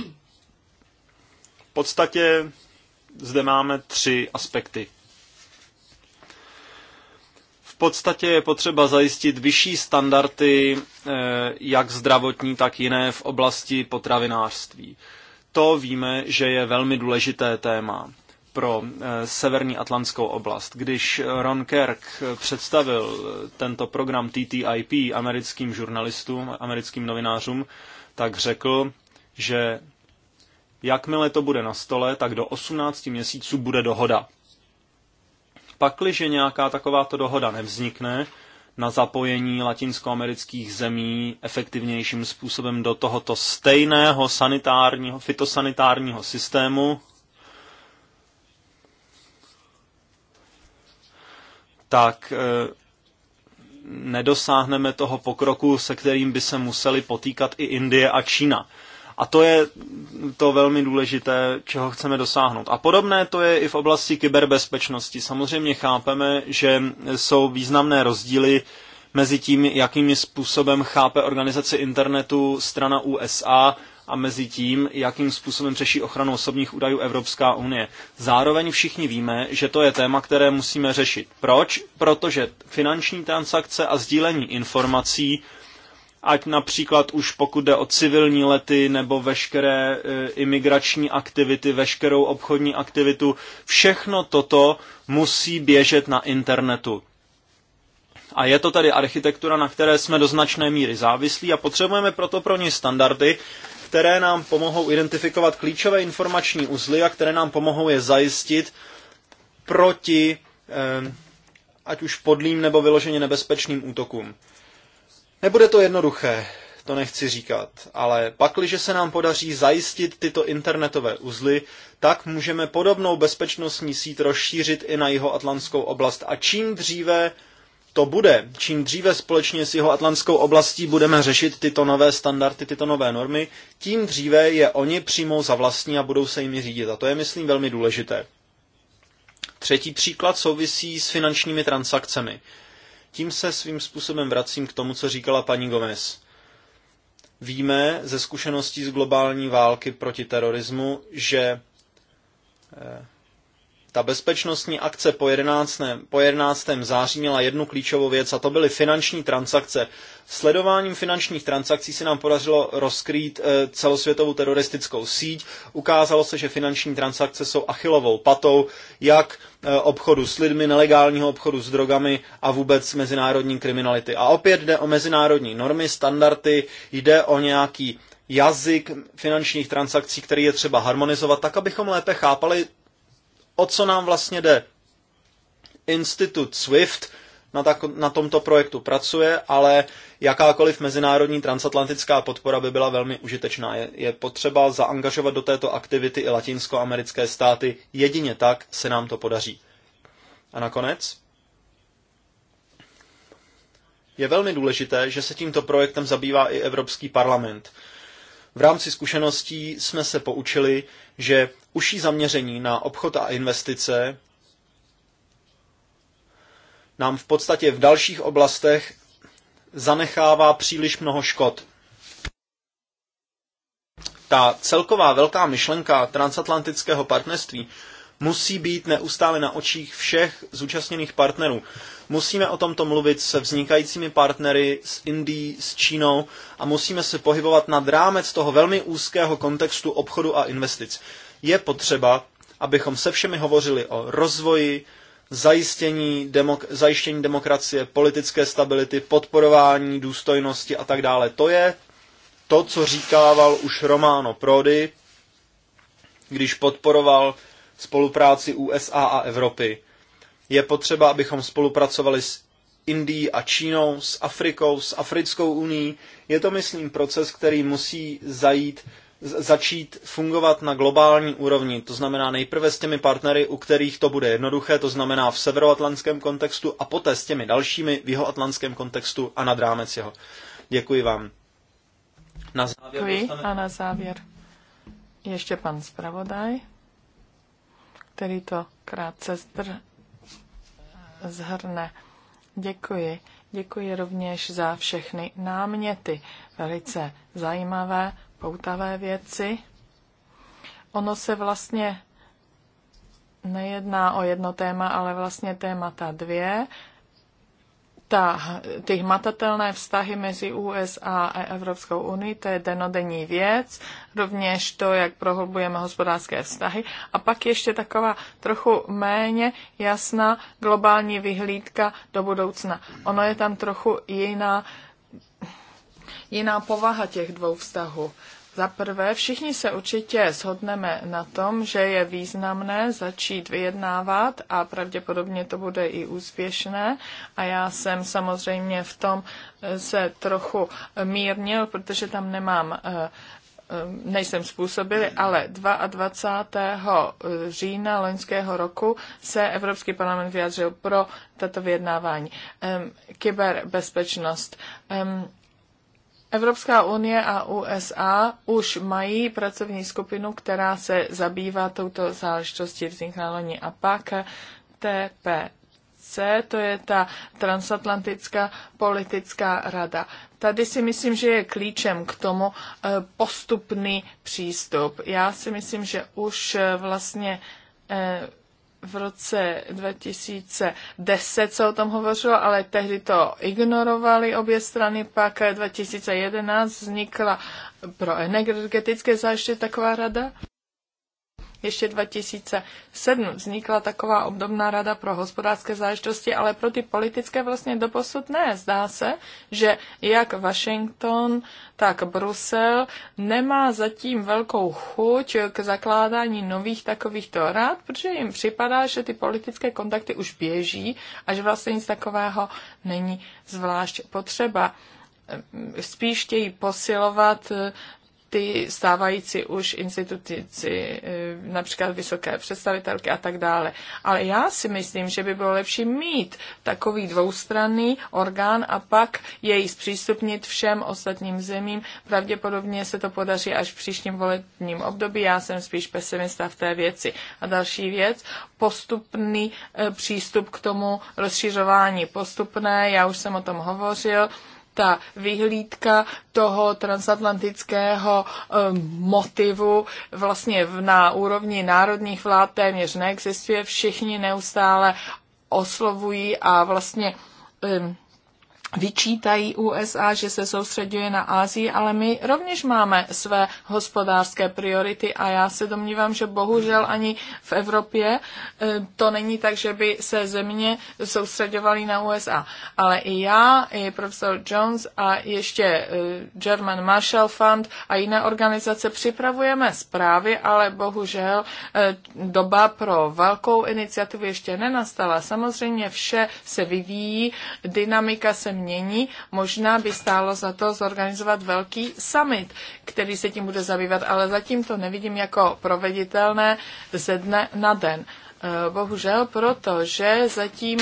V podstatě zde máme tři aspekty. V podstatě je potřeba zajistit vyšší standardy, eh, jak zdravotní, tak jiné v oblasti potravinářství. To víme, že je velmi důležité téma pro eh, severní atlantskou oblast. Když Ron Kirk představil eh, tento program TTIP americkým žurnalistům, americkým novinářům, tak řekl, že jakmile to bude na stole, tak do 18 měsíců bude dohoda. Pakliže nějaká takováto dohoda nevznikne na zapojení latinskoamerických zemí efektivnějším způsobem do tohoto stejného sanitárního, fitosanitárního systému, tak e, nedosáhneme toho pokroku, se kterým by se museli potýkat i Indie a Čína. A to je to velmi důležité, čeho chceme dosáhnout. A podobné to je i v oblasti kyberbezpečnosti. Samozřejmě chápeme, že jsou významné rozdíly mezi tím, jakým způsobem chápe organizace internetu strana USA a mezi tím, jakým způsobem řeší ochranu osobních údajů Evropská unie. Zároveň všichni víme, že to je téma, které musíme řešit. Proč? Protože finanční transakce a sdílení informací ať například už pokud jde o civilní lety nebo veškeré e, imigrační aktivity, veškerou obchodní aktivitu, všechno toto musí běžet na internetu. A je to tady architektura, na které jsme do značné míry závislí a potřebujeme proto pro ní standardy, které nám pomohou identifikovat klíčové informační uzly a které nám pomohou je zajistit proti e, ať už podlým nebo vyloženě nebezpečným útokům. Nebude to jednoduché, to nechci říkat, ale pakliže se nám podaří zajistit tyto internetové uzly, tak můžeme podobnou bezpečnostní síť rozšířit i na jeho atlantskou oblast. A čím dříve to bude, čím dříve společně s jeho atlantskou oblastí budeme řešit tyto nové standardy, tyto nové normy, tím dříve je oni přijmou za vlastní a budou se jimi řídit. A to je, myslím, velmi důležité. Třetí příklad souvisí s finančními transakcemi. Tím se svým způsobem vracím k tomu, co říkala paní Gomez. Víme ze zkušeností z globální války proti terorismu, že eh, ta bezpečnostní akce po 11. po 11. září měla jednu klíčovou věc a to byly finanční transakce. Sledováním finančních transakcí se nám podařilo rozkrýt eh, celosvětovou teroristickou síť. Ukázalo se, že finanční transakce jsou achilovou patou jak eh, obchodu s lidmi, nelegálního obchodu s drogami a vůbec mezinárodní kriminality. A opět jde o mezinárodní normy, standardy, jde o nějaký jazyk finančních transakcí, který je třeba harmonizovat tak, abychom lépe chápali o co nám vlastně jde. Institut SWIFT na, tak, na tomto projektu pracuje, ale jakákoliv mezinárodní transatlantická podpora by byla velmi užitečná. Je, je potřeba zaangažovat do této aktivity i latinskoamerické státy. Jedině tak se nám to podaří. A nakonec je velmi důležité, že se tímto projektem zabývá i Evropský parlament. V rámci zkušeností jsme se poučili, že užší zaměření na obchod a investice nám v podstatě v dalších oblastech zanechává příliš mnoho škod. Ta celková velká myšlenka transatlantického partnerství musí být neustále na očích všech zúčastněných partnerů. Musíme o tomto mluvit se vznikajícími partnery s Indií, s Čínou a musíme se pohybovat nad rámec toho velmi úzkého kontextu obchodu a investic. Je potřeba, abychom se všemi hovořili o rozvoji, zajištění, demok- zajištění demokracie, politické stability, podporování důstojnosti a tak dále. To je to, co říkával už Romano Prodi, když podporoval spolupráci USA a Evropy. Je potřeba, abychom spolupracovali s Indií a Čínou, s Afrikou, s Africkou unii. Je to, myslím, proces, který musí zajít, začít fungovat na globální úrovni. To znamená nejprve s těmi partnery, u kterých to bude jednoduché, to znamená v severoatlantském kontextu a poté s těmi dalšími v jihoatlantském kontextu a nad rámec jeho. Děkuji vám. Na závěr Děkuji dostane... a na závěr ještě pan zpravodaj který to krátce zdr- zhrne. Děkuji. Děkuji rovněž za všechny náměty. Velice zajímavé, poutavé věci. Ono se vlastně nejedná o jedno téma, ale vlastně témata dvě ta, ty hmatatelné vztahy mezi USA a Evropskou unii, to je denodenní věc, rovněž to, jak prohlubujeme hospodářské vztahy. A pak ještě taková trochu méně jasná globální vyhlídka do budoucna. Ono je tam trochu jiná, jiná povaha těch dvou vztahů. Za prvé, všichni se určitě shodneme na tom, že je významné začít vyjednávat a pravděpodobně to bude i úspěšné. A já jsem samozřejmě v tom eh, se trochu mírnil, protože tam nemám eh, eh, nejsem způsobili, ale 22. října loňského roku se Evropský parlament vyjádřil pro tato vyjednávání. Ehm, kyberbezpečnost. Ehm, Evropská unie a USA už mají pracovní skupinu, která se zabývá touto záležitostí vznikla loni a pak TPC, to je ta transatlantická politická rada. Tady si myslím, že je klíčem k tomu eh, postupný přístup. Já si myslím, že už eh, vlastně eh, v roce 2010 se o tom hovořilo, ale tehdy to ignorovali obě strany. Pak 2011 vznikla pro energetické záště taková rada ještě 2007 vznikla taková obdobná rada pro hospodářské záležitosti, ale pro ty politické vlastně doposud ne. Zdá se, že jak Washington, tak Brusel nemá zatím velkou chuť k zakládání nových takovýchto rád, protože jim připadá, že ty politické kontakty už běží a že vlastně nic takového není zvlášť potřeba spíš chtějí posilovat ty stávající už instituci, eh, například vysoké představitelky a tak dále. Ale já si myslím, že by bylo lepší mít takový dvoustranný orgán a pak jej zpřístupnit všem ostatním zemím. Pravděpodobně se to podaří až v příštím volebním období. Já jsem spíš pesimista v té věci. A další věc, postupný eh, přístup k tomu rozšiřování postupné, já už jsem o tom hovořil, ta vyhlídka toho transatlantického um, motivu vlastně na úrovni národních vlád téměř neexistuje. Všichni neustále oslovují a vlastně um, vyčítají USA, že se soustředuje na Asii, ale my rovněž máme své hospodářské priority a já se domnívám, že bohužel ani v Evropě eh, to není tak, že by se země soustředovaly na USA. Ale i já, i profesor Jones a ještě eh, German Marshall Fund a jiné organizace připravujeme zprávy, ale bohužel eh, doba pro velkou iniciativu ještě nenastala. Samozřejmě vše se vyvíjí, dynamika se mění mění. Možná by stálo za to zorganizovat velký summit, který se tím bude zabývat, ale zatím to nevidím jako proveditelné ze dne na den. E, bohužel, protože zatím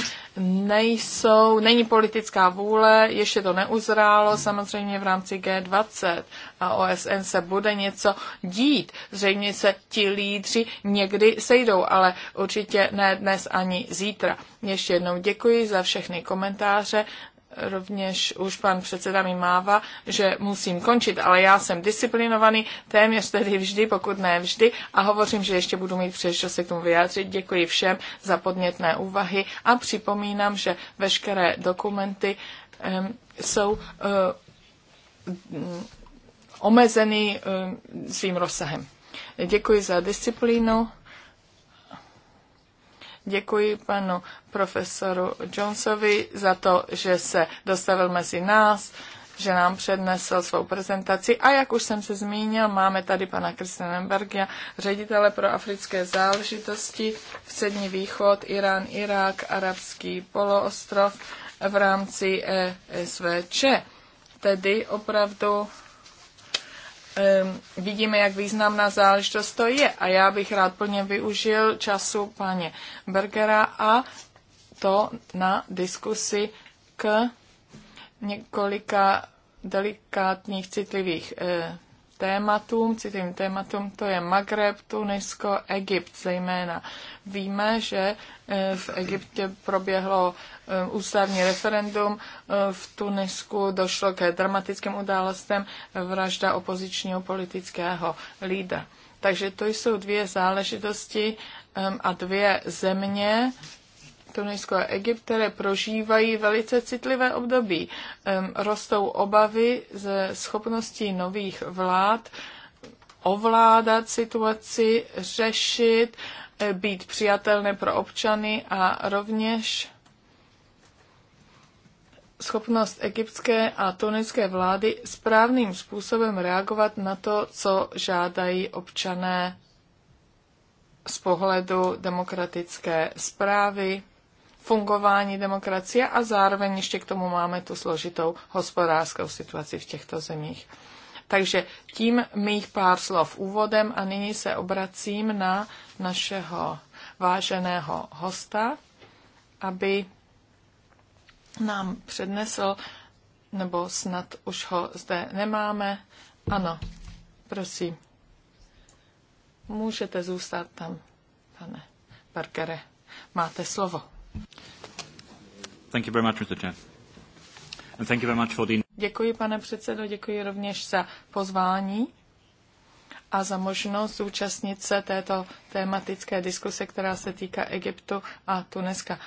nejsou, není politická vůle, ještě to neuzrálo, samozřejmě v rámci G20 a OSN se bude něco dít. Zřejmě se ti lídři někdy sejdou, ale určitě ne dnes ani zítra. Ještě jednou děkuji za všechny komentáře, rovněž už pan předseda mi mává, že musím končit, ale já jsem disciplinovaný, téměř tedy vždy, pokud ne vždy, a hovořím, že ještě budu mít příležitost se k tomu vyjádřit. Děkuji všem za podnětné úvahy a připomínám, že veškeré dokumenty um, jsou um, omezeny um, svým rozsahem. Děkuji za disciplínu. Děkuji panu profesoru Jonesovi za to, že se dostavil mezi nás, že nám přednesl svou prezentaci. A jak už jsem se zmínil, máme tady pana Kristenenbergia, ředitele pro africké záležitosti, v Střední východ, Irán, Irák, Arabský poloostrov v rámci ESVČ. Tedy opravdu Ehm, vidíme, jak významná záležitost to je. A já bych rád plně využil času paně Bergera a to na diskusi k několika delikátních, citlivých uh, tématům, citlivým tématům, to je Magreb, Tunisko, Egypt zejména. Víme, že e, v Egyptě proběhlo e, ústavní referendum, e, v Tunisku došlo ke dramatickým událostem vražda opozičního politického lídra. Takže to jsou dvě záležitosti a dvě země, Tunisko a Egypt, které prožívají velice citlivé období. Rostou obavy ze schopností nových vlád ovládat situaci, řešit, e, být přijatelné pro občany a rovněž schopnost egyptské a tunické vlády správným způsobem reagovat na to, co žádají občané z pohledu demokratické zprávy, fungování demokracie a zároveň ještě k tomu máme tu složitou hospodářskou situaci v těchto zemích. Takže tím mých pár slov úvodem a nyní se obracím na našeho váženého hosta, aby nám přednesl, nebo snad už ho zde nemáme. Ano, prosím. Můžete zůstat tam, pane Parkere, Máte slovo. Děkuji, pane předsedo, děkuji rovněž za pozvání a za možnost zúčastnit se této tématické diskuse, která se týká Egyptu a Tuneska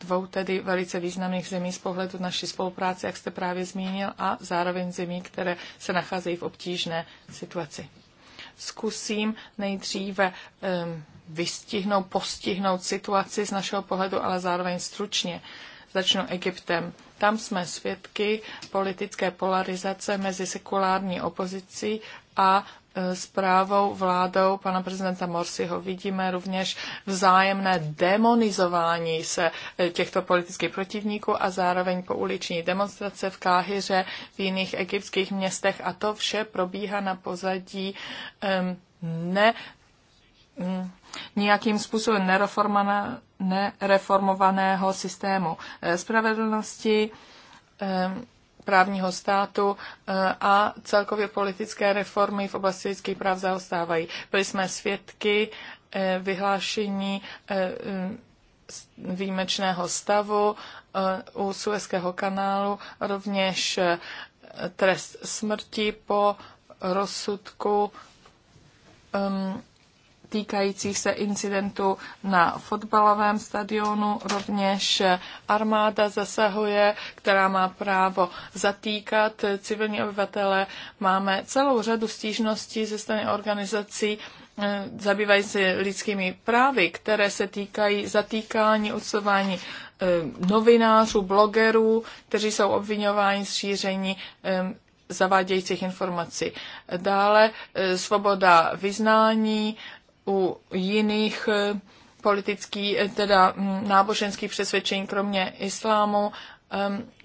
dvou tedy velice významných zemí z pohledu naší spolupráce, jak jste právě zmínil, a zároveň zemí, které se nacházejí v obtížné situaci. Zkusím nejdříve um, vystihnout, postihnout situaci z našeho pohledu, ale zároveň stručně. Začnu Egyptem. Tam jsme svědky politické polarizace mezi sekulární opozicí a zprávou e, vládou pana prezidenta Morsiho. Vidíme rovněž vzájemné demonizování se e, těchto politických protivníků a zároveň pouliční demonstrace v Káhyře, v jiných egyptských městech a to vše probíhá na pozadí um, ne um, nějakým způsobem nereformovaného systému eh, spravedlnosti, eh, právního státu eh, a celkově politické reformy v oblasti lidských práv zaostávají. Byli jsme svědky vyhlášení výjimečného stavu u Suezského kanálu, rovněž trest smrti po rozsudku ehm, týkajících se incidentu na fotbalovém stadionu. Rovněž armáda zasahuje, která má právo zatýkat civilní obyvatele. Máme celou řadu stížností ze strany organizací, eh, zabývají se lidskými právy, které se týkají zatýkání, odsování eh, novinářů, blogerů, kteří jsou obvinováni z šíření eh, zavádějících informací. Dále svoboda vyznání, u jiných eh, politický, eh, teda mm, náboženský přesvědčení, kromě islámu,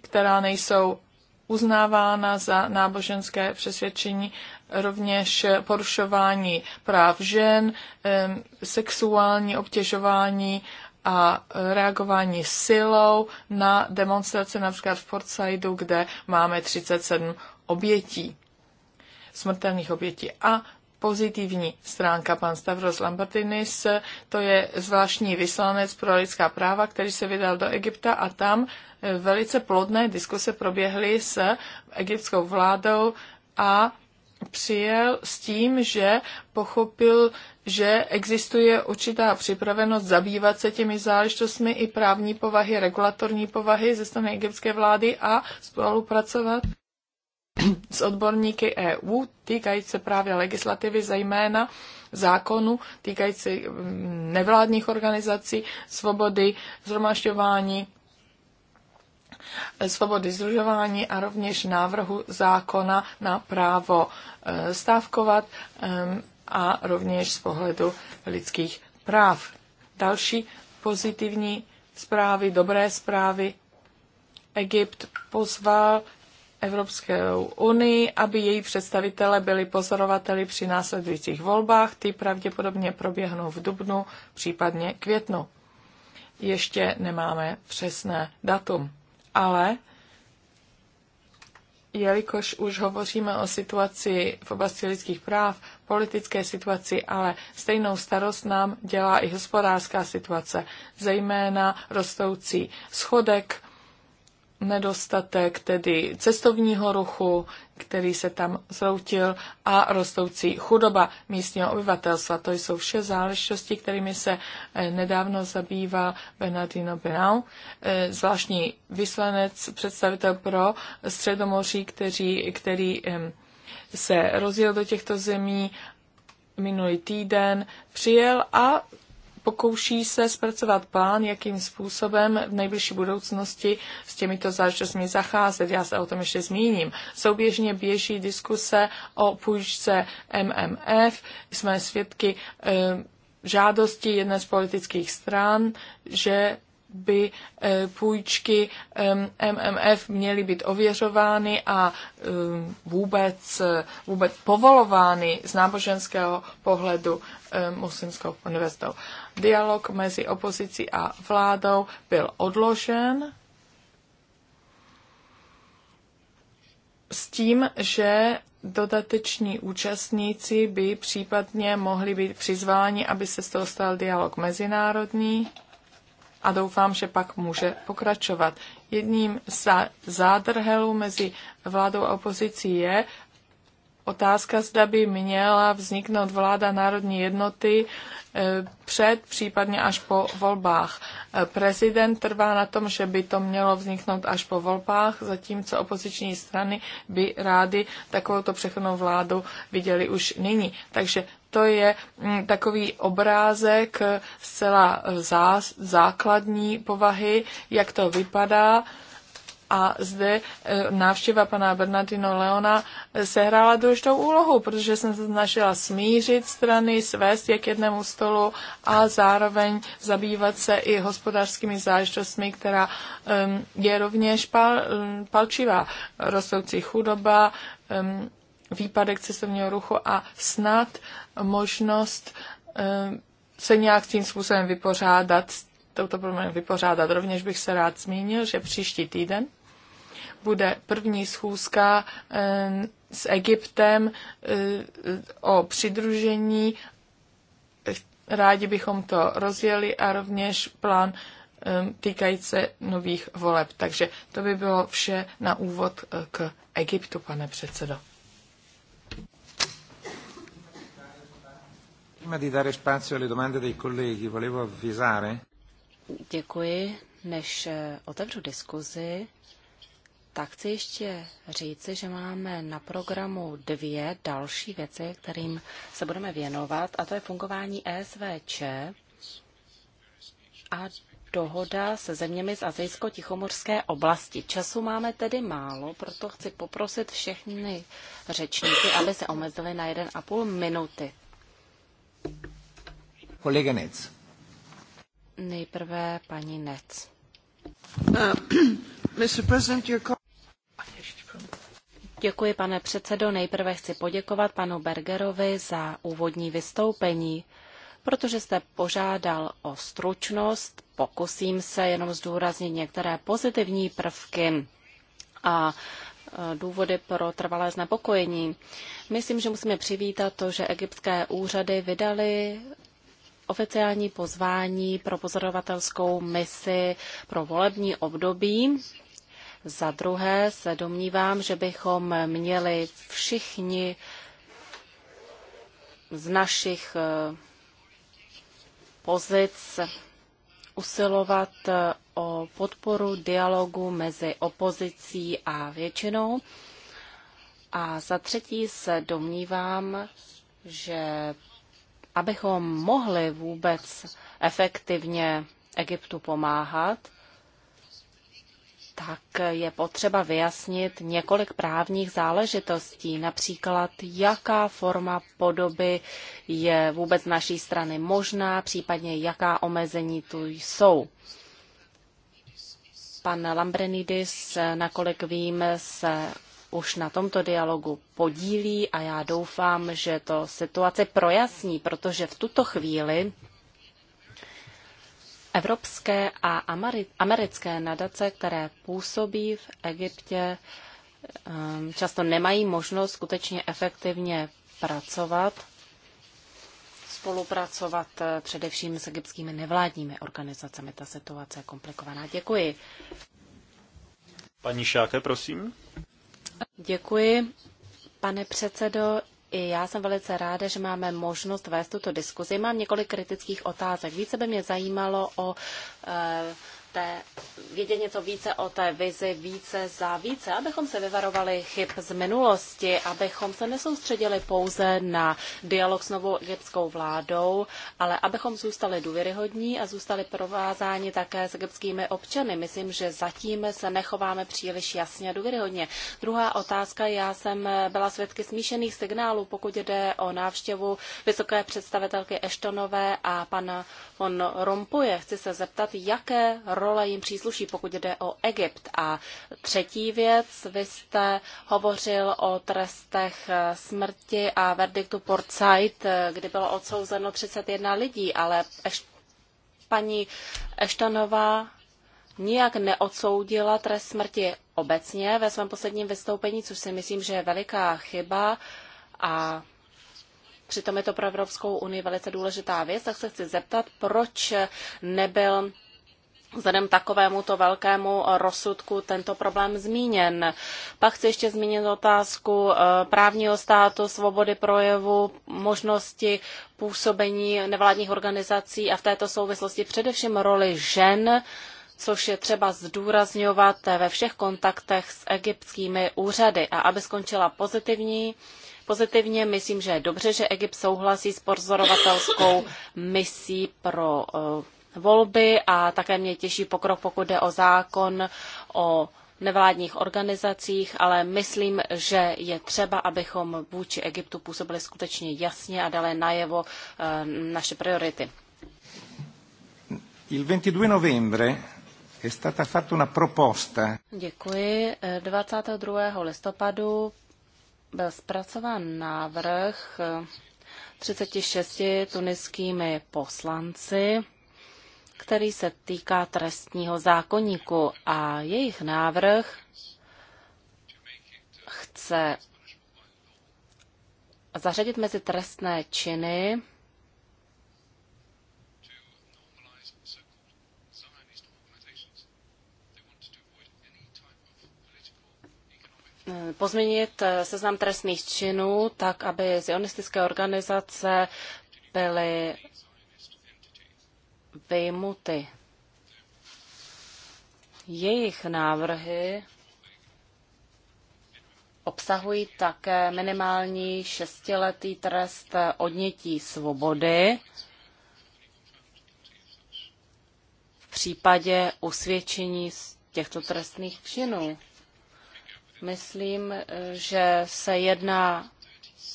která nejsou uznávána za náboženské přesvědčení, rovněž eh, porušování práv žen, sexuální obtěžování a reagování silou na demonstrace například v Port kde máme 37 obětí, smrtelných obětí. A pozitivní stránka. Pan Stavros Lambertinis, to je zvláštní vyslanec pro lidská práva, který se vydal do Egypta a tam eh, velice plodné diskuse proběhly s egyptskou vládou a přijel s tím, že pochopil, že existuje určitá připravenost zabývat se těmi záležitostmi i právní povahy, regulatorní povahy ze strany egyptské vlády a spolupracovat s odborníky EU týkající se právě legislativy, zejména zákonu týkající mm, nevládních organizací, svobody zhromažďování, svobody združování a rovněž návrhu zákona na právo e, stávkovat a rovněž z pohledu lidských práv. Další pozitivní zprávy, dobré zprávy. Egypt pozval Evropskou unii, aby její představitele byli pozorovateli při následujících volbách. Ty pravděpodobně proběhnou v dubnu, případně květnu. Ještě nemáme přesné datum, ale jelikož už hovoříme o situaci v oblasti lidských práv, politické situaci, ale stejnou starost nám dělá i hospodářská situace, zejména rostoucí schodek nedostatek tedy cestovního ruchu, který se tam zroutil, a rostoucí chudoba místního obyvatelstva. To jsou vše záležitosti, kterými se eh, nedávno zabýval Bernardino Benal, eh, zvláštní vyslanec, představitel pro Středomoří, který, který se rozjel do těchto zemí minulý týden, přijel a pokouší se zpracovat plán, jakým způsobem v nejbližší budoucnosti s těmito záležitostmi zacházet. Já se o tom ještě zmíním. Souběžně běží diskuse o půjčce MMF. Jsme svědky eh, žádosti jedné z politických stran, že by eh, půjčky MMF měly být ověřovány a eh, vůbec, vůbec povolovány z náboženského pohledu eh, muslimskou univerzitou. Dialog mezi opozicí a vládou byl odložen s tím, že dodateční účastníci by případně mohli být přizváni, aby se z toho stal dialog mezinárodní a doufám, že pak může pokračovat. Jedním z zádrhelů mezi vládou a opozicí je otázka, zda by měla vzniknout vláda národní jednoty e, před, případně až po volbách. E, prezident trvá na tom, že by to mělo vzniknout až po volbách, zatímco opoziční strany by rády takovouto přechodnou vládu viděli už nyní. Takže to je mm, takový obrázek eh, zcela eh, základní povahy, jak to vypadá. A zde eh, návštěva pana Bernardino Leona sehrála důležitou úlohu, protože jsem se snažila smířit strany, svést je k jednému stolu a zároveň zabývat se i hospodářskými záležitostmi, která ehm, je rovněž pal, ehm, palčivá. Rostoucí chudoba, ehm, výpadek cestovního ruchu a snad možnost eh, se nějak tím způsobem vypořádat, s touto problémem vypořádat. Rovněž bych se rád zmínil, že příští týden bude první schůzka eh, s Egyptem eh, o přidružení. Rádi bychom to rozjeli a rovněž plán týkající se nových voleb. Takže to by bylo vše na úvod k Egyptu, pane předsedo. Děkuji. Než eh, otevřu diskuzi, tak chci ještě říci, že máme na programu dvě další věci, kterým se budeme věnovat, a to je fungování ESVČ a dohoda se zeměmi z azijsko-tichomorské oblasti. Času máme tedy málo, proto chci poprosit všechny řečníky, aby se omezili na jeden a půl minuty. Kolega Nec. Nejprve paní Nec. Uh, Děkuji, pane předsedo. Nejprve chci poděkovat panu Bergerovi za úvodní vystoupení. Protože jste požádal o stručnost, pokusím se jenom zdůraznit některé pozitivní prvky a e, důvody pro trvalé znepokojení. Myslím, že musíme přivítat to, že egyptské úřady vydali oficiální pozvání pro pozorovatelskou misi pro volební období. Za druhé se domnívám, že bychom měli všichni z našich eh, pozic usilovat eh, o podporu dialogu mezi opozicí a většinou. A za třetí se domnívám, že abychom mohli vůbec efektivně Egyptu pomáhat, tak je potřeba vyjasnit několik právních záležitostí, například jaká forma podoby je vůbec naší strany možná, případně jaká omezení tu jsou. Pan Lambrenidis, nakolik vím, se už na tomto dialogu podílí a já doufám, že to situace projasní, protože v tuto chvíli evropské a americké nadace, které působí v Egyptě, ehm, často nemají možnost skutečně efektivně pracovat, spolupracovat eh, především s egyptskými nevládními organizacemi. Ta situace je komplikovaná. Děkuji. Paní Šáke, prosím. Děkuji, pane předsedo. I já jsem velice ráda, že máme možnost vést tuto diskuzi. Mám několik kritických otázek. Více by mě zajímalo o e, té, vědět něco více o té vizi, více za více, abychom se vyvarovali chyb z minulosti, abychom se nesoustředili pouze na dialog s novou egyptskou vládou, ale abychom zůstali důvěryhodní a zůstali provázáni také s egyptskými občany. Myslím, že zatím se nechováme příliš jasně a důvěryhodně. Druhá otázka, já jsem byla svědky smíšených signálů, pokud jde o návštěvu vysoké představitelky Eštonové a pana von Rompuje. Chci se zeptat, jaké role jim přísluší, pokud jde o Egypt. A třetí věc, vy jste hovořil o trestech eh, smrti a verdiktu Port Said, eh, kdy bylo odsouzeno 31 lidí, ale eš, paní Eštanová nijak neodsoudila trest smrti obecně ve svém posledním vystoupení, což si myslím, že je veliká chyba a přitom je to pro Evropskou unii velice důležitá věc, tak se chci zeptat, proč nebyl vzhledem takovému to velkému rozsudku tento problém zmíněn. Pak chci ještě zmínit otázku eh, právního státu, svobody projevu, možnosti působení nevládních organizací a v této souvislosti především roli žen, což je třeba zdůrazňovat ve všech kontaktech s egyptskými úřady. A aby skončila pozitivní, pozitivně, myslím, že je dobře, že Egypt souhlasí s pozorovatelskou misí pro eh, volby a také mě těší pokrok, pokud jde o zákon o nevládních organizacích, ale myslím, že je třeba, abychom vůči Egyptu působili skutečně jasně a dali najevo eh, naše priority. Il 22 novembre è stata fatta una proposta. Děkuji. 22. Eh, listopadu byl zpracován návrh 36 eh, tuniskými poslanci který se týká trestního zákoníku a jejich návrh chce zařadit mezi trestné činy pozměnit eh, seznam trestných činů tak, aby zionistické organizace byly vyjmuty. Jejich návrhy obsahují také minimální šestiletý trest odnětí svobody v případě usvědčení z těchto trestných činů. Myslím, že se jedná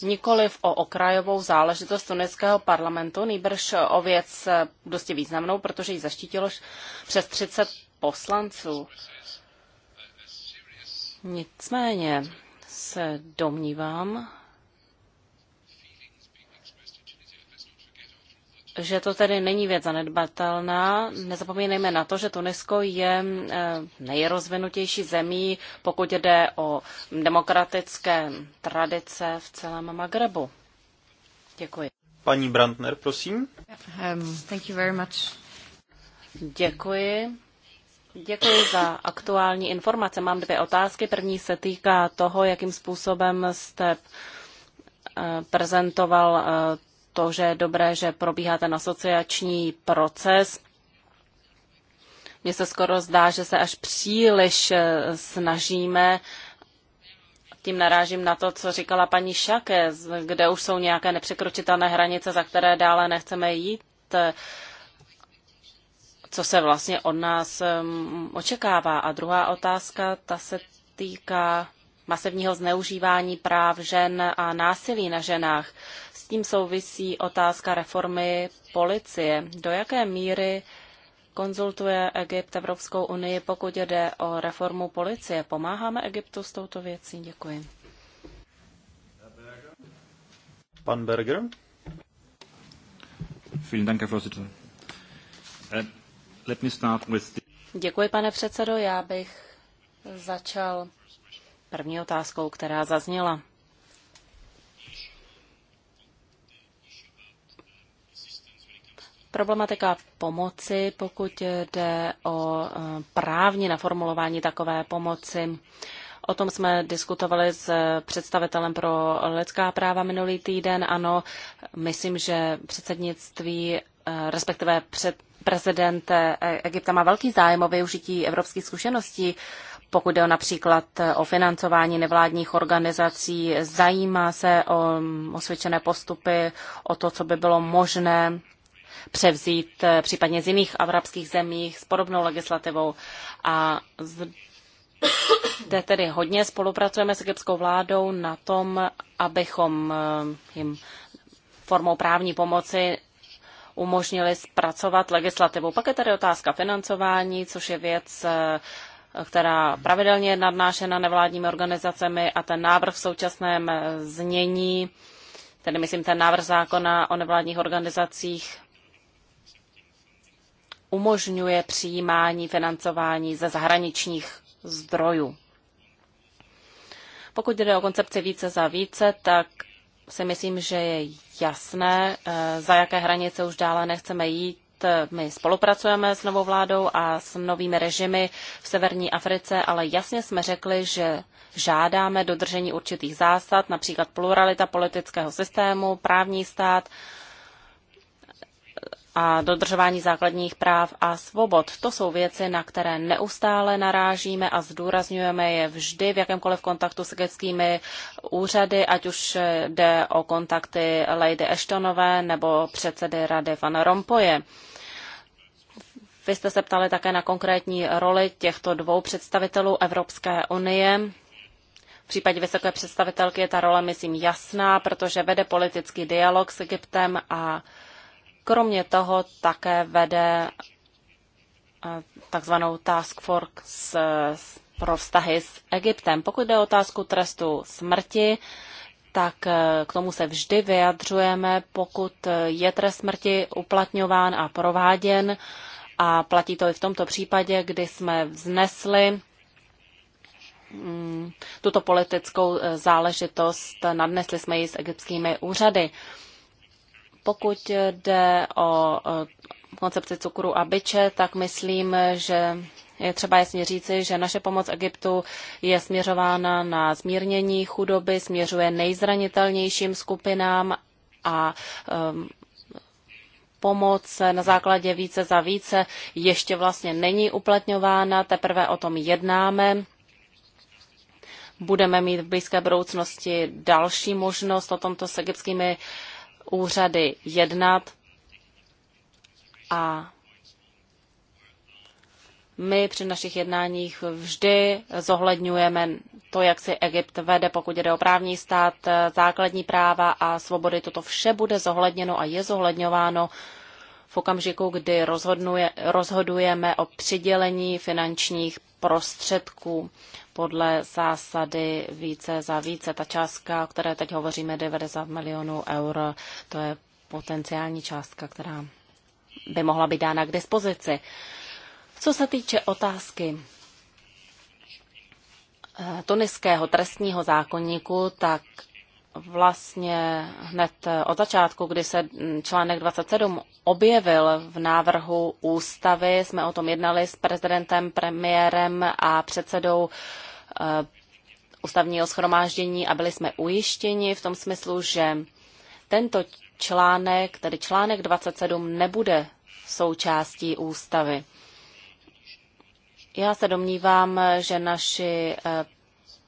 nikoliv o okrajovou záležitost tuneckého parlamentu, nýbrž o věc eh, dosti významnou, protože ji zaštítilo přes 30 poslanců. Nicméně se domnívám, že to tedy není věc zanedbatelná. Nezapomínejme na to, že Tunisko je eh, nejrozvinutější zemí, pokud jde o demokratické tradice v celém Magrebu. Děkuji. Paní Brandner, prosím. Um, thank you very much. Děkuji. Děkuji za aktuální informace. Mám dvě otázky. První se týká toho, jakým způsobem jste eh, prezentoval eh, to, že je dobré, že probíhá ten asociační proces. Mně se skoro zdá, že se až příliš eh, snažíme tím narážím na to, co říkala paní Šake, kde už jsou nějaké nepřekročitelné hranice, za které dále nechceme jít, eh, co se vlastně od nás očekává. A druhá otázka, ta se týká masivního zneužívání práv žen a násilí na ženách. S tím souvisí otázka reformy policie. Do jaké míry konzultuje Egypt Evropskou unii, pokud jde o reformu policie? Pomáháme Egyptu s touto věcí? Děkuji. Pan Berger. Äh, Děkuji, pane předsedo. Já bych začal první otázkou, která zazněla. problematika pomoci, pokud jde o eh, právní naformulování takové pomoci. O tom jsme diskutovali s představitelem pro lidská práva minulý týden. Ano, myslím, že předsednictví, eh, respektive před prezident eh, Egypta má velký zájem o využití evropských zkušeností pokud jde o například o financování nevládních organizací, zajímá se o mm, osvědčené postupy, o to, co by bylo možné převzít eh, případně z jiných arabských zemích s podobnou legislativou. A zde tedy hodně spolupracujeme s egyptskou vládou na tom, abychom eh, jim formou právní pomoci umožnili zpracovat legislativu. Pak je tady otázka financování, což je věc, eh, která pravidelně je nadnášena nevládními organizacemi a ten návrh v současném znění, tedy myslím ten návrh zákona o nevládních organizacích, umožňuje přijímání financování ze zahraničních zdrojů. Pokud jde o koncepci více za více, tak si myslím, že je jasné, eh, za jaké hranice už dále nechceme jít. My spolupracujeme s novou vládou a s novými režimy v severní Africe, ale jasně jsme řekli, že žádáme dodržení určitých zásad, například pluralita politického systému, právní stát a dodržování základních práv a svobod. To jsou věci, na které neustále narážíme a zdůrazňujeme je vždy v jakémkoliv kontaktu s egyptskými úřady, ať už jde o kontakty Lady Ashtonové nebo předsedy Rady Van Rompoje. Vy jste se ptali také na konkrétní roli těchto dvou představitelů Evropské unie. V případě vysoké představitelky je ta role, myslím, jasná, protože vede politický dialog s Egyptem a Kromě toho také vede eh, takzvanou task force pro vztahy s Egyptem. Pokud jde o otázku trestu smrti, tak eh, k tomu se vždy vyjadřujeme, pokud eh, je trest smrti uplatňován a prováděn. A platí to i v tomto případě, kdy jsme vznesli mm, tuto politickou záležitost, nadnesli jsme ji s egyptskými úřady. Pokud jde o eh, koncepci cukru a byče, tak myslím, že je třeba jasně říci, že naše pomoc Egyptu je směřována na zmírnění chudoby, směřuje nejzranitelnějším skupinám a um, pomoc na základě více za více ještě vlastně není uplatňována, teprve o tom jednáme. Budeme mít v blízké budoucnosti další možnost o tomto s egyptskými uh, úřady jednat a my při našich jednáních vždy zohledňujeme to, jak si Egypt vede, pokud jde o právní stát, základní práva a svobody. Toto vše bude zohledněno a je zohledňováno v okamžiku, kdy rozhodujeme o přidělení finančních prostředků podle zásady více za více. Ta částka, o které teď hovoříme, 90 milionů eur, to je potenciální částka, která by mohla být dána k dispozici. Co se týče otázky eh, tuniského trestního zákonníku, tak vlastně hned od začátku, kdy se článek 27 objevil v návrhu ústavy, jsme o tom jednali s prezidentem, premiérem a předsedou eh, ústavního schromáždění a byli jsme ujištěni v tom smyslu, že tento článek, tedy článek 27, nebude součástí ústavy. Já se domnívám, že naši eh,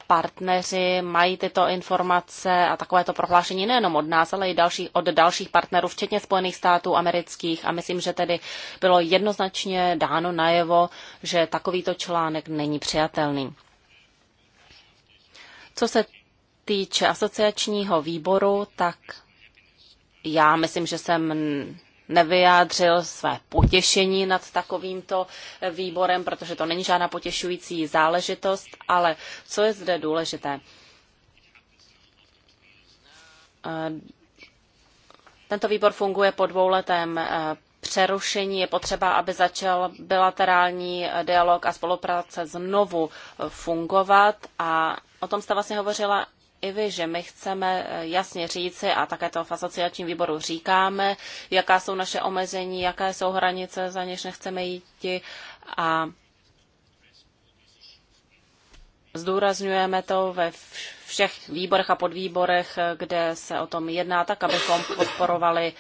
partneři mají tyto informace a takovéto prohlášení nejenom od nás, ale i další, od dalších partnerů, včetně Spojených států amerických. A myslím, že tedy bylo jednoznačně dáno najevo, že takovýto článek není přijatelný. Co se týče asociačního výboru, tak já myslím, že jsem nevyjádřil své potěšení nad takovýmto eh, výborem, protože to není žádná potěšující záležitost, ale co je zde důležité? Eh, tento výbor funguje po dvouletém eh, přerušení. Je potřeba, aby začal bilaterální dialog a spolupráce znovu fungovat. A o tom jste vlastně hovořila i vy, že my chceme eh, jasně říci, a také to v asociačním výboru říkáme, jaká jsou naše omezení, jaké jsou hranice, za něž nechceme jít a zdůrazňujeme to ve všech výborech a podvýborech, eh, kde se o tom jedná, tak abychom podporovali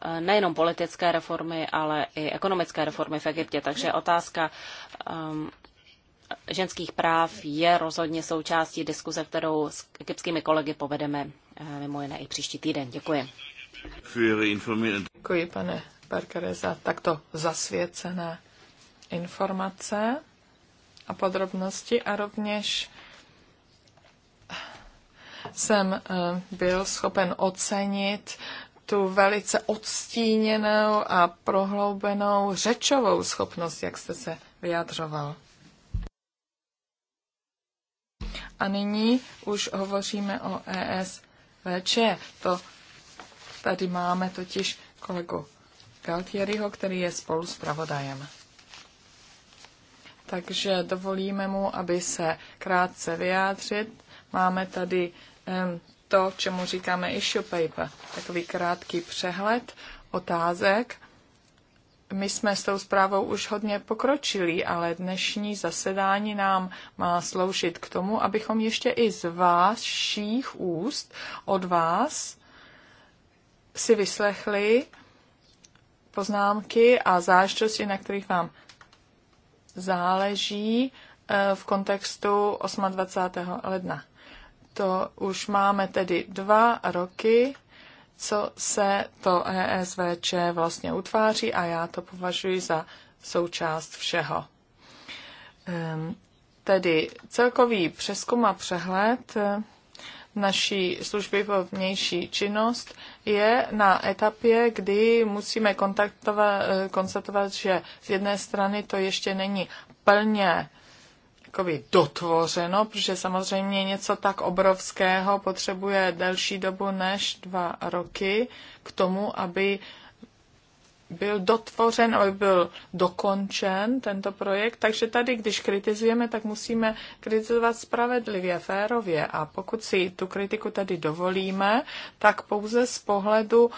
eh, nejenom politické reformy, ale i ekonomické reformy v Egyptě. Takže otázka, ehm, ženských práv je rozhodně součástí diskuze, kterou s egyptskými kolegy povedeme eh, mimo jiné i příští týden. Děkuji. Děkuji, pane Parkere, za takto zasvěcené informace a podrobnosti a rovněž jsem eh, byl schopen ocenit tu velice odstíněnou a prohloubenou řečovou schopnost, jak jste se vyjadřoval. A nyní už hovoříme o ESVČ. To tady máme totiž kolegu Galtieriho, který je spolu s pravodajem. Takže dovolíme mu, aby se krátce vyjádřit. Máme tady to, čemu říkáme issue paper, takový krátký přehled otázek, my jsme s tou zprávou už hodně pokročili, ale dnešní zasedání nám má sloužit k tomu, abychom ještě i z vašich úst od vás si vyslechli poznámky a záležitosti, na kterých vám záleží eh, v kontextu 28. ledna. To už máme tedy dva roky co se to ESVČ vlastně utváří a já to považuji za součást všeho. Ehm, tedy celkový přeskum a přehled eh, naší služby pro vnější činnost je na etapě, kdy musíme eh, konstatovat, že z jedné strany to ještě není plně jakoby dotvořeno, protože samozřejmě něco tak obrovského potřebuje delší dobu než dva roky k tomu, aby byl dotvořen, aby byl dokončen tento projekt. Takže tady, když kritizujeme, tak musíme kritizovat spravedlivě, férově. A pokud si tu kritiku tady dovolíme, tak pouze z pohledu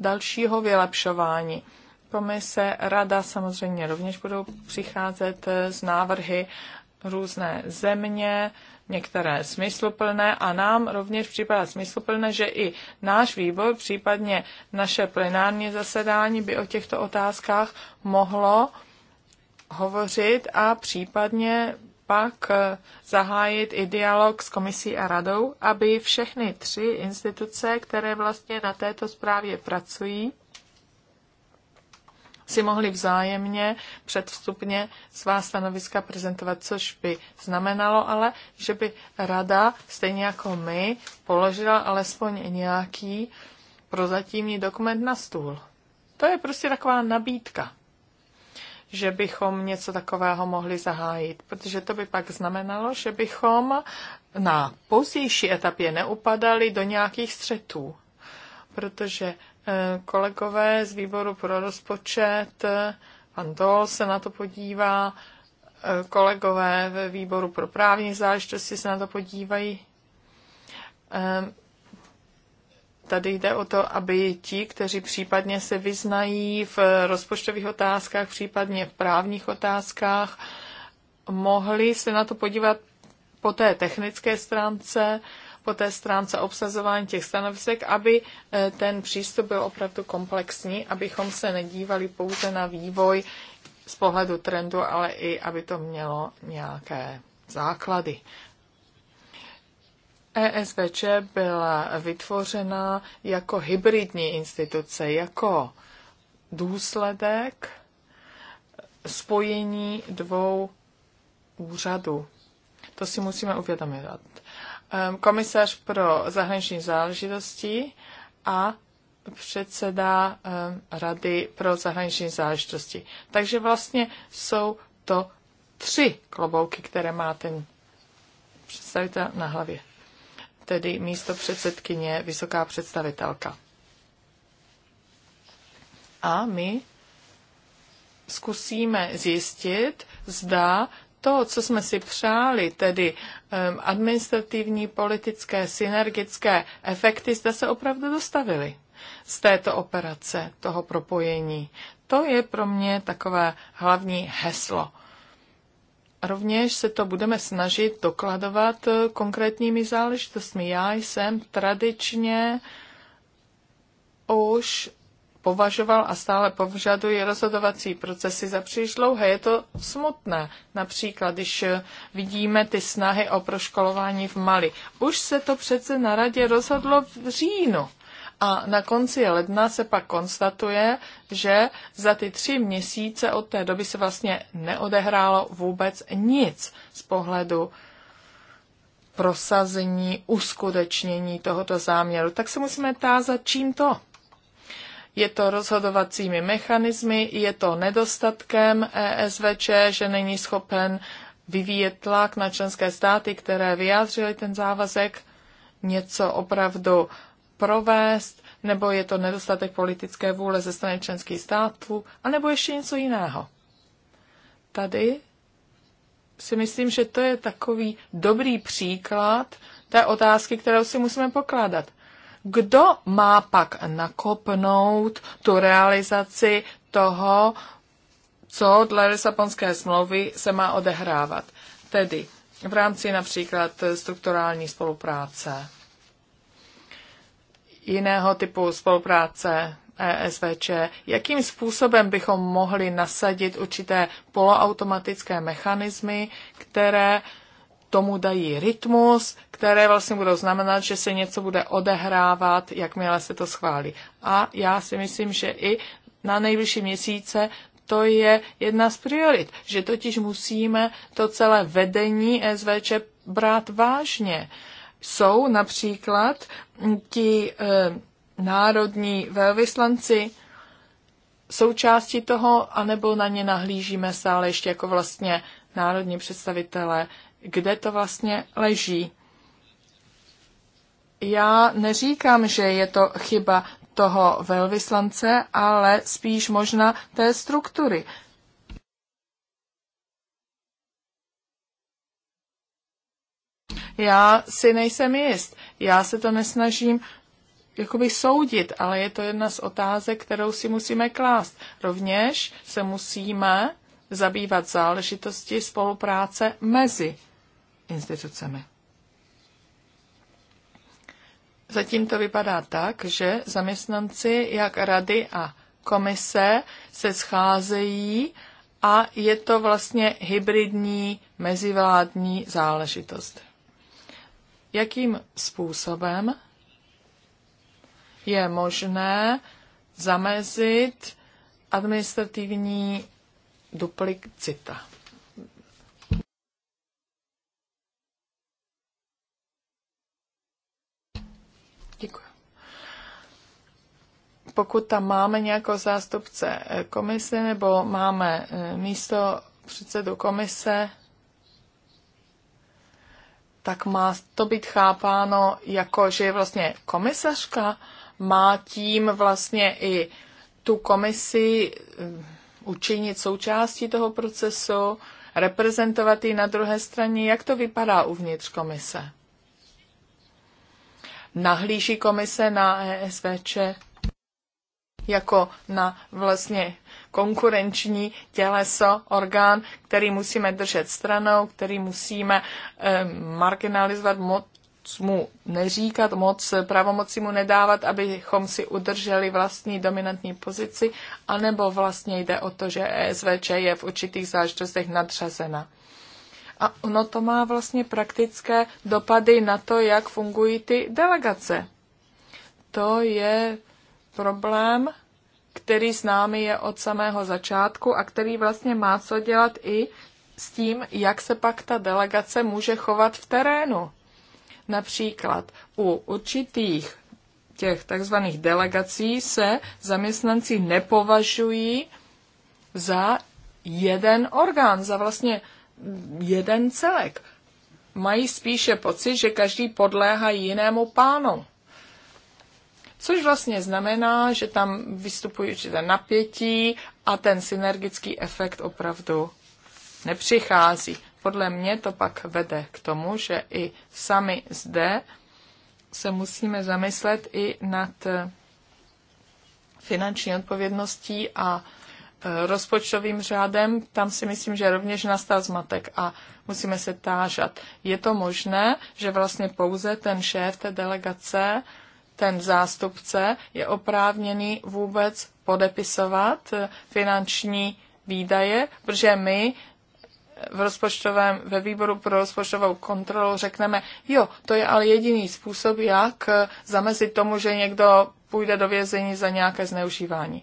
dalšího vylepšování. Komise, rada samozřejmě rovněž budou přicházet z návrhy různé země, některé smysluplné a nám rovněž připadá smysluplné, že i náš výbor, případně naše plenární zasedání by o těchto otázkách mohlo hovořit a případně pak zahájit i dialog s komisí a radou, aby všechny tři instituce, které vlastně na této zprávě pracují, si mohli vzájemně předstupně svá stanoviska prezentovat, což by znamenalo ale, že by rada, stejně jako my, položila alespoň nějaký prozatímní dokument na stůl. To je prostě taková nabídka, že bychom něco takového mohli zahájit, protože to by pak znamenalo, že bychom na pozdější etapě neupadali do nějakých střetů, protože Eh, kolegové z výboru pro rozpočet, eh, pan Dol se na to podívá, eh, kolegové ve výboru pro právní záležitosti se na to podívají. Ehm, tady jde o to, aby ti, kteří případně se vyznají v rozpočtových otázkách, případně v právních otázkách, mohli se na to podívat po té technické stránce po té stránce obsazování těch stanovisek, aby e, ten přístup byl opravdu komplexní, abychom se nedívali pouze na vývoj z pohledu trendu, ale i aby to mělo nějaké základy. ESVČ byla vytvořena jako hybridní instituce, jako důsledek spojení dvou úřadů. To si musíme uvědomit komisař pro zahraniční záležitosti a předseda Rady pro zahraniční záležitosti. Takže vlastně jsou to tři klobouky, které má ten představitel na hlavě. Tedy místo předsedkyně, vysoká představitelka. A my zkusíme zjistit, zda to, co jsme si přáli, tedy administrativní, politické, synergické efekty, zda se opravdu dostavily z této operace, toho propojení. To je pro mě takové hlavní heslo. Rovněž se to budeme snažit dokladovat eh, konkrétními záležitostmi. Já jsem tradičně už považoval a stále považuje rozhodovací procesy za příliš dlouhé. Je to smutné. Například, když vidíme ty snahy o proškolování v Mali. Už se to přece na radě rozhodlo v říjnu. A na konci ledna se pak konstatuje, že za ty tři měsíce od té doby se vlastně neodehrálo vůbec nic z pohledu prosazení, uskutečnění tohoto záměru. Tak se musíme tázat, čím to je to rozhodovacími mechanismy, je to nedostatkem ESVČ, že není schopen vyvíjet tlak na členské státy, které vyjádřily ten závazek, něco opravdu provést, nebo je to nedostatek politické vůle ze strany členských států, anebo ještě něco jiného. Tady si myslím, že to je takový dobrý příklad té otázky, kterou si musíme pokládat. Kdo má pak nakopnout tu realizaci toho, co dle Lisabonské smlouvy se má odehrávat? Tedy v rámci například strukturální spolupráce, jiného typu spolupráce, ESVČ, jakým způsobem bychom mohli nasadit určité poloautomatické mechanismy, které tomu dají rytmus, které vlastně budou znamenat, že se něco bude odehrávat, jakmile se to schválí. A já si myslím, že i na nejbližší měsíce to je jedna z priorit, že totiž musíme to celé vedení SVČ brát vážně. Jsou například ti e, národní velvyslanci součástí toho, anebo na ně nahlížíme stále ještě jako vlastně národní představitelé kde to vlastně leží. Já neříkám, že je to chyba toho velvyslance, ale spíš možná té struktury. Já si nejsem jist. Já se to nesnažím jakoby soudit, ale je to jedna z otázek, kterou si musíme klást. Rovněž se musíme zabývat záležitosti spolupráce mezi institucemi. Zatím to vypadá tak, že zaměstnanci jak rady a komise se scházejí a je to vlastně hybridní mezivládní záležitost. Jakým způsobem je možné zamezit administrativní duplicita? Děkuji. Pokud tam máme nějakého zástupce komise nebo máme eh, místo předsedu komise, tak má to být chápáno jako, že vlastně komisařka má tím vlastně i tu komisi eh, učinit součástí toho procesu, reprezentovat ji na druhé straně. Jak to vypadá uvnitř komise? nahlíží komise na ESVČ jako na vlastně konkurenční těleso, orgán, který musíme držet stranou, který musíme eh, marginalizovat, moc mu neříkat, moc pravomoci mu nedávat, abychom si udrželi vlastní dominantní pozici, anebo vlastně jde o to, že ESVČ je v určitých záležitostech nadřazena a ono to má vlastně praktické dopady na to, jak fungují ty delegace. To je problém, který s námi je od samého začátku a který vlastně má co dělat i s tím, jak se pak ta delegace může chovat v terénu. Například u určitých těch takzvaných delegací se zaměstnanci nepovažují za jeden orgán, za vlastně jeden celek. Mají spíše pocit, že každý podléhá jinému pánu. Což vlastně znamená, že tam vystupují určité napětí a ten synergický efekt opravdu nepřichází. Podle mě to pak vede k tomu, že i sami zde se musíme zamyslet i nad finanční odpovědností a rozpočtovým řádem, tam si myslím, že rovněž nastal zmatek a musíme se tážat. Je to možné, že vlastně pouze ten šéf té delegace, ten zástupce je oprávněný vůbec podepisovat finanční výdaje, protože my v rozpočtovém, ve výboru pro rozpočtovou kontrolu řekneme, jo, to je ale jediný způsob, jak zamezit tomu, že někdo půjde do vězení za nějaké zneužívání.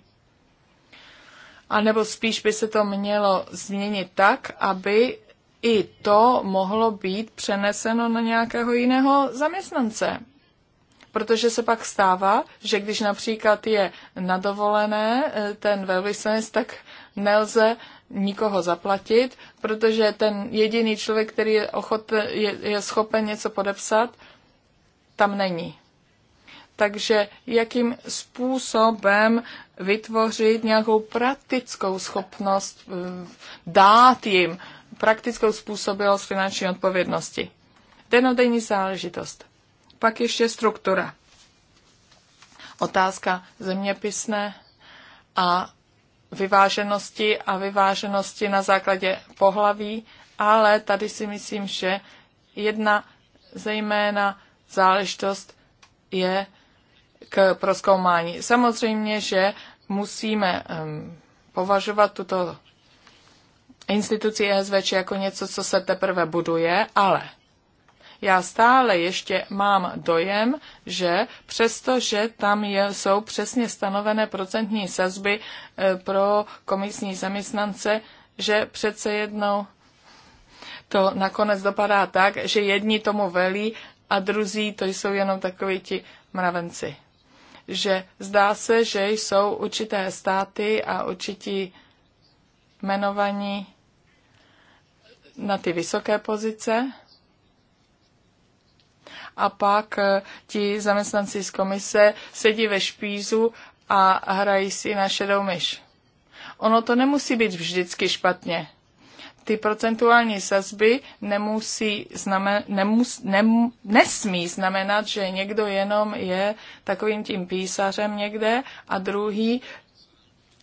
A nebo spíš by se to mělo změnit tak, aby i to mohlo být přeneseno na nějakého jiného zaměstnance. Protože se pak stává, že když například je nadovolené eh, ten velvyslanec, tak nelze nikoho zaplatit, protože ten jediný člověk, který je, ochot, je, je schopen něco podepsat, tam není. Takže jakým způsobem vytvořit nějakou praktickou schopnost, eh, dát jim praktickou způsobilost finanční odpovědnosti. Denodenní záležitost. Pak ještě struktura. Otázka zeměpisné a vyváženosti a vyváženosti na základě pohlaví, ale tady si myslím, že jedna zejména záležitost je k proskoumání. Samozřejmě, že musíme považovat tuto instituci ESVČ jako něco, co se teprve buduje, ale já stále ještě mám dojem, že přestože tam je, jsou přesně stanovené procentní sazby eh, pro komisní zaměstnance, že přece jednou to nakonec dopadá tak, že jedni tomu velí a druzí to jsou jenom takoví ti mravenci že zdá se, že jsou určité státy a určití jmenovaní na ty vysoké pozice. A pak eh, ti zaměstnanci z komise sedí ve špízu a hrají si na šedou myš. Ono to nemusí být vždycky špatně ty procentuální sazby nemusí znamen, nemus, nem, nesmí znamenat, že někdo jenom je takovým tím písařem někde a druhý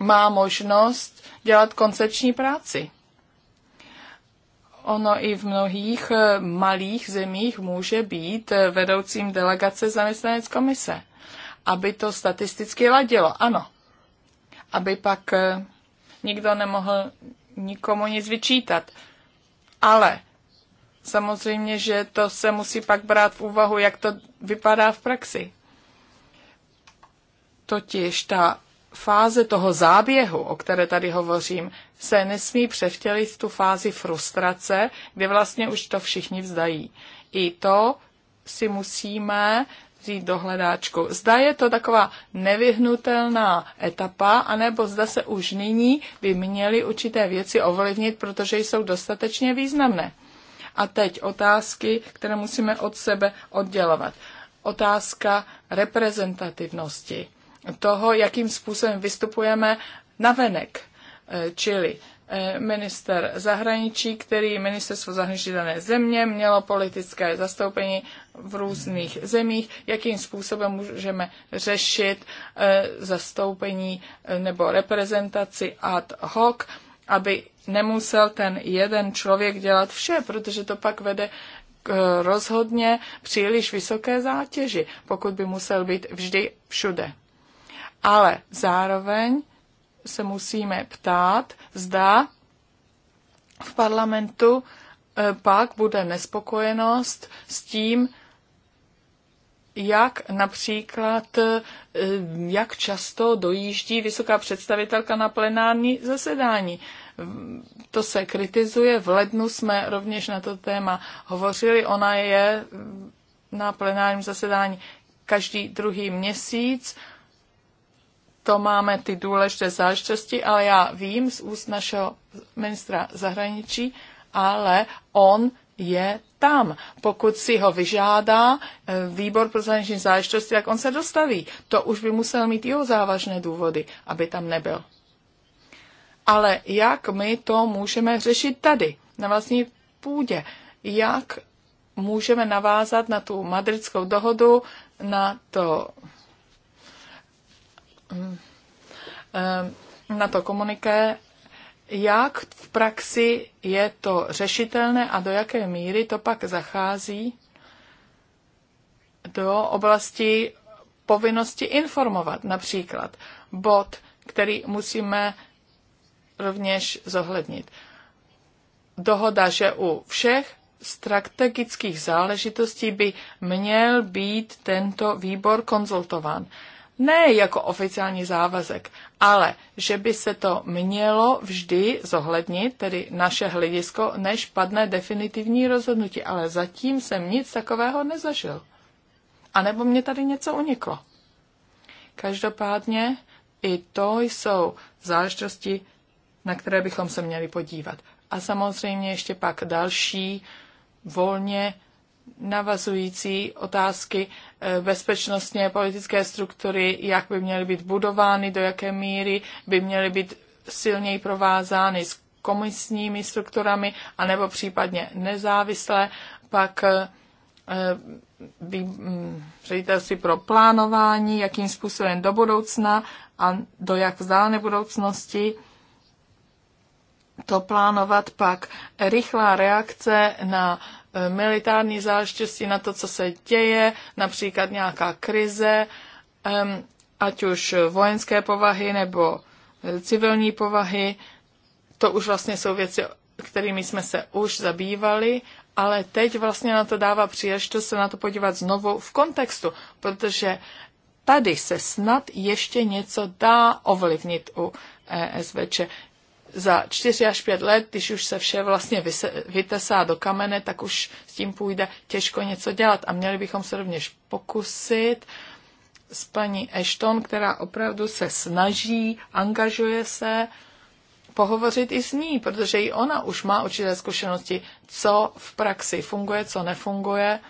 má možnost dělat koncepční práci. Ono i v mnohých eh, malých zemích může být eh, vedoucím delegace zaměstnanec komise, aby to statisticky ladilo, ano. Aby pak eh, nikdo nemohl nikomu nic vyčítat. Ale samozřejmě, že to se musí pak brát v úvahu, jak to vypadá v praxi. Totiž ta fáze toho záběhu, o které tady hovořím, se nesmí převtělit v tu fázi frustrace, kde vlastně už to všichni vzdají. I to si musíme vzít do hledáčku. Zda je to taková nevyhnutelná etapa, anebo zda se už nyní by měly určité věci ovlivnit, protože jsou dostatečně významné. A teď otázky, které musíme od sebe oddělovat. Otázka reprezentativnosti, toho, jakým způsobem vystupujeme navenek, eh, čili Eh, minister zahraničí, který ministerstvo zahraničí dané země mělo politické zastoupení v různých zemích, jakým způsobem můžeme řešit eh, zastoupení eh, nebo reprezentaci ad hoc, aby nemusel ten jeden člověk dělat vše, protože to pak vede k rozhodně příliš vysoké zátěži, pokud by musel být vždy všude. Ale zároveň se musíme ptát, zda v parlamentu eh, pak bude nespokojenost s tím, jak například, eh, jak často dojíždí vysoká představitelka na plenární zasedání. To se kritizuje. V lednu jsme rovněž na to téma hovořili. Ona je na plenárním zasedání každý druhý měsíc to máme ty důležité záležitosti, ale já vím z úst našeho ministra zahraničí, ale on je tam. Pokud si ho vyžádá eh, výbor pro zahraniční záležitosti, tak on se dostaví. To už by musel mít jeho závažné důvody, aby tam nebyl. Ale jak my to můžeme řešit tady, na vlastní půdě? Jak můžeme navázat na tu madridskou dohodu, na to Ehm, ehm, na to komuniké, jak v praxi je to řešitelné a do jaké míry to pak zachází do oblasti povinnosti informovat. Například bod, který musíme rovněž zohlednit. Dohoda, že u všech strategických záležitostí by měl být tento výbor konzultován ne jako oficiální závazek, ale že by se to mělo vždy zohlednit, tedy naše hledisko, než padne definitivní rozhodnutí. Ale zatím jsem nic takového nezažil. A nebo mě tady něco uniklo. Každopádně i to jsou záležitosti, na které bychom se měli podívat. A samozřejmě ještě pak další volně navazující otázky eh, bezpečnostně politické struktury, jak by měly být budovány, do jaké míry by měly být silněji provázány s komisními strukturami, anebo případně nezávislé, pak eh, mm, ředitelství pro plánování, jakým způsobem do budoucna a do jak vzdálené budoucnosti to plánovat, pak rychlá reakce na militární záležitosti, na to, co se děje, například nějaká krize, ať už vojenské povahy nebo eh, civilní povahy. To už vlastně jsou věci, kterými jsme se už zabývali, ale teď vlastně na to dává příležitost se na to podívat znovu v kontextu, protože tady se snad ještě něco dá ovlivnit u ESVČ za čtyři až pět let, když už se vše vlastně vytesá do kamene, tak už s tím půjde těžko něco dělat. A měli bychom se rovněž pokusit s paní Ashton, která opravdu se snaží, angažuje se, pohovořit i s ní, protože i ona už má určité zkušenosti, co v praxi funguje, co nefunguje.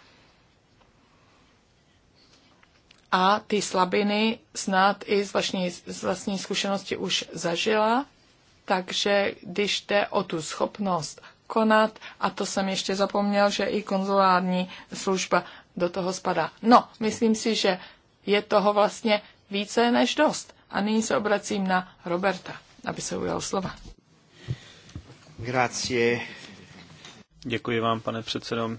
A ty slabiny snad i z vlastní, z vlastní zkušenosti už zažila. Takže když jde o tu schopnost konat, a to jsem ještě zapomněl, že i konzulární služba do toho spadá. No, myslím si, že je toho vlastně více než dost. A nyní se obracím na Roberta, aby se ujal slova. Grazie. Děkuji vám, pane předsedo.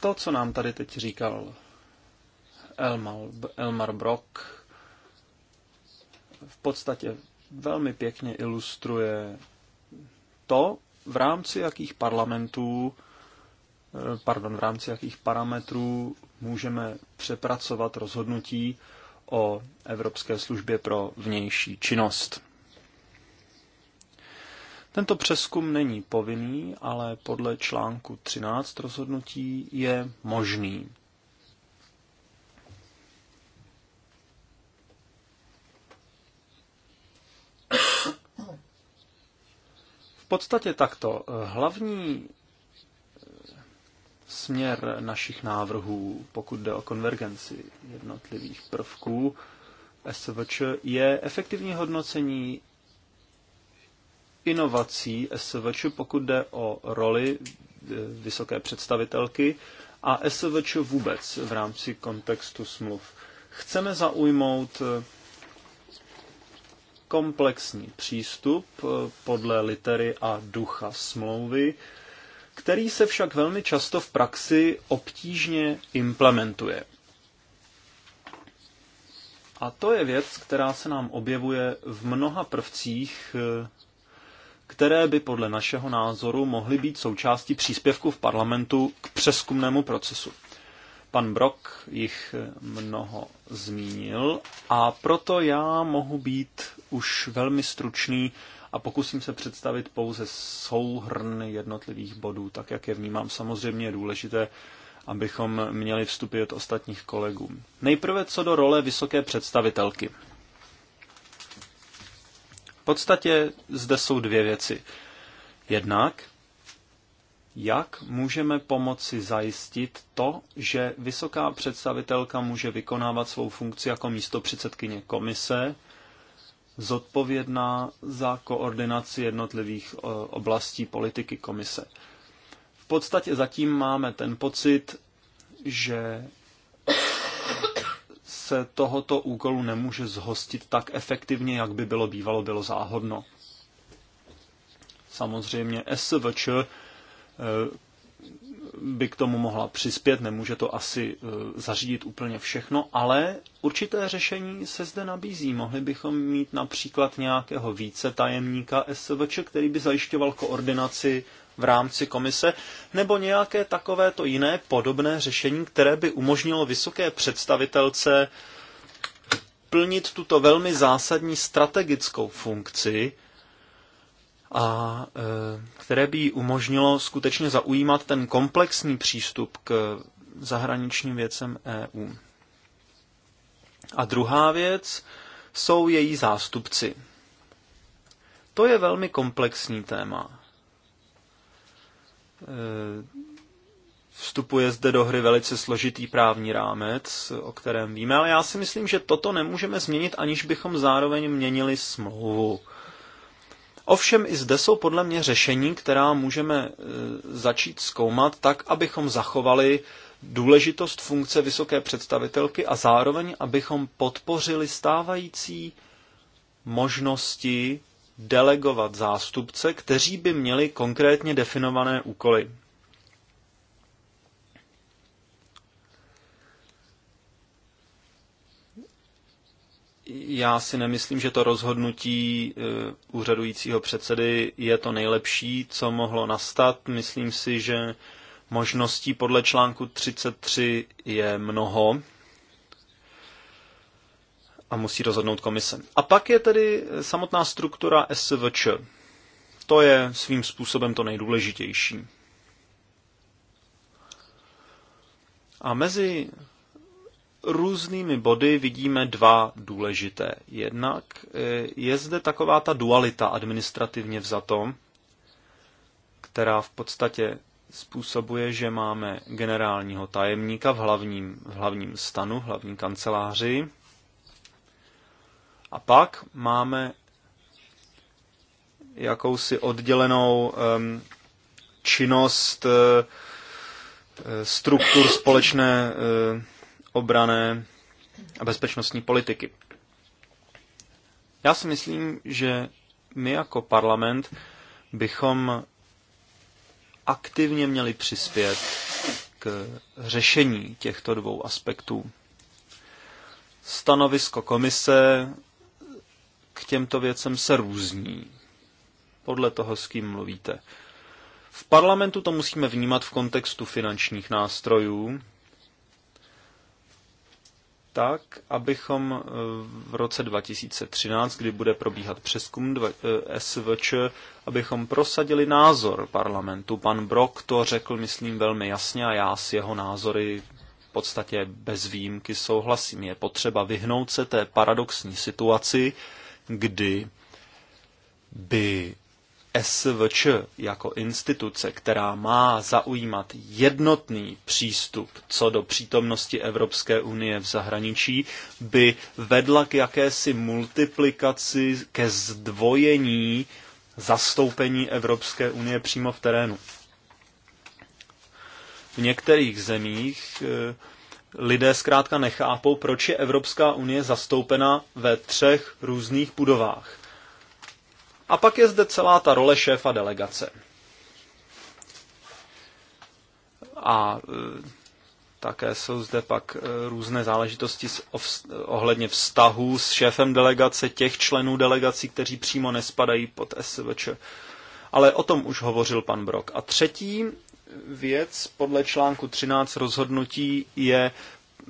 To, co nám tady teď říkal Elmar, Elmar Brock, v podstatě velmi pěkně ilustruje to, v rámci jakých parlamentů, eh, pardon, v rámci jakých parametrů můžeme přepracovat rozhodnutí o Evropské službě pro vnější činnost. Tento přeskum není povinný, ale podle článku 13 rozhodnutí je možný. V podstatě takto. Hlavní eh, směr našich návrhů, pokud jde o konvergenci jednotlivých prvků SVČ, je efektivní hodnocení inovací SVČ, pokud jde o roli eh, vysoké představitelky a SVČ vůbec v rámci kontextu smluv. Chceme zaujmout eh, komplexní přístup eh, podle litery a ducha smlouvy, který se však velmi často v praxi obtížně implementuje. A to je věc, která se nám objevuje v mnoha prvcích které by podle našeho názoru mohly být součástí příspěvku v parlamentu k přeskumnému procesu. Pan Brok jich mnoho zmínil a proto já mohu být už velmi stručný a pokusím se představit pouze souhrn jednotlivých bodů, tak jak je vnímám. Samozřejmě je důležité, abychom měli vstupy od ostatních kolegů. Nejprve co do role vysoké představitelky podstatě zde jsou dvě věci. Jednak, jak můžeme pomoci zajistit to, že vysoká představitelka může vykonávat svou funkci jako místo předsedkyně komise, zodpovědná za koordinaci jednotlivých eh, oblastí politiky komise. V podstatě zatím máme ten pocit, že se tohoto úkolu nemůže zhostit tak efektivně, jak by bylo bývalo bylo záhodno. Samozřejmě SVČ eh, by k tomu mohla přispět, nemůže to asi eh, zařídit úplně všechno, ale určité řešení se zde nabízí. Mohli bychom mít například nějakého více tajemníka SVČ, který by zajišťoval koordinaci v rámci komise, nebo nějaké takovéto jiné podobné řešení, které by umožnilo vysoké představitelce plnit tuto velmi zásadní strategickou funkci, a e, které by umožnilo skutečně zaujímat ten komplexní přístup k zahraničním věcem EU. A druhá věc jsou její zástupci. To je velmi komplexní téma. Eh, vstupuje zde do hry velice složitý právní rámec, o kterém víme, ale já si myslím, že toto nemůžeme změnit, aniž bychom zároveň měnili smlouvu. Ovšem i zde jsou podle mě řešení, která můžeme eh, začít zkoumat tak, abychom zachovali důležitost funkce vysoké představitelky a zároveň, abychom podpořili stávající možnosti delegovat zástupce, kteří by měli konkrétně definované úkoly. Já si nemyslím, že to rozhodnutí e, úřadujícího předsedy je to nejlepší, co mohlo nastat. Myslím si, že možností podle článku 33 je mnoho a musí rozhodnout komise. A pak je tedy samotná struktura SVČ. To je svým způsobem to nejdůležitější. A mezi různými body vidíme dva důležité. Jednak eh, je zde taková ta dualita administrativně vzato, která v podstatě způsobuje, že máme generálního tajemníka v hlavním, v hlavním stanu, v hlavní kanceláři, a pak máme jakousi oddělenou činnost eh, eh, struktur společné eh, obrané a bezpečnostní politiky. Já si myslím, že my jako parlament bychom aktivně měli přispět k řešení těchto dvou aspektů. Stanovisko komise k těmto věcem se různí. Podle toho, s kým mluvíte. V parlamentu to musíme vnímat v kontextu finančních nástrojů, tak, abychom e, v roce 2013, kdy bude probíhat přeskum e, SVČ, abychom prosadili názor parlamentu. Pan Brok to řekl, myslím, velmi jasně a já s jeho názory v podstatě bez výjimky souhlasím. Je potřeba vyhnout se té paradoxní situaci, kdy by SVČ jako instituce, která má zaujímat jednotný přístup co do přítomnosti Evropské unie v zahraničí, by vedla k jakési multiplikaci, ke zdvojení zastoupení Evropské unie přímo v terénu. V některých zemích eh, lidé zkrátka nechápou, proč je Evropská unie zastoupena ve třech různých budovách. A pak je zde celá ta role šéfa delegace. A e, také jsou zde pak e, různé záležitosti ohledně vztahů s šéfem delegace, těch členů delegací, kteří přímo nespadají pod SVČ. Ale o tom už hovořil pan Brok. A třetí věc podle článku 13 rozhodnutí je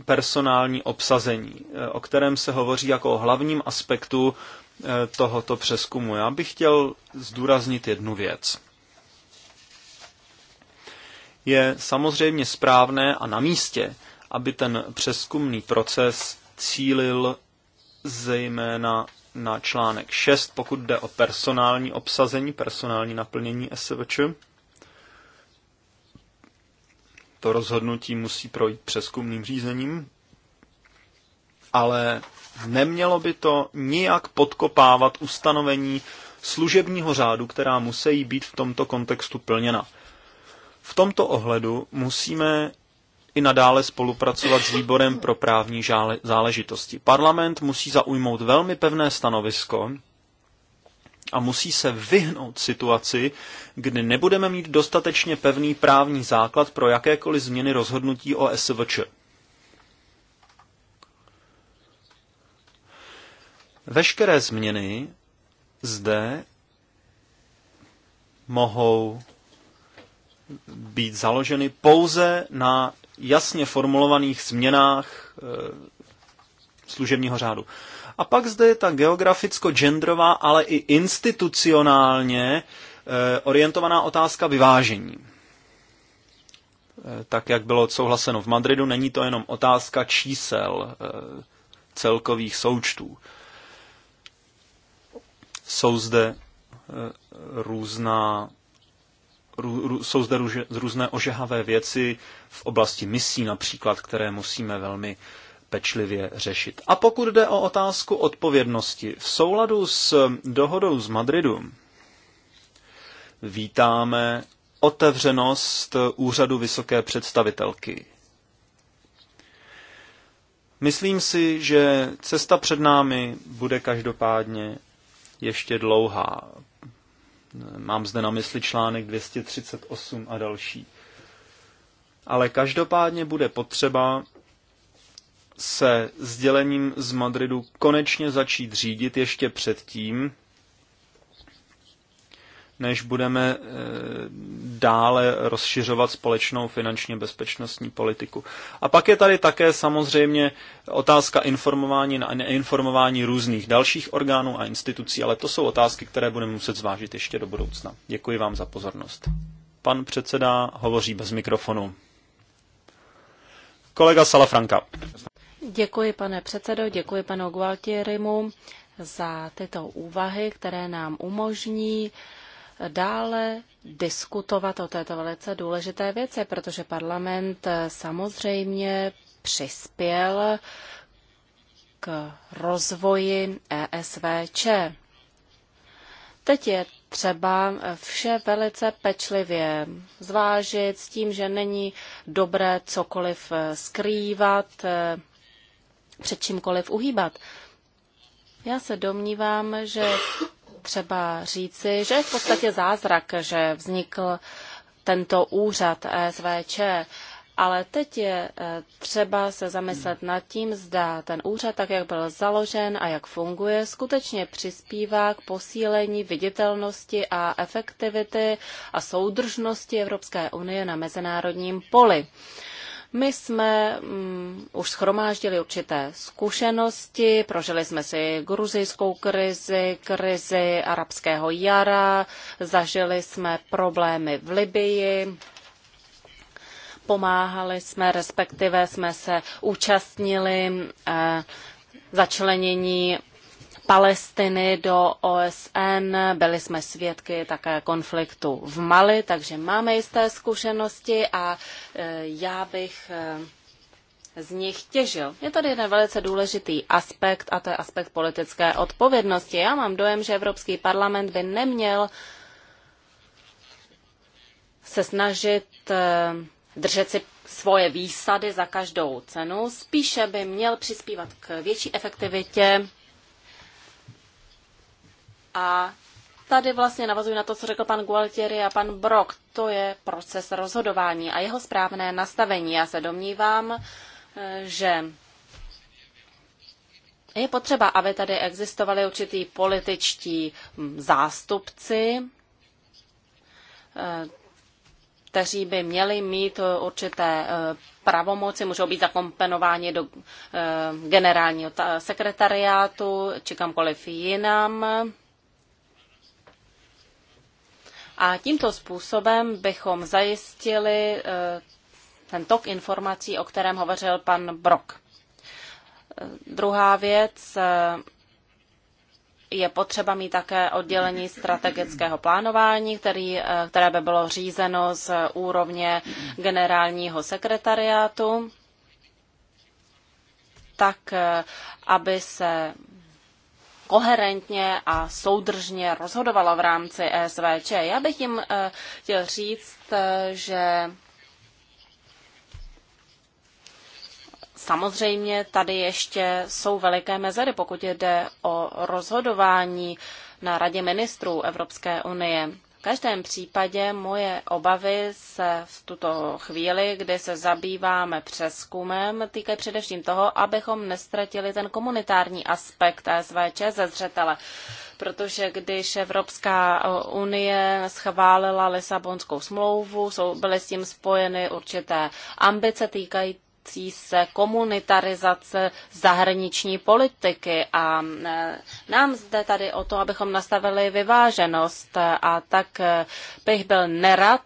personální obsazení, eh, o kterém se hovoří jako o hlavním aspektu eh, tohoto přeskumu. Já bych chtěl zdůraznit jednu věc. Je samozřejmě správné a na místě, aby ten přeskumný proces cílil zejména na článek 6, pokud jde o personální obsazení, personální naplnění SVČ, to rozhodnutí musí projít přeskumným řízením, ale nemělo by to nijak podkopávat ustanovení služebního řádu, která musí být v tomto kontextu plněna. V tomto ohledu musíme i nadále spolupracovat s výborem pro právní záležitosti. Parlament musí zaujmout velmi pevné stanovisko a musí se vyhnout situaci, kdy nebudeme mít dostatečně pevný právní základ pro jakékoliv změny rozhodnutí o SVČ. Veškeré změny zde mohou být založeny pouze na jasně formulovaných změnách eh, služebního řádu. A pak zde je ta geograficko-genderová, ale i institucionálně eh, orientovaná otázka vyvážení. Eh, tak, jak bylo souhlaseno v Madridu, není to jenom otázka čísel eh, celkových součtů. Jsou zde různá rů, jsou zde růže, různé ožehavé věci v oblasti misí například, které musíme velmi pečlivě řešit. A pokud jde o otázku odpovědnosti, v souladu s dohodou z Madridu vítáme otevřenost úřadu vysoké představitelky. Myslím si, že cesta před námi bude každopádně ještě dlouhá. Mám zde na mysli článek 238 a další. Ale každopádně bude potřeba se sdělením z Madridu konečně začít řídit ještě předtím, než budeme eh, dále rozšiřovat společnou finančně bezpečnostní politiku. A pak je tady také samozřejmě otázka informování a neinformování různých dalších orgánů a institucí, ale to jsou otázky, které budeme muset zvážit ještě do budoucna. Děkuji vám za pozornost. Pan předseda hovoří bez mikrofonu. Kolega Salafranka. Děkuji, pane předsedo, děkuji panu Gualtierimu za tyto úvahy, které nám umožní dále diskutovat o této velice důležité věci, protože parlament samozřejmě přispěl k rozvoji ESVČ. Teď je třeba vše velice pečlivě zvážit s tím, že není dobré cokoliv skrývat, před čímkoliv uhýbat. Já se domnívám, že třeba říci, že je v podstatě zázrak, že vznikl tento úřad SVČ, ale teď je eh, třeba se zamyslet nad tím, zda ten úřad, tak jak byl založen a jak funguje, skutečně přispívá k posílení viditelnosti a efektivity a soudržnosti Evropské unie na mezinárodním poli. My jsme um, už schromáždili určité zkušenosti, prožili jsme si gruzijskou krizi, krizi arabského jara, zažili jsme problémy v Libii, pomáhali jsme, respektive jsme se účastnili uh, začlenění Palestiny do OSN, byli jsme svědky také konfliktu v Mali, takže máme jisté zkušenosti a e, já bych e, z nich těžil. Je tady jeden velice důležitý aspekt a to je aspekt politické odpovědnosti. Já mám dojem, že Evropský parlament by neměl se snažit e, držet si svoje výsady za každou cenu, spíše by měl přispívat k větší efektivitě a tady vlastně navazuji na to, co řekl pan Gualtieri a pan Brok. To je proces rozhodování a jeho správné nastavení. Já se domnívám, eh, že je potřeba, aby tady existovali určitý političtí hm, zástupci, eh, kteří by měli mít určité eh, pravomoci, můžou být zakompenováni do generálního sekretariátu či kamkoliv jinam. A tímto způsobem bychom zajistili eh, ten tok informací, o kterém hovořil pan Brok. Eh, druhá věc, eh, je potřeba mít také oddělení strategického plánování, který, které by bylo řízeno z úrovně generálního sekretariátu, tak aby se koherentně a soudržně rozhodovala v rámci ESVČ. Já bych jim eh, chtěl říct, eh, že Samozřejmě tady ještě jsou veliké mezery, pokud jde o rozhodování na Radě ministrů Evropské unie. V každém případě moje obavy se v tuto chvíli, kdy se zabýváme přeskumem, týkají především toho, abychom nestratili ten komunitární aspekt SVČ ze zřetele. Protože když Evropská unie schválila Lisabonskou smlouvu, jsou, byly s tím spojeny určité ambice týkají, týkající se komunitarizace zahraniční politiky a e, nám zde tady o to, abychom nastavili vyváženost a tak e, bych byl nerad,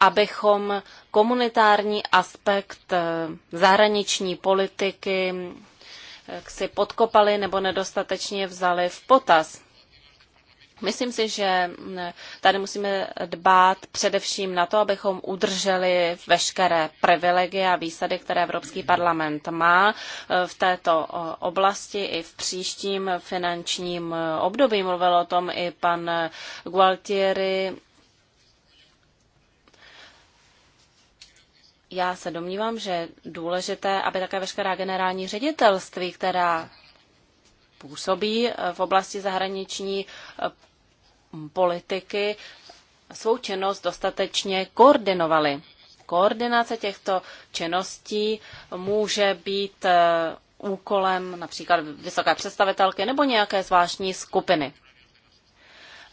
abychom komunitární aspekt e, zahraniční politiky si podkopali nebo nedostatečně vzali v potaz. Myslím si, že mm, tady musíme dbát především na to, abychom udrželi veškeré privilegie a výsady, které Evropský parlament má e, v této oblasti i v příštím finančním e, období. Mluvil o tom i pan e, Gualtieri. Já se domnívám, že je důležité, aby také veškerá generální ředitelství, která působí eh, v oblasti zahraniční eh, politiky, svou činnost dostatečně koordinovali. Koordinace těchto činností může být eh, úkolem například vysoké představitelky nebo nějaké zvláštní skupiny.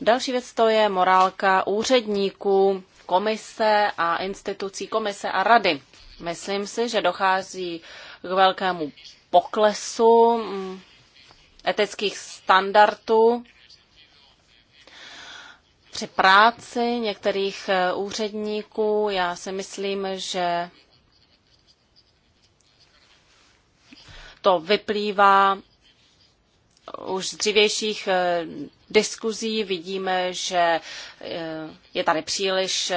Další věc to je morálka úředníků, komise a institucí komise a rady. Myslím si, že dochází k velkému poklesu mm, etických standardů při práci některých eh, úředníků. Já si myslím, že to vyplývá už z dřívějších eh, diskuzí. Vidíme, že eh, je tady příliš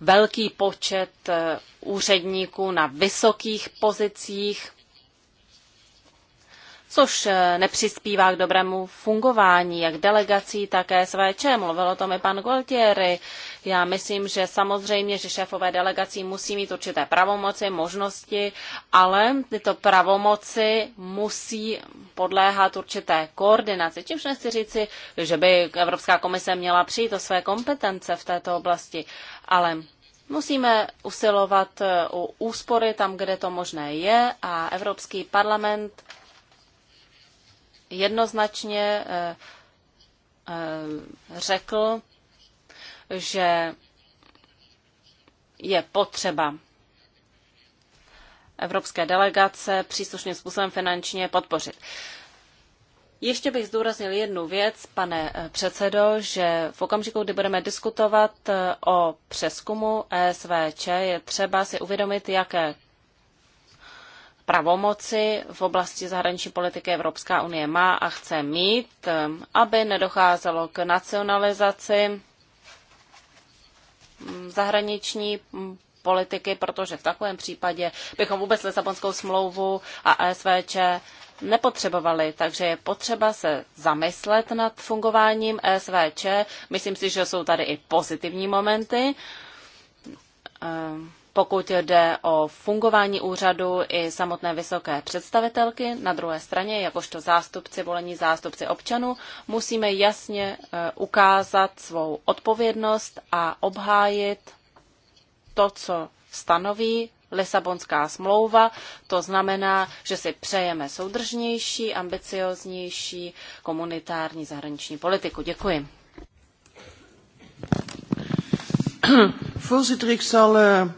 velký počet úředníků na vysokých pozicích což eh, nepřispívá k dobrému fungování jak delegací, tak SVČ. Mluvil o tom i pan Gualtieri. Já myslím, že samozřejmě, že šéfové delegací musí mít určité pravomoci, možnosti, ale tyto pravomoci musí podléhat určité koordinaci. Čímž nechci říci, že by Evropská komise měla přijít o své kompetence v této oblasti, ale Musíme usilovat o eh, úspory tam, kde to možné je a Evropský parlament jednoznačně eh, eh, řekl, že je potřeba evropské delegace příslušným způsobem finančně podpořit. Ještě bych zdůraznil jednu věc, pane eh, předsedo, že v okamžiku, kdy budeme diskutovat o přeskumu ESVČ, je třeba si uvědomit, jaké pravomoci v oblasti zahraniční politiky Evropská unie má a chce mít, eh, aby nedocházelo k nacionalizaci mm, zahraniční mm, politiky, protože v takovém případě bychom vůbec Lisabonskou smlouvu a ESVČ nepotřebovali, takže je potřeba se zamyslet nad fungováním ESVČ. Myslím si, že jsou tady i pozitivní momenty. Eh, pokud jde o fungování úřadu i samotné vysoké představitelky. Na druhé straně, jakožto zástupci, volení zástupci občanů, musíme jasně e, ukázat svou odpovědnost a obhájit to, co stanoví Lisabonská smlouva. To znamená, že si přejeme soudržnější, ambicioznější komunitární zahraniční politiku. Děkuji. Voorzitter, ik zal uh,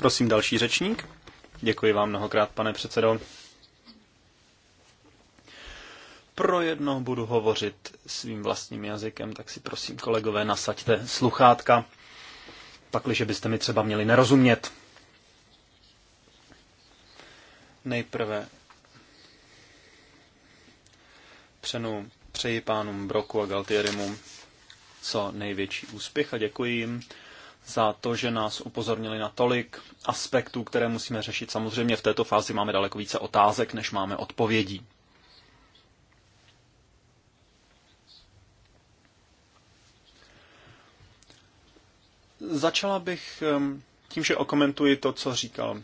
Prosím další řečník. Děkuji vám mnohokrát, pane předsedo. Pro jedno budu hovořit svým vlastním jazykem, tak si prosím, kolegové, nasaďte sluchátka, pakliže byste mi třeba měli nerozumět. Nejprve přenu přeji pánům Broku a Galtierimu co největší úspěch a děkuji jim za to, že nás upozornili na tolik aspektů, které musíme řešit. Samozřejmě v této fázi máme daleko více otázek, než máme odpovědí. Začala bych tím, že okomentuji to, co říkal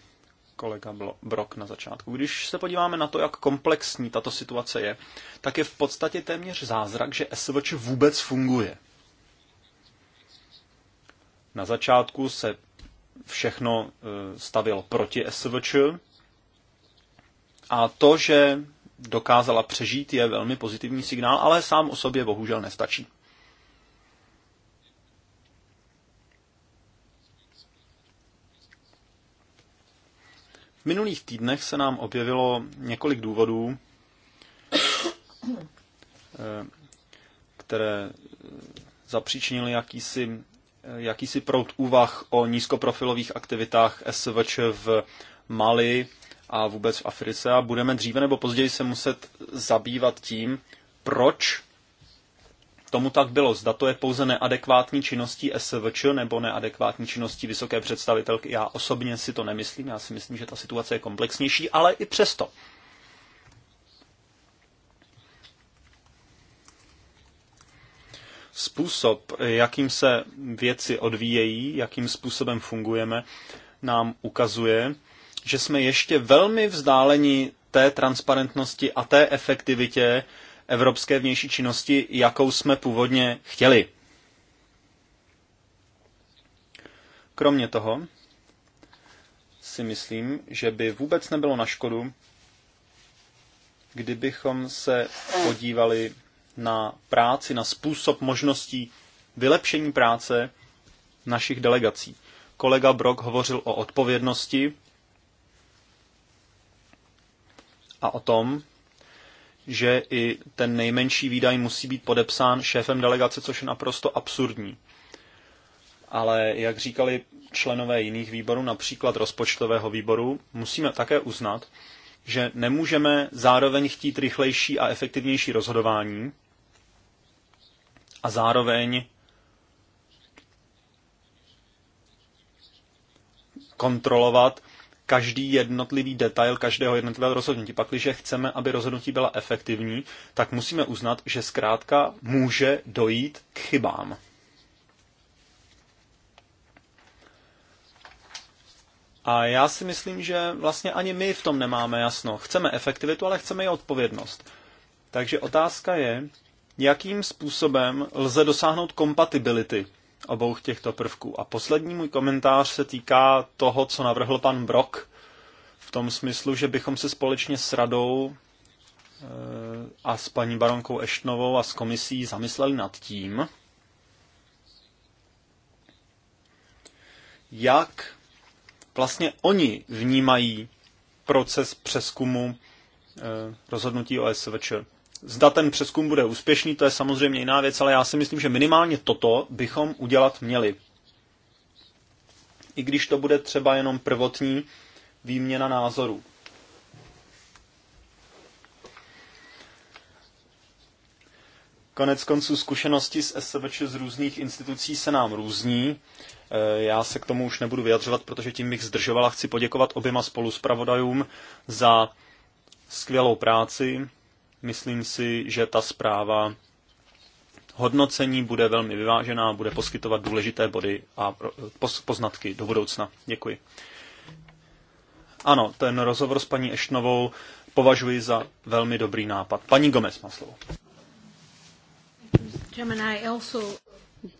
kolega Brok na začátku. Když se podíváme na to, jak komplexní tato situace je, tak je v podstatě téměř zázrak, že SVČ vůbec funguje. Na začátku se všechno e, stavilo proti SVČ a to, že dokázala přežít, je velmi pozitivní signál, ale sám o sobě bohužel nestačí. V minulých týdnech se nám objevilo několik důvodů, e, které zapříčinily jakýsi jakýsi prout úvah o nízkoprofilových aktivitách SVČ v Mali a vůbec v Africe a budeme dříve nebo později se muset zabývat tím, proč tomu tak bylo. Zda to je pouze neadekvátní činností SVČ nebo neadekvátní činností vysoké představitelky. Já osobně si to nemyslím, já si myslím, že ta situace je komplexnější, ale i přesto Způsob, jakým se věci odvíjejí, jakým způsobem fungujeme, nám ukazuje, že jsme ještě velmi vzdáleni té transparentnosti a té efektivitě evropské vnější činnosti, jakou jsme původně chtěli. Kromě toho si myslím, že by vůbec nebylo na škodu, kdybychom se podívali na práci, na způsob možností vylepšení práce našich delegací. Kolega Brok hovořil o odpovědnosti a o tom, že i ten nejmenší výdaj musí být podepsán šéfem delegace, což je naprosto absurdní. Ale jak říkali členové jiných výborů, například rozpočtového výboru, musíme také uznat, že nemůžeme zároveň chtít rychlejší a efektivnější rozhodování a zároveň kontrolovat každý jednotlivý detail každého jednotlivého rozhodnutí. Pak, když chceme, aby rozhodnutí byla efektivní, tak musíme uznat, že zkrátka může dojít k chybám. A já si myslím, že vlastně ani my v tom nemáme jasno. Chceme efektivitu, ale chceme i odpovědnost. Takže otázka je, jakým způsobem lze dosáhnout kompatibility obou těchto prvků. A poslední můj komentář se týká toho, co navrhl pan Brok, v tom smyslu, že bychom se společně s radou e, a s paní baronkou Eštnovou a s komisí zamysleli nad tím, jak vlastně oni vnímají proces přeskumu e, rozhodnutí OSVČ. Zda ten přeskum bude úspěšný, to je samozřejmě jiná věc, ale já si myslím, že minimálně toto bychom udělat měli. I když to bude třeba jenom prvotní výměna názorů. Konec konců zkušenosti z SVČ z různých institucí se nám různí. E, já se k tomu už nebudu vyjadřovat, protože tím bych zdržovala. Chci poděkovat oběma spoluspravodajům za skvělou práci, Myslím si, že ta zpráva hodnocení bude velmi vyvážená, bude poskytovat důležité body a poznatky do budoucna. Děkuji. Ano, ten rozhovor s paní Ešnovou považuji za velmi dobrý nápad. Paní Gomez má slovo.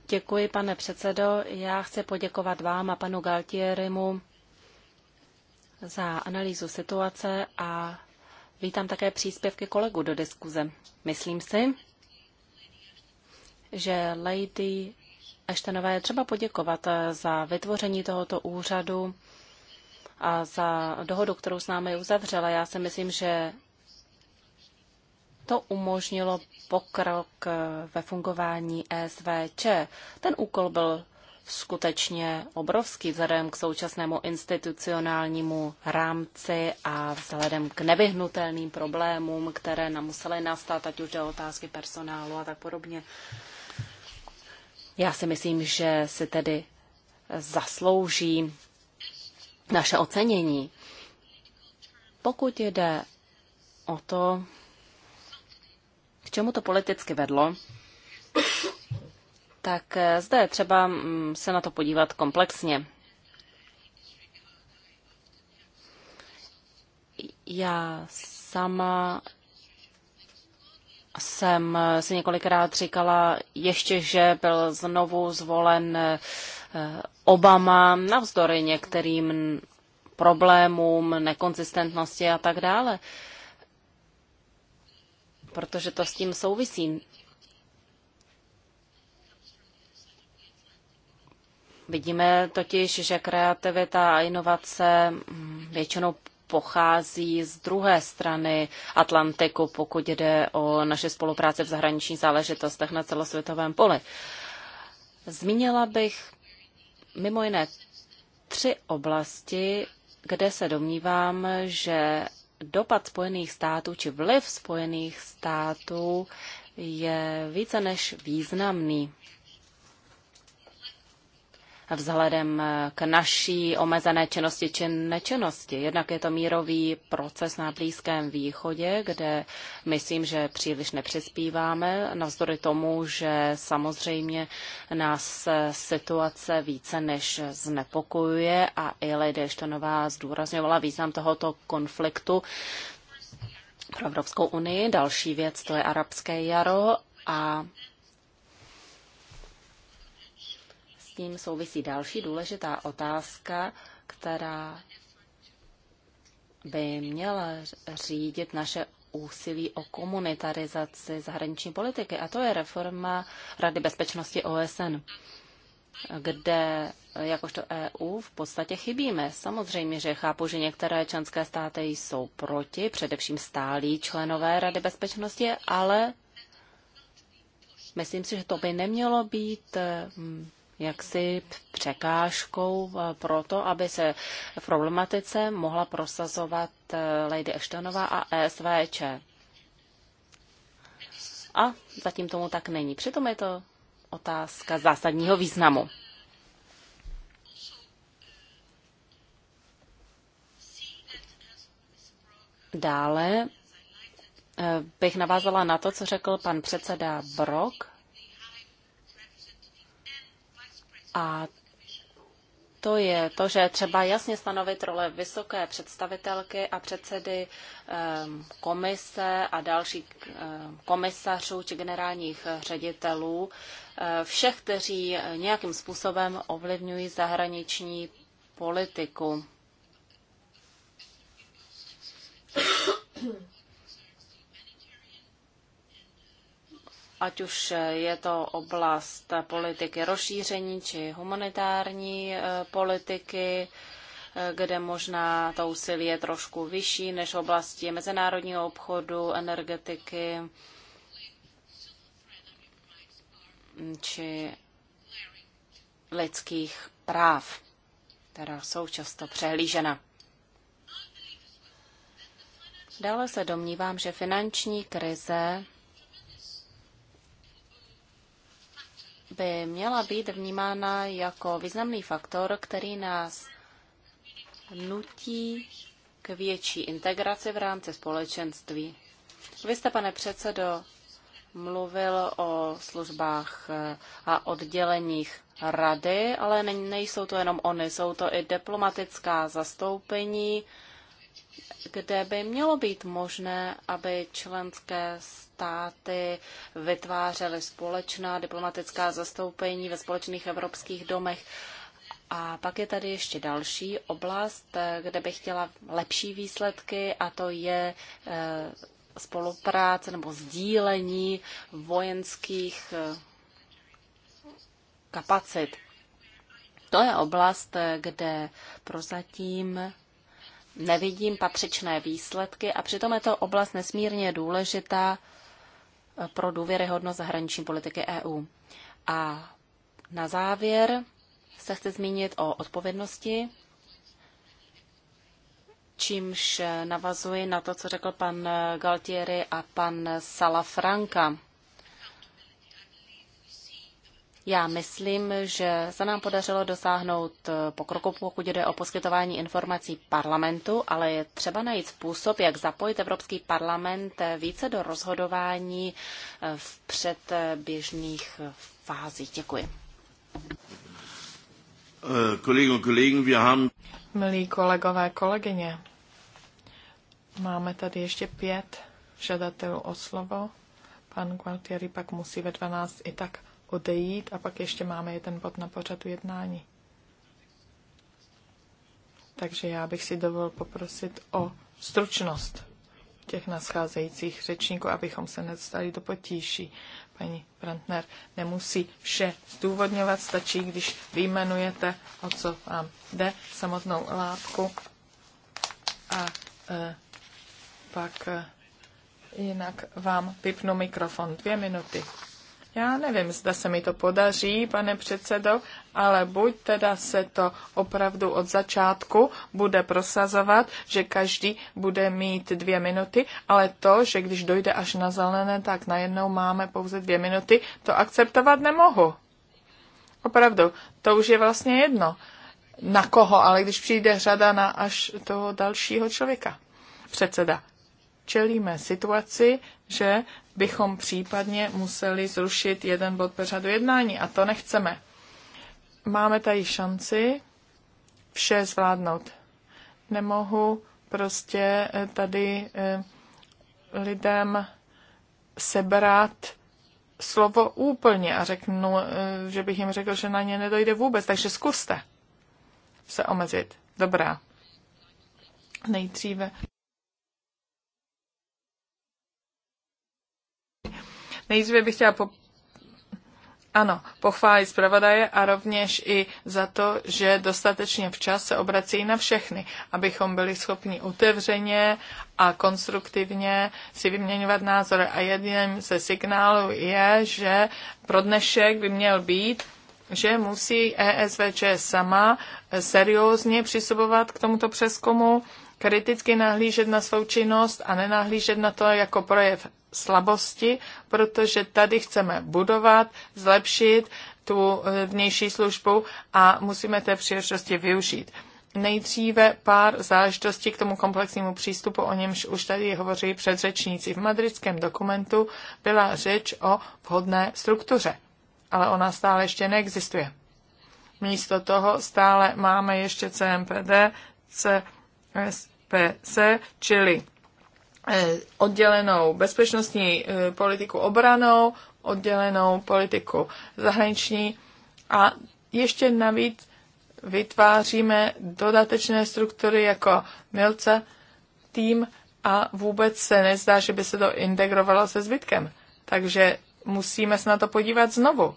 Děkuji, pane předsedo. Já chci poděkovat vám a panu Galtierimu za analýzu situace a Vítám také příspěvky kolegů do diskuze. Myslím si, že Lady Eštenové je třeba poděkovat za vytvoření tohoto úřadu a za dohodu, kterou s námi uzavřela. Já si myslím, že to umožnilo pokrok ve fungování SVČ. Ten úkol byl skutečně obrovský vzhledem k současnému institucionálnímu rámci a vzhledem k nevyhnutelným problémům, které nám musely nastat, ať už jde otázky personálu a tak podobně. Já si myslím, že si tedy zaslouží naše ocenění. Pokud jde o to, k čemu to politicky vedlo, tak eh, zde je třeba mm, se na to podívat komplexně. Já sama jsem si několikrát říkala ještě, že byl znovu zvolen eh, Obama navzdory některým problémům, nekonzistentnosti a tak dále. Protože to s tím souvisí. Vidíme totiž, že kreativita a inovace mm, většinou pochází z druhé strany Atlantiku, pokud jde o naše spolupráce v zahraničních záležitostech na celosvětovém poli. Zmínila bych mimo jiné tři oblasti, kde se domnívám, že dopad Spojených států či vliv Spojených států je více než významný vzhledem k naší omezené činnosti či nečinnosti. Jednak je to mírový proces na Blízkém východě, kde myslím, že příliš nepřispíváme, navzdory tomu, že samozřejmě nás situace více než znepokojuje a i Lady nová zdůrazňovala význam tohoto konfliktu pro Evropskou unii. Další věc to je arabské jaro a tím souvisí další důležitá otázka, která by měla řídit naše úsilí o komunitarizaci zahraniční politiky, a to je reforma Rady bezpečnosti OSN, kde jakožto EU v podstatě chybíme. Samozřejmě, že chápu, že některé členské státy jsou proti, především stálí členové Rady bezpečnosti, ale myslím si, že to by nemělo být mm, jaksi překážkou eh, pro to, aby se v problematice mohla prosazovat eh, Lady Ashtonová a ESVČ. A zatím tomu tak není. Přitom je to otázka zásadního významu. Dále eh, bych navázala na to, co řekl pan předseda Brok A to je to, že třeba jasně stanovit role vysoké představitelky a předsedy ehm, komise a dalších ehm, komisařů či generálních ředitelů, eh, všech, kteří nějakým způsobem ovlivňují zahraniční politiku. ať už je to oblast politiky rozšíření či humanitární eh, politiky, eh, kde možná to úsilí je trošku vyšší než v oblasti mezinárodního obchodu, energetiky či lidských práv, která jsou často přehlížena. Dále se domnívám, že finanční krize by měla být vnímána jako významný faktor, který nás nutí k větší integraci v rámci společenství. Vy jste, pane předsedo, mluvil o službách eh, a odděleních rady, ale nejsou to jenom oni, jsou to i diplomatická zastoupení, kde by mělo být možné, aby členské státy vytvářely společná diplomatická zastoupení ve společných evropských domech. A pak je tady ještě další oblast, kde bych chtěla lepší výsledky, a to je eh, spolupráce nebo sdílení vojenských eh, kapacit. To je oblast, eh, kde prozatím nevidím patřičné výsledky a přitom je to oblast nesmírně důležitá eh, pro důvěryhodnost zahraniční politiky EU. A na závěr se chci zmínit o odpovědnosti, čímž navazuji na to, co řekl pan Galtieri a pan Salafranca. Já myslím, že se nám podařilo dosáhnout eh, pokroku, pokud jde o poskytování informací parlamentu, ale je třeba najít způsob, jak zapojit Evropský parlament eh, více do rozhodování eh, v předběžných fázích. Děkuji. Milí kolegové, kolegyně, máme tady ještě pět žadatelů o slovo. Pan Gualtieri pak musí ve 12 i tak odejít a pak ještě máme jeden bod na pořadu jednání. Takže já bych si dovolil poprosit o stručnost těch nascházejících řečníků, abychom se nedostali do potíší. Paní Brandner nemusí vše zdůvodňovat, stačí, když vyjmenujete, o co vám jde, samotnou látku a e, pak e, jinak vám vypnu mikrofon. Dvě minuty. Já nevím, zda se mi to podaří, pane předsedo, ale buď teda se to opravdu od začátku bude prosazovat, že každý bude mít dvě minuty, ale to, že když dojde až na zelené, tak najednou máme pouze dvě minuty, to akceptovat nemohu. Opravdu, to už je vlastně jedno. Na koho, ale když přijde řada na až toho dalšího člověka. Předseda, čelíme situaci, že bychom případně museli zrušit jeden bod pořadu jednání a to nechceme. Máme tady šanci vše zvládnout. Nemohu prostě eh, tady eh, lidem sebrat slovo úplně a řeknu, eh, že bych jim řekl, že na ně nedojde vůbec, takže zkuste se omezit. Dobrá. Nejdříve. Nejdříve bych chtěla po... ano, pochválit zpravodaje a rovněž i za to, že dostatečně včas se obrací na všechny, abychom byli schopni otevřeně a konstruktivně si vyměňovat názory. A jedním ze signálů je, že pro dnešek by měl být že musí ESVČ sama seriózně přistupovat k tomuto přeskumu, kriticky nahlížet na svou činnost a nenahlížet na to jako projev slabosti, protože tady chceme budovat, zlepšit tu eh, vnější službu a musíme té příležitosti využít. Nejdříve pár záležitostí k tomu komplexnímu přístupu, o němž už tady hovoří předřečníci. V madridském dokumentu byla řeč o vhodné struktuře, ale ona stále ještě neexistuje. Místo toho stále máme ještě CMPD, CSPC, čili Eh, oddělenou bezpečnostní eh, politiku obranou, oddělenou politiku zahraniční a ještě navíc vytváříme dodatečné struktury jako milce, tým a vůbec se nezdá, že by se to integrovalo se zbytkem. Takže musíme se na to podívat znovu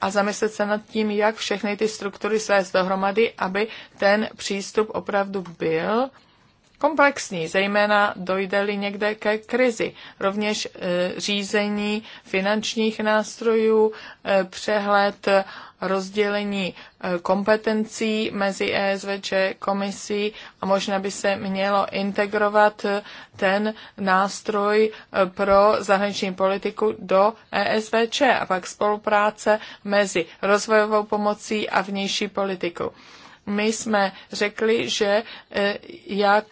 a zamyslet se nad tím, jak všechny ty struktury svést dohromady, aby ten přístup opravdu byl komplexní, zejména dojde-li někde ke krizi. Rovněž e, řízení finančních nástrojů, e, přehled e, rozdělení kompetencí mezi ESVČ komisí a možná by se mělo integrovat ten nástroj pro zahraniční politiku do ESVČ a pak spolupráce mezi rozvojovou pomocí a vnější politikou. My jsme řekli, že e, jak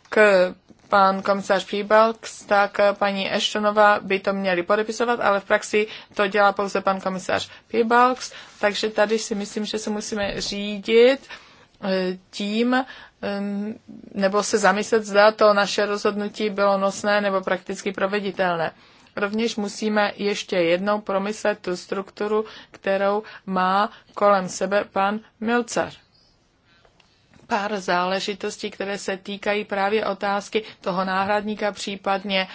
pan komisař Píbalks, tak paní Eštonová by to měli podepisovat, ale v praxi to dělá pouze pan komisař Píbalks, takže tady si myslím, že se musíme řídit e, tím, nebo se zamyslet, zda to naše rozhodnutí bylo nosné nebo prakticky proveditelné. Rovněž musíme ještě jednou promyslet tu strukturu, kterou má kolem sebe pan Milcar pár záležitostí, které se týkají právě otázky toho náhradníka, případně e,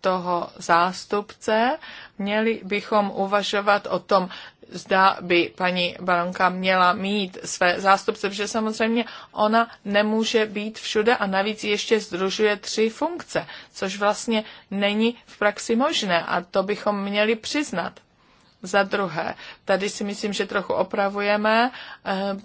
toho zástupce. Měli bychom uvažovat o tom, zda by paní baronka měla mít své zástupce, protože samozřejmě ona nemůže být všude a navíc ještě združuje tři funkce, což vlastně není v praxi možné a to bychom měli přiznat. Za druhé, tady si myslím, že trochu opravujeme e,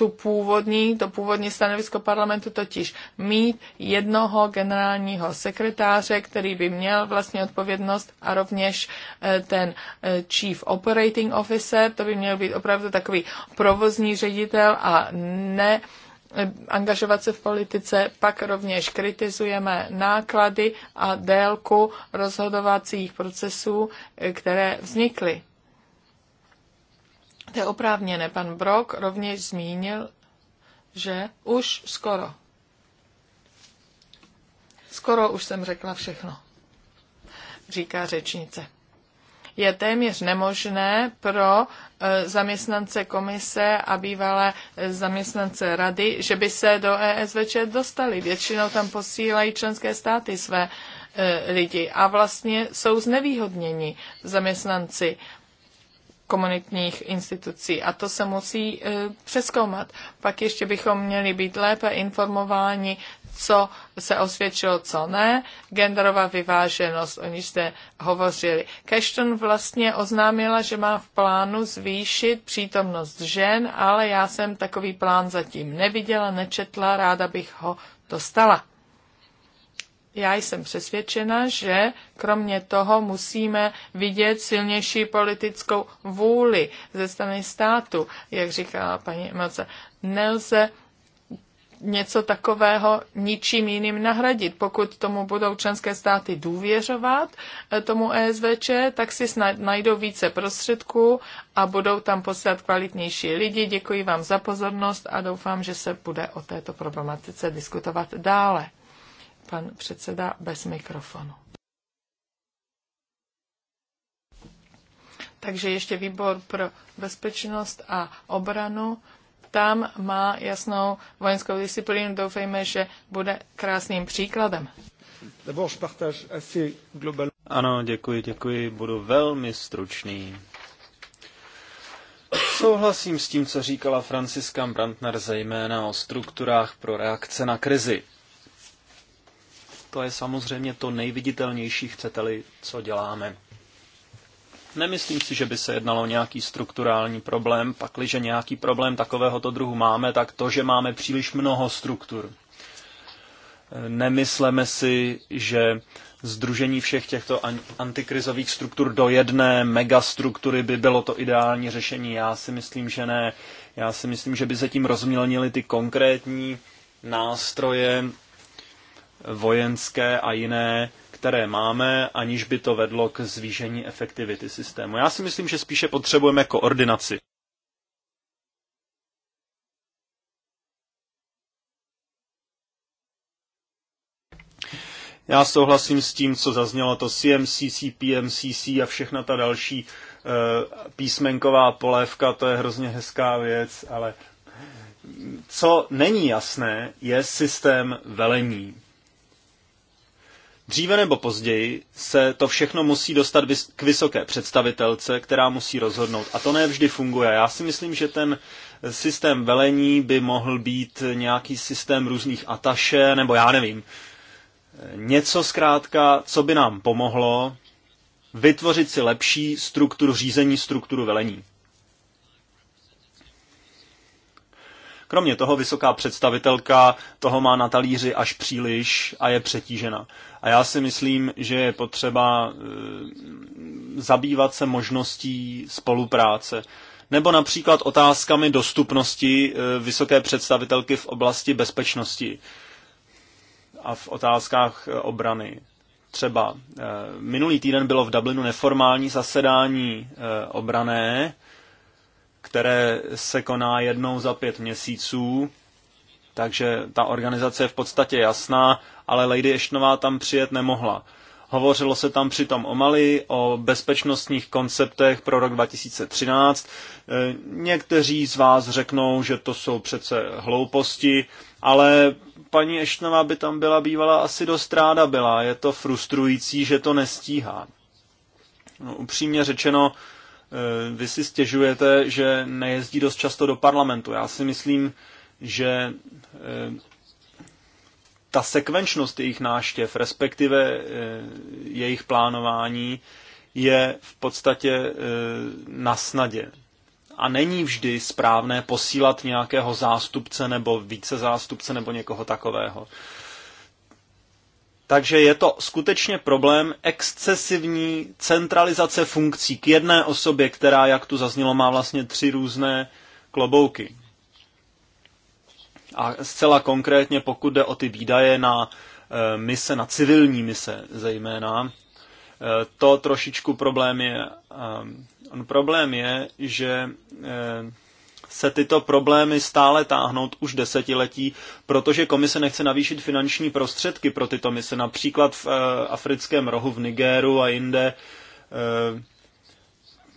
tu původní, to původní stanovisko parlamentu totiž mít jednoho generálního sekretáře, který by měl vlastně odpovědnost a rovněž eh, ten eh, chief operating officer, to by měl být opravdu takový provozní ředitel a ne eh, angažovat se v politice, pak rovněž kritizujeme náklady a délku rozhodovacích procesů, které vznikly to je oprávněné. Pan Brok rovněž zmínil, že už skoro. Skoro už jsem řekla všechno, říká řečnice. Je téměř nemožné pro e, zaměstnance komise a bývalé e, zaměstnance rady, že by se do ESVČ dostali. Většinou tam posílají členské státy své e, lidi a vlastně jsou znevýhodněni zaměstnanci komunitních institucí a to se musí e, přeskoumat. Pak ještě bychom měli být lépe informováni, co se osvědčilo, co ne. Genderová vyváženost, o níž jste hovořili. Cashton vlastně oznámila, že má v plánu zvýšit přítomnost žen, ale já jsem takový plán zatím neviděla, nečetla, ráda bych ho dostala. Já jsem přesvědčena, že kromě toho musíme vidět silnější politickou vůli ze strany státu, jak říkala paní Melce. Nelze něco takového ničím jiným nahradit. Pokud tomu budou členské státy důvěřovat eh, tomu ESVČ, tak si snad najdou více prostředků a budou tam poslat kvalitnější lidi. Děkuji vám za pozornost a doufám, že se bude o této problematice diskutovat dále. Pan předseda bez mikrofonu. Takže ještě výbor pro bezpečnost a obranu. Tam má jasnou vojenskou disciplínu. Doufejme, že bude krásným příkladem. Ano, děkuji, děkuji. Budu velmi stručný. Souhlasím s tím, co říkala Franciska Brandner, zejména o strukturách pro reakce na krizi. To je samozřejmě to nejviditelnější, chcete-li, co děláme. Nemyslím si, že by se jednalo o nějaký strukturální problém. Pakliže nějaký problém takovéhoto druhu máme, tak to, že máme příliš mnoho struktur. Nemysleme si, že združení všech těchto antikrizových struktur do jedné megastruktury by bylo to ideální řešení. Já si myslím, že ne. Já si myslím, že by se tím rozmělnily ty konkrétní nástroje vojenské a jiné, které máme, aniž by to vedlo k zvýšení efektivity systému. Já si myslím, že spíše potřebujeme koordinaci. Já souhlasím s tím, co zaznělo, to CMC, CPMCC a všechna ta další eh, písmenková polévka, to je hrozně hezká věc, ale co není jasné, je systém velení. Dříve nebo později se to všechno musí dostat k vysoké představitelce, která musí rozhodnout. A to ne vždy funguje. Já si myslím, že ten systém velení by mohl být nějaký systém různých ataše, nebo já nevím. Něco zkrátka, co by nám pomohlo vytvořit si lepší strukturu řízení, strukturu velení. Kromě toho vysoká představitelka toho má na talíři až příliš a je přetížena. A já si myslím, že je potřeba e, zabývat se možností spolupráce. Nebo například otázkami dostupnosti e, vysoké představitelky v oblasti bezpečnosti a v otázkách e, obrany. Třeba minulý týden bylo v Dublinu neformální zasedání obrané, které se koná jednou za pět měsíců takže ta organizace je v podstatě jasná, ale Lady Ashtonová tam přijet nemohla. Hovořilo se tam přitom o Mali, o bezpečnostních konceptech pro rok 2013. Eh, někteří z vás řeknou, že to jsou přece hlouposti, ale paní Eštnová by tam byla bývala asi dost ráda byla. Je to frustrující, že to nestíhá. No, upřímně řečeno, eh, vy si stěžujete, že nejezdí dost často do parlamentu. Já si myslím, že eh, ta sekvenčnost jejich náštěv, respektive eh, jejich plánování, je v podstatě eh, na snadě. A není vždy správné posílat nějakého zástupce nebo více zástupce nebo někoho takového. Takže je to skutečně problém excesivní centralizace funkcí k jedné osobě, která, jak tu zaznělo, má vlastně tři různé klobouky. A zcela konkrétně, pokud jde o ty výdaje na e, mise, na civilní mise zejména, e, to trošičku problém je. E, On no, problém je, že se tyto problémy stále táhnout už desetiletí, protože komise nechce navýšit finanční prostředky pro tyto mise. Například v africkém rohu v Nigéru a jinde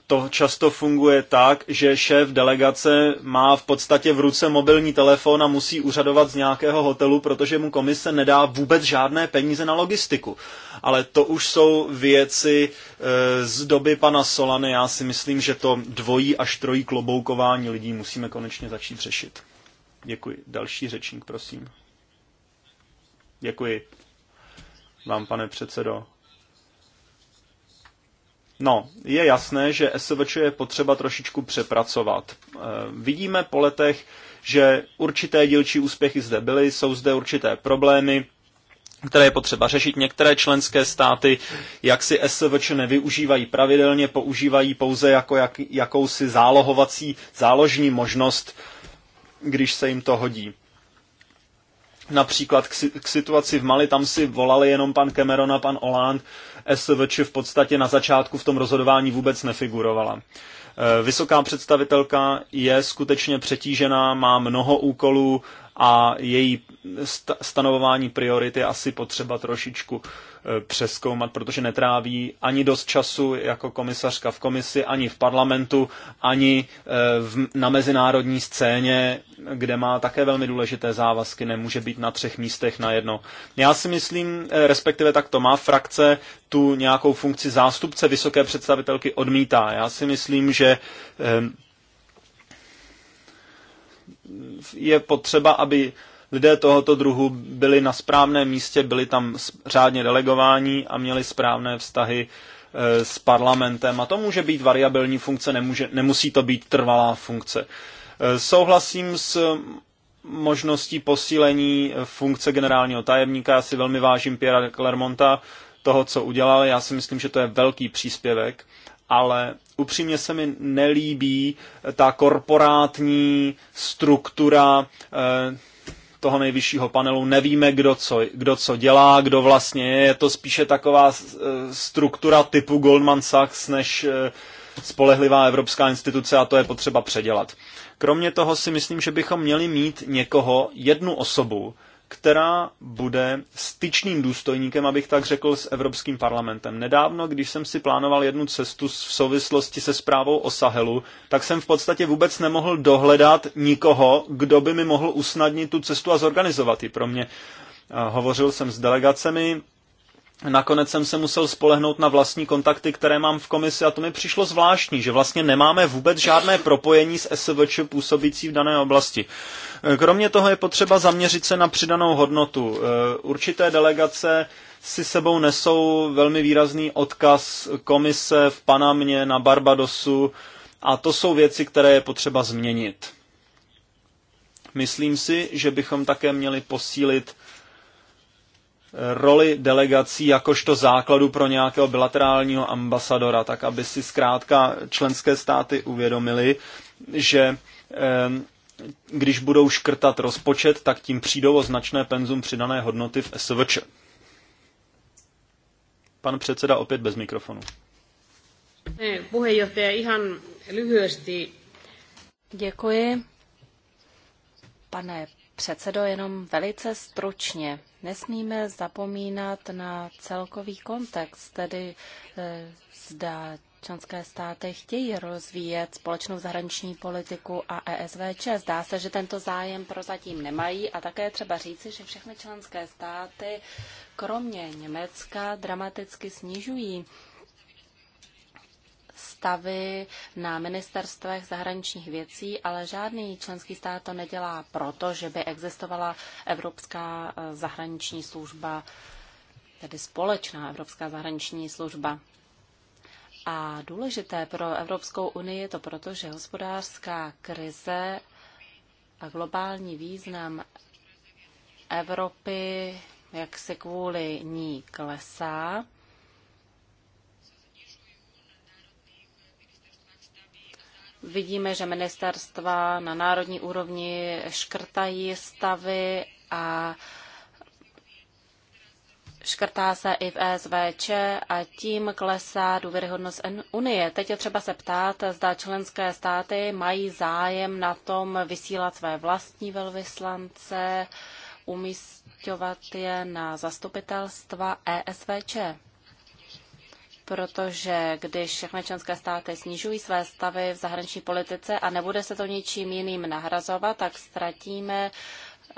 to často funguje tak, že šéf delegace má v podstatě v ruce mobilní telefon a musí úřadovat z nějakého hotelu, protože mu komise nedá vůbec žádné peníze na logistiku. Ale to už jsou věci e, z doby pana Solany. Já si myslím, že to dvojí až trojí kloboukování lidí musíme konečně začít řešit. Děkuji. Další řečník, prosím. Děkuji vám, pane předsedo. No, je jasné, že SVČ je potřeba trošičku přepracovat. Eh, vidíme po letech, že určité dílčí úspěchy zde byly, jsou zde určité problémy, které je potřeba řešit. Některé členské státy, jak si SVČ nevyužívají pravidelně, používají pouze jako jak, jakousi zálohovací záložní možnost, když se jim to hodí například k, si, k situaci v Mali, tam si volali jenom pan Cameron a pan Hollande, SVČ v podstatě na začátku v tom rozhodování vůbec nefigurovala. Eh, vysoká představitelka je skutečně přetížená, má mnoho úkolů, a její stanovování priorit je asi potřeba trošičku eh, přeskoumat, protože netráví ani dost času jako komisařka v komisi, ani v parlamentu, ani eh, v, na mezinárodní scéně, kde má také velmi důležité závazky, nemůže být na třech místech na jedno. Já si myslím, eh, respektive tak to má frakce, tu nějakou funkci zástupce vysoké představitelky odmítá. Já si myslím, že je potřeba, aby lidé tohoto druhu byli na správném místě, byli tam řádně delegováni a měli správné vztahy e, s parlamentem. A to může být variabilní funkce, nemůže, nemusí to být trvalá funkce. E, souhlasím s možností posílení funkce generálního tajemníka. Já si velmi vážím Piera Clermonta, toho, co udělal. Já si myslím, že to je velký příspěvek ale upřímně se mi nelíbí ta korporátní struktura eh, toho nejvyššího panelu. Nevíme, kdo co, kdo co dělá, kdo vlastně je. Je to spíše taková eh, struktura typu Goldman Sachs než eh, spolehlivá evropská instituce a to je potřeba předělat. Kromě toho si myslím, že bychom měli mít někoho, jednu osobu, která bude styčným důstojníkem, abych tak řekl, s Evropským parlamentem. Nedávno, když jsem si plánoval jednu cestu v souvislosti se zprávou o Sahelu, tak jsem v podstatě vůbec nemohl dohledat nikoho, kdo by mi mohl usnadnit tu cestu a zorganizovat ji pro mě. Hovořil jsem s delegacemi Nakonec jsem se musel spolehnout na vlastní kontakty, které mám v komisi a to mi přišlo zvláštní, že vlastně nemáme vůbec žádné propojení s SVČ působící v dané oblasti. E, kromě toho je potřeba zaměřit se na přidanou hodnotu. E, určité delegace si sebou nesou velmi výrazný odkaz komise v Panamě, na Barbadosu a to jsou věci, které je potřeba změnit. Myslím si, že bychom také měli posílit roli delegací jakožto základu pro nějakého bilaterálního ambasadora, tak aby si zkrátka členské státy uvědomili, že když budou škrtat rozpočet, tak tím přijdou o značné penzum přidané hodnoty v SVČ. Pan předseda opět bez mikrofonu. Děkuji. Pane předsedo, jenom velice stručně. Nesmíme zapomínat na celkový kontext, tedy eh, zda členské státy chtějí rozvíjet společnou zahraniční politiku a ESVČ. Zdá se, že tento zájem prozatím nemají a také třeba říci, že všechny členské státy, kromě Německa, dramaticky snižují stavy na ministerstvech zahraničních věcí, ale žádný členský stát to nedělá proto, že by existovala Evropská eh, zahraniční služba, tedy společná Evropská zahraniční služba. A důležité pro Evropskou unii je to proto, že hospodářská krize a globální význam Evropy jak se kvůli ní klesá. Vidíme, že ministerstva na národní úrovni škrtají stavy a škrtá se i v ESVČ a tím klesá důvěryhodnost Unie. Teď je třeba se ptát, zda členské státy mají zájem na tom vysílat své vlastní velvyslance, umístovat je na zastupitelstva ESVČ protože když všechny členské státy snižují své stavy v zahraniční politice a nebude se to ničím jiným nahrazovat, tak ztratíme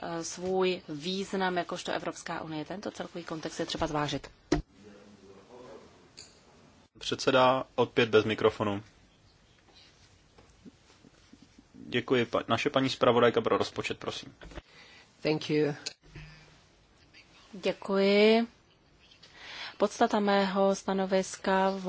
eh, svůj význam jakožto Evropská unie. Tento celkový kontext je třeba zvážit. Předseda opět bez mikrofonu. Děkuji. Naše paní zpravodajka pro rozpočet, prosím. Thank you. Děkuji. Podstata mého stanoviska v,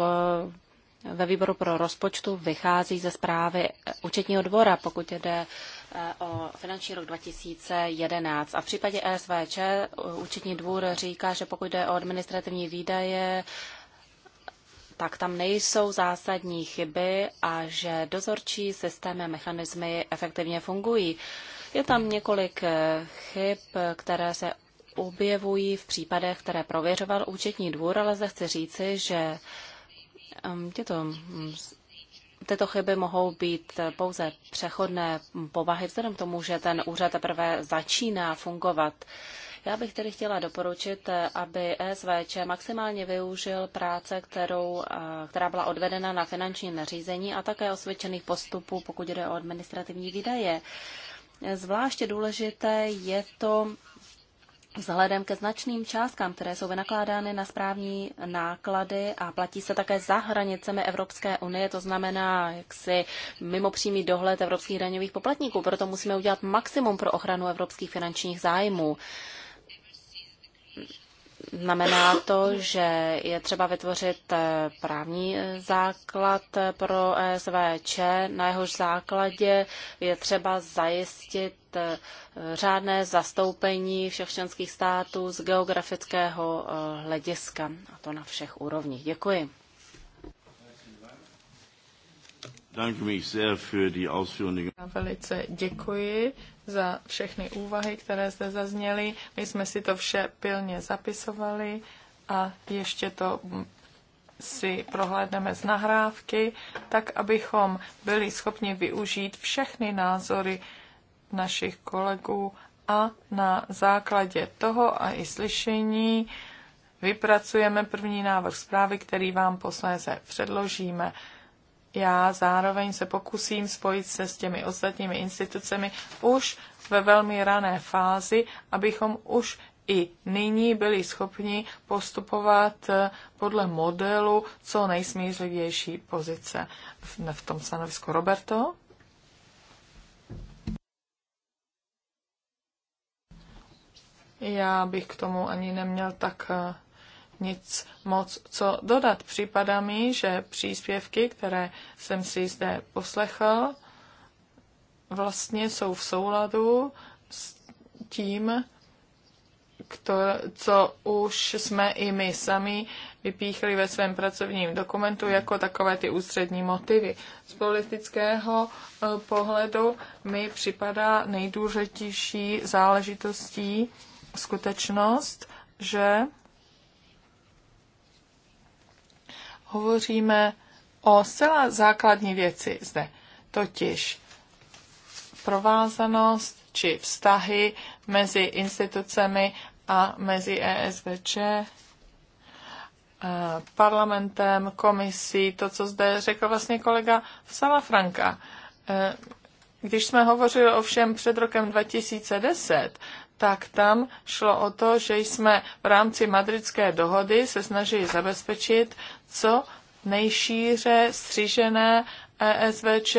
ve výboru pro rozpočtu vychází ze zprávy účetního dvora, pokud jde eh, o finanční rok 2011. A v případě ESVČ eh, účetní dvůr říká, že pokud jde o administrativní výdaje, tak tam nejsou zásadní chyby a že dozorčí systémy a mechanismy efektivně fungují. Je tam několik eh, chyb, které se objevují v případech, které prověřoval účetní dvůr, ale zde chci říci, že um, tyto, um, tyto chyby mohou být pouze přechodné povahy, vzhledem k tomu, že ten úřad teprve začíná fungovat. Já bych tedy chtěla doporučit, aby SVČ maximálně využil práce, kterou, která byla odvedena na finanční nařízení a také osvědčených postupů, pokud jde o administrativní výdaje. Zvláště důležité je to Vzhledem ke značným částkám, které jsou vynakládány na správní náklady a platí se také za hranicemi Evropské unie, to znamená jaksi mimo přímý dohled evropských daňových poplatníků, proto musíme udělat maximum pro ochranu evropských finančních zájmů. Znamená to, že je třeba vytvořit eh, právní eh, základ eh, pro SVČ, na jehož základě je třeba zajistit řádné zastoupení všech členských států z geografického hlediska, a to na všech úrovních. Děkuji. Já velice děkuji za všechny úvahy, které zde zazněly. My jsme si to vše pilně zapisovali a ještě to si prohlédneme z nahrávky, tak abychom byli schopni využít všechny názory našich kolegů a na základě toho a i slyšení vypracujeme první návrh zprávy, který vám posléze předložíme já zároveň se pokusím spojit se s těmi ostatními institucemi už ve velmi rané fázi, abychom už i nyní byli schopni postupovat eh, podle modelu co nejsmířlivější pozice v tom stanovisku. Roberto? Já bych k tomu ani neměl tak eh, nic moc co dodat. Připadá mi, že příspěvky, které jsem si zde poslechl, vlastně jsou v souladu s tím, kto, co už jsme i my sami vypíchli ve svém pracovním dokumentu jako takové ty ústřední motivy. Z politického e, pohledu mi připadá nejdůležitější záležitostí skutečnost, že hovoříme o celá základní věci zde, totiž provázanost či vztahy mezi institucemi a mezi ESVČ, eh, parlamentem, komisí, to, co zde řekl vlastně kolega Salafranka. Eh, když jsme hovořili o všem před rokem 2010, tak tam šlo o to, že jsme v rámci madridské dohody se snažili zabezpečit co nejšíře střižené ESVČ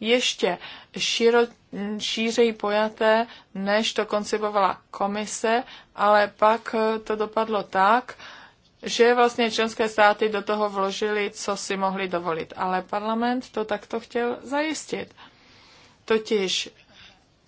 ještě širo, šířej pojaté, než to koncipovala komise, ale pak to dopadlo tak, že vlastně členské státy do toho vložili, co si mohli dovolit. Ale parlament to takto chtěl zajistit. Totiž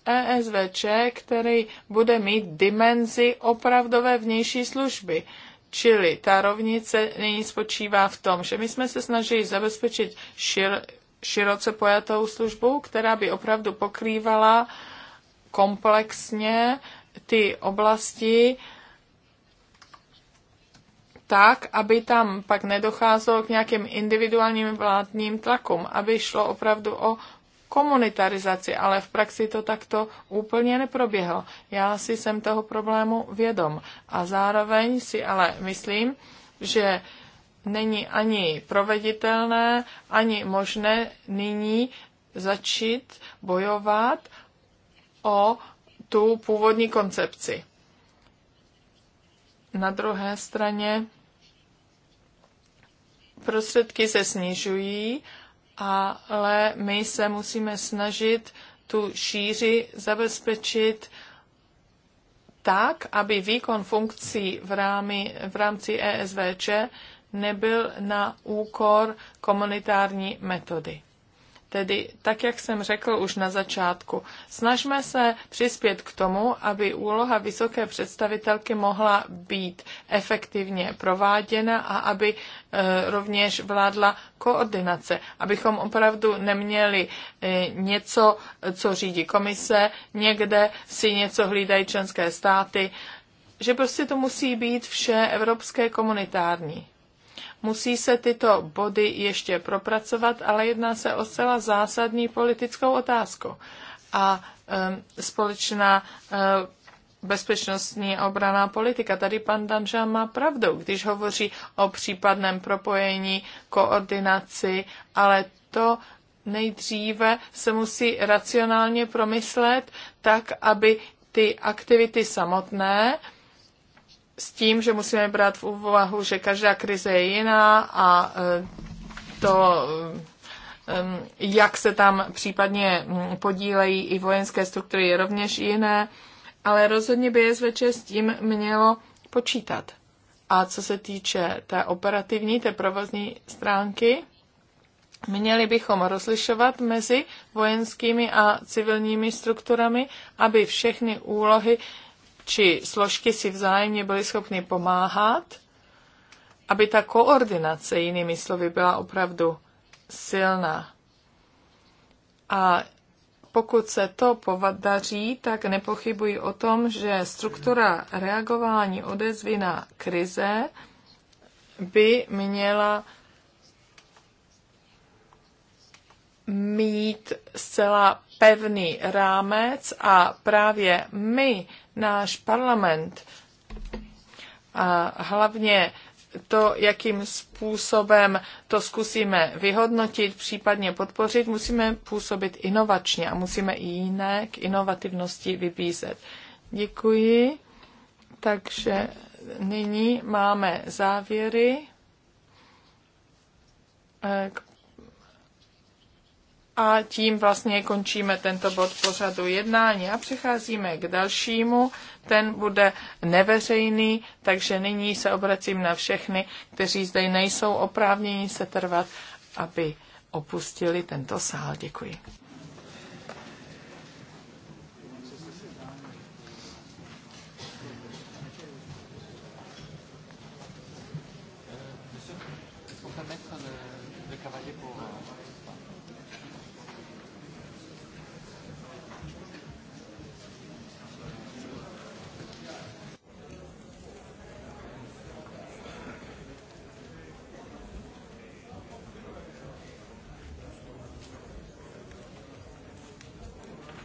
ESVČ, který bude mít dimenzi opravdové vnější služby. Čili ta rovnice nyní spočívá v tom, že my jsme se snažili zabezpečit šir, široce pojatou službu, která by opravdu pokrývala komplexně ty oblasti tak, aby tam pak nedocházelo k nějakým individuálním vládním tlakům, aby šlo opravdu o komunitarizaci, ale v praxi to takto úplně neproběhlo. Já si jsem toho problému vědom a zároveň si ale myslím, že není ani proveditelné, ani možné nyní začít bojovat o tu původní koncepci. Na druhé straně prostředky se snižují ale my se musíme snažit tu šíři zabezpečit tak, aby výkon funkcí v, rámi, v rámci ESVČ nebyl na úkor komunitární metody. Tedy, tak jak jsem řekl už na začátku, snažme se přispět k tomu, aby úloha vysoké představitelky mohla být efektivně prováděna a aby e, rovněž vládla koordinace, abychom opravdu neměli e, něco, co řídí komise, někde si něco hlídají členské státy, že prostě to musí být vše evropské komunitární. Musí se tyto body ještě propracovat, ale jedná se o zcela zásadní politickou otázku. A společná e, bezpečnostní a obraná politika. Tady pan Danža má pravdu, když hovoří o případném propojení, koordinaci, ale to nejdříve se musí racionálně promyslet tak, aby ty aktivity samotné s tím, že musíme brát v úvahu, že každá krize je jiná a e, to, e, jak se tam případně podílejí i vojenské struktury, je rovněž jiné, ale rozhodně by SVČ s tím mělo počítat. A co se týče té operativní, té provozní stránky, Měli bychom rozlišovat mezi vojenskými a civilními strukturami, aby všechny úlohy či složky si vzájemně byly schopny pomáhat, aby ta koordinace, jinými slovy, byla opravdu silná. A pokud se to podaří, tak nepochybuji o tom, že struktura reagování odezvy na krize by měla mít zcela pevný rámec a právě my náš parlament a hlavně to, jakým způsobem to zkusíme vyhodnotit, případně podpořit, musíme působit inovačně a musíme i jiné k inovativnosti vybízet. Děkuji. Takže nyní máme závěry k a tím vlastně končíme tento bod pořadu jednání a přecházíme k dalšímu. Ten bude neveřejný, takže nyní se obracím na všechny, kteří zde nejsou oprávněni se trvat, aby opustili tento sál. Děkuji.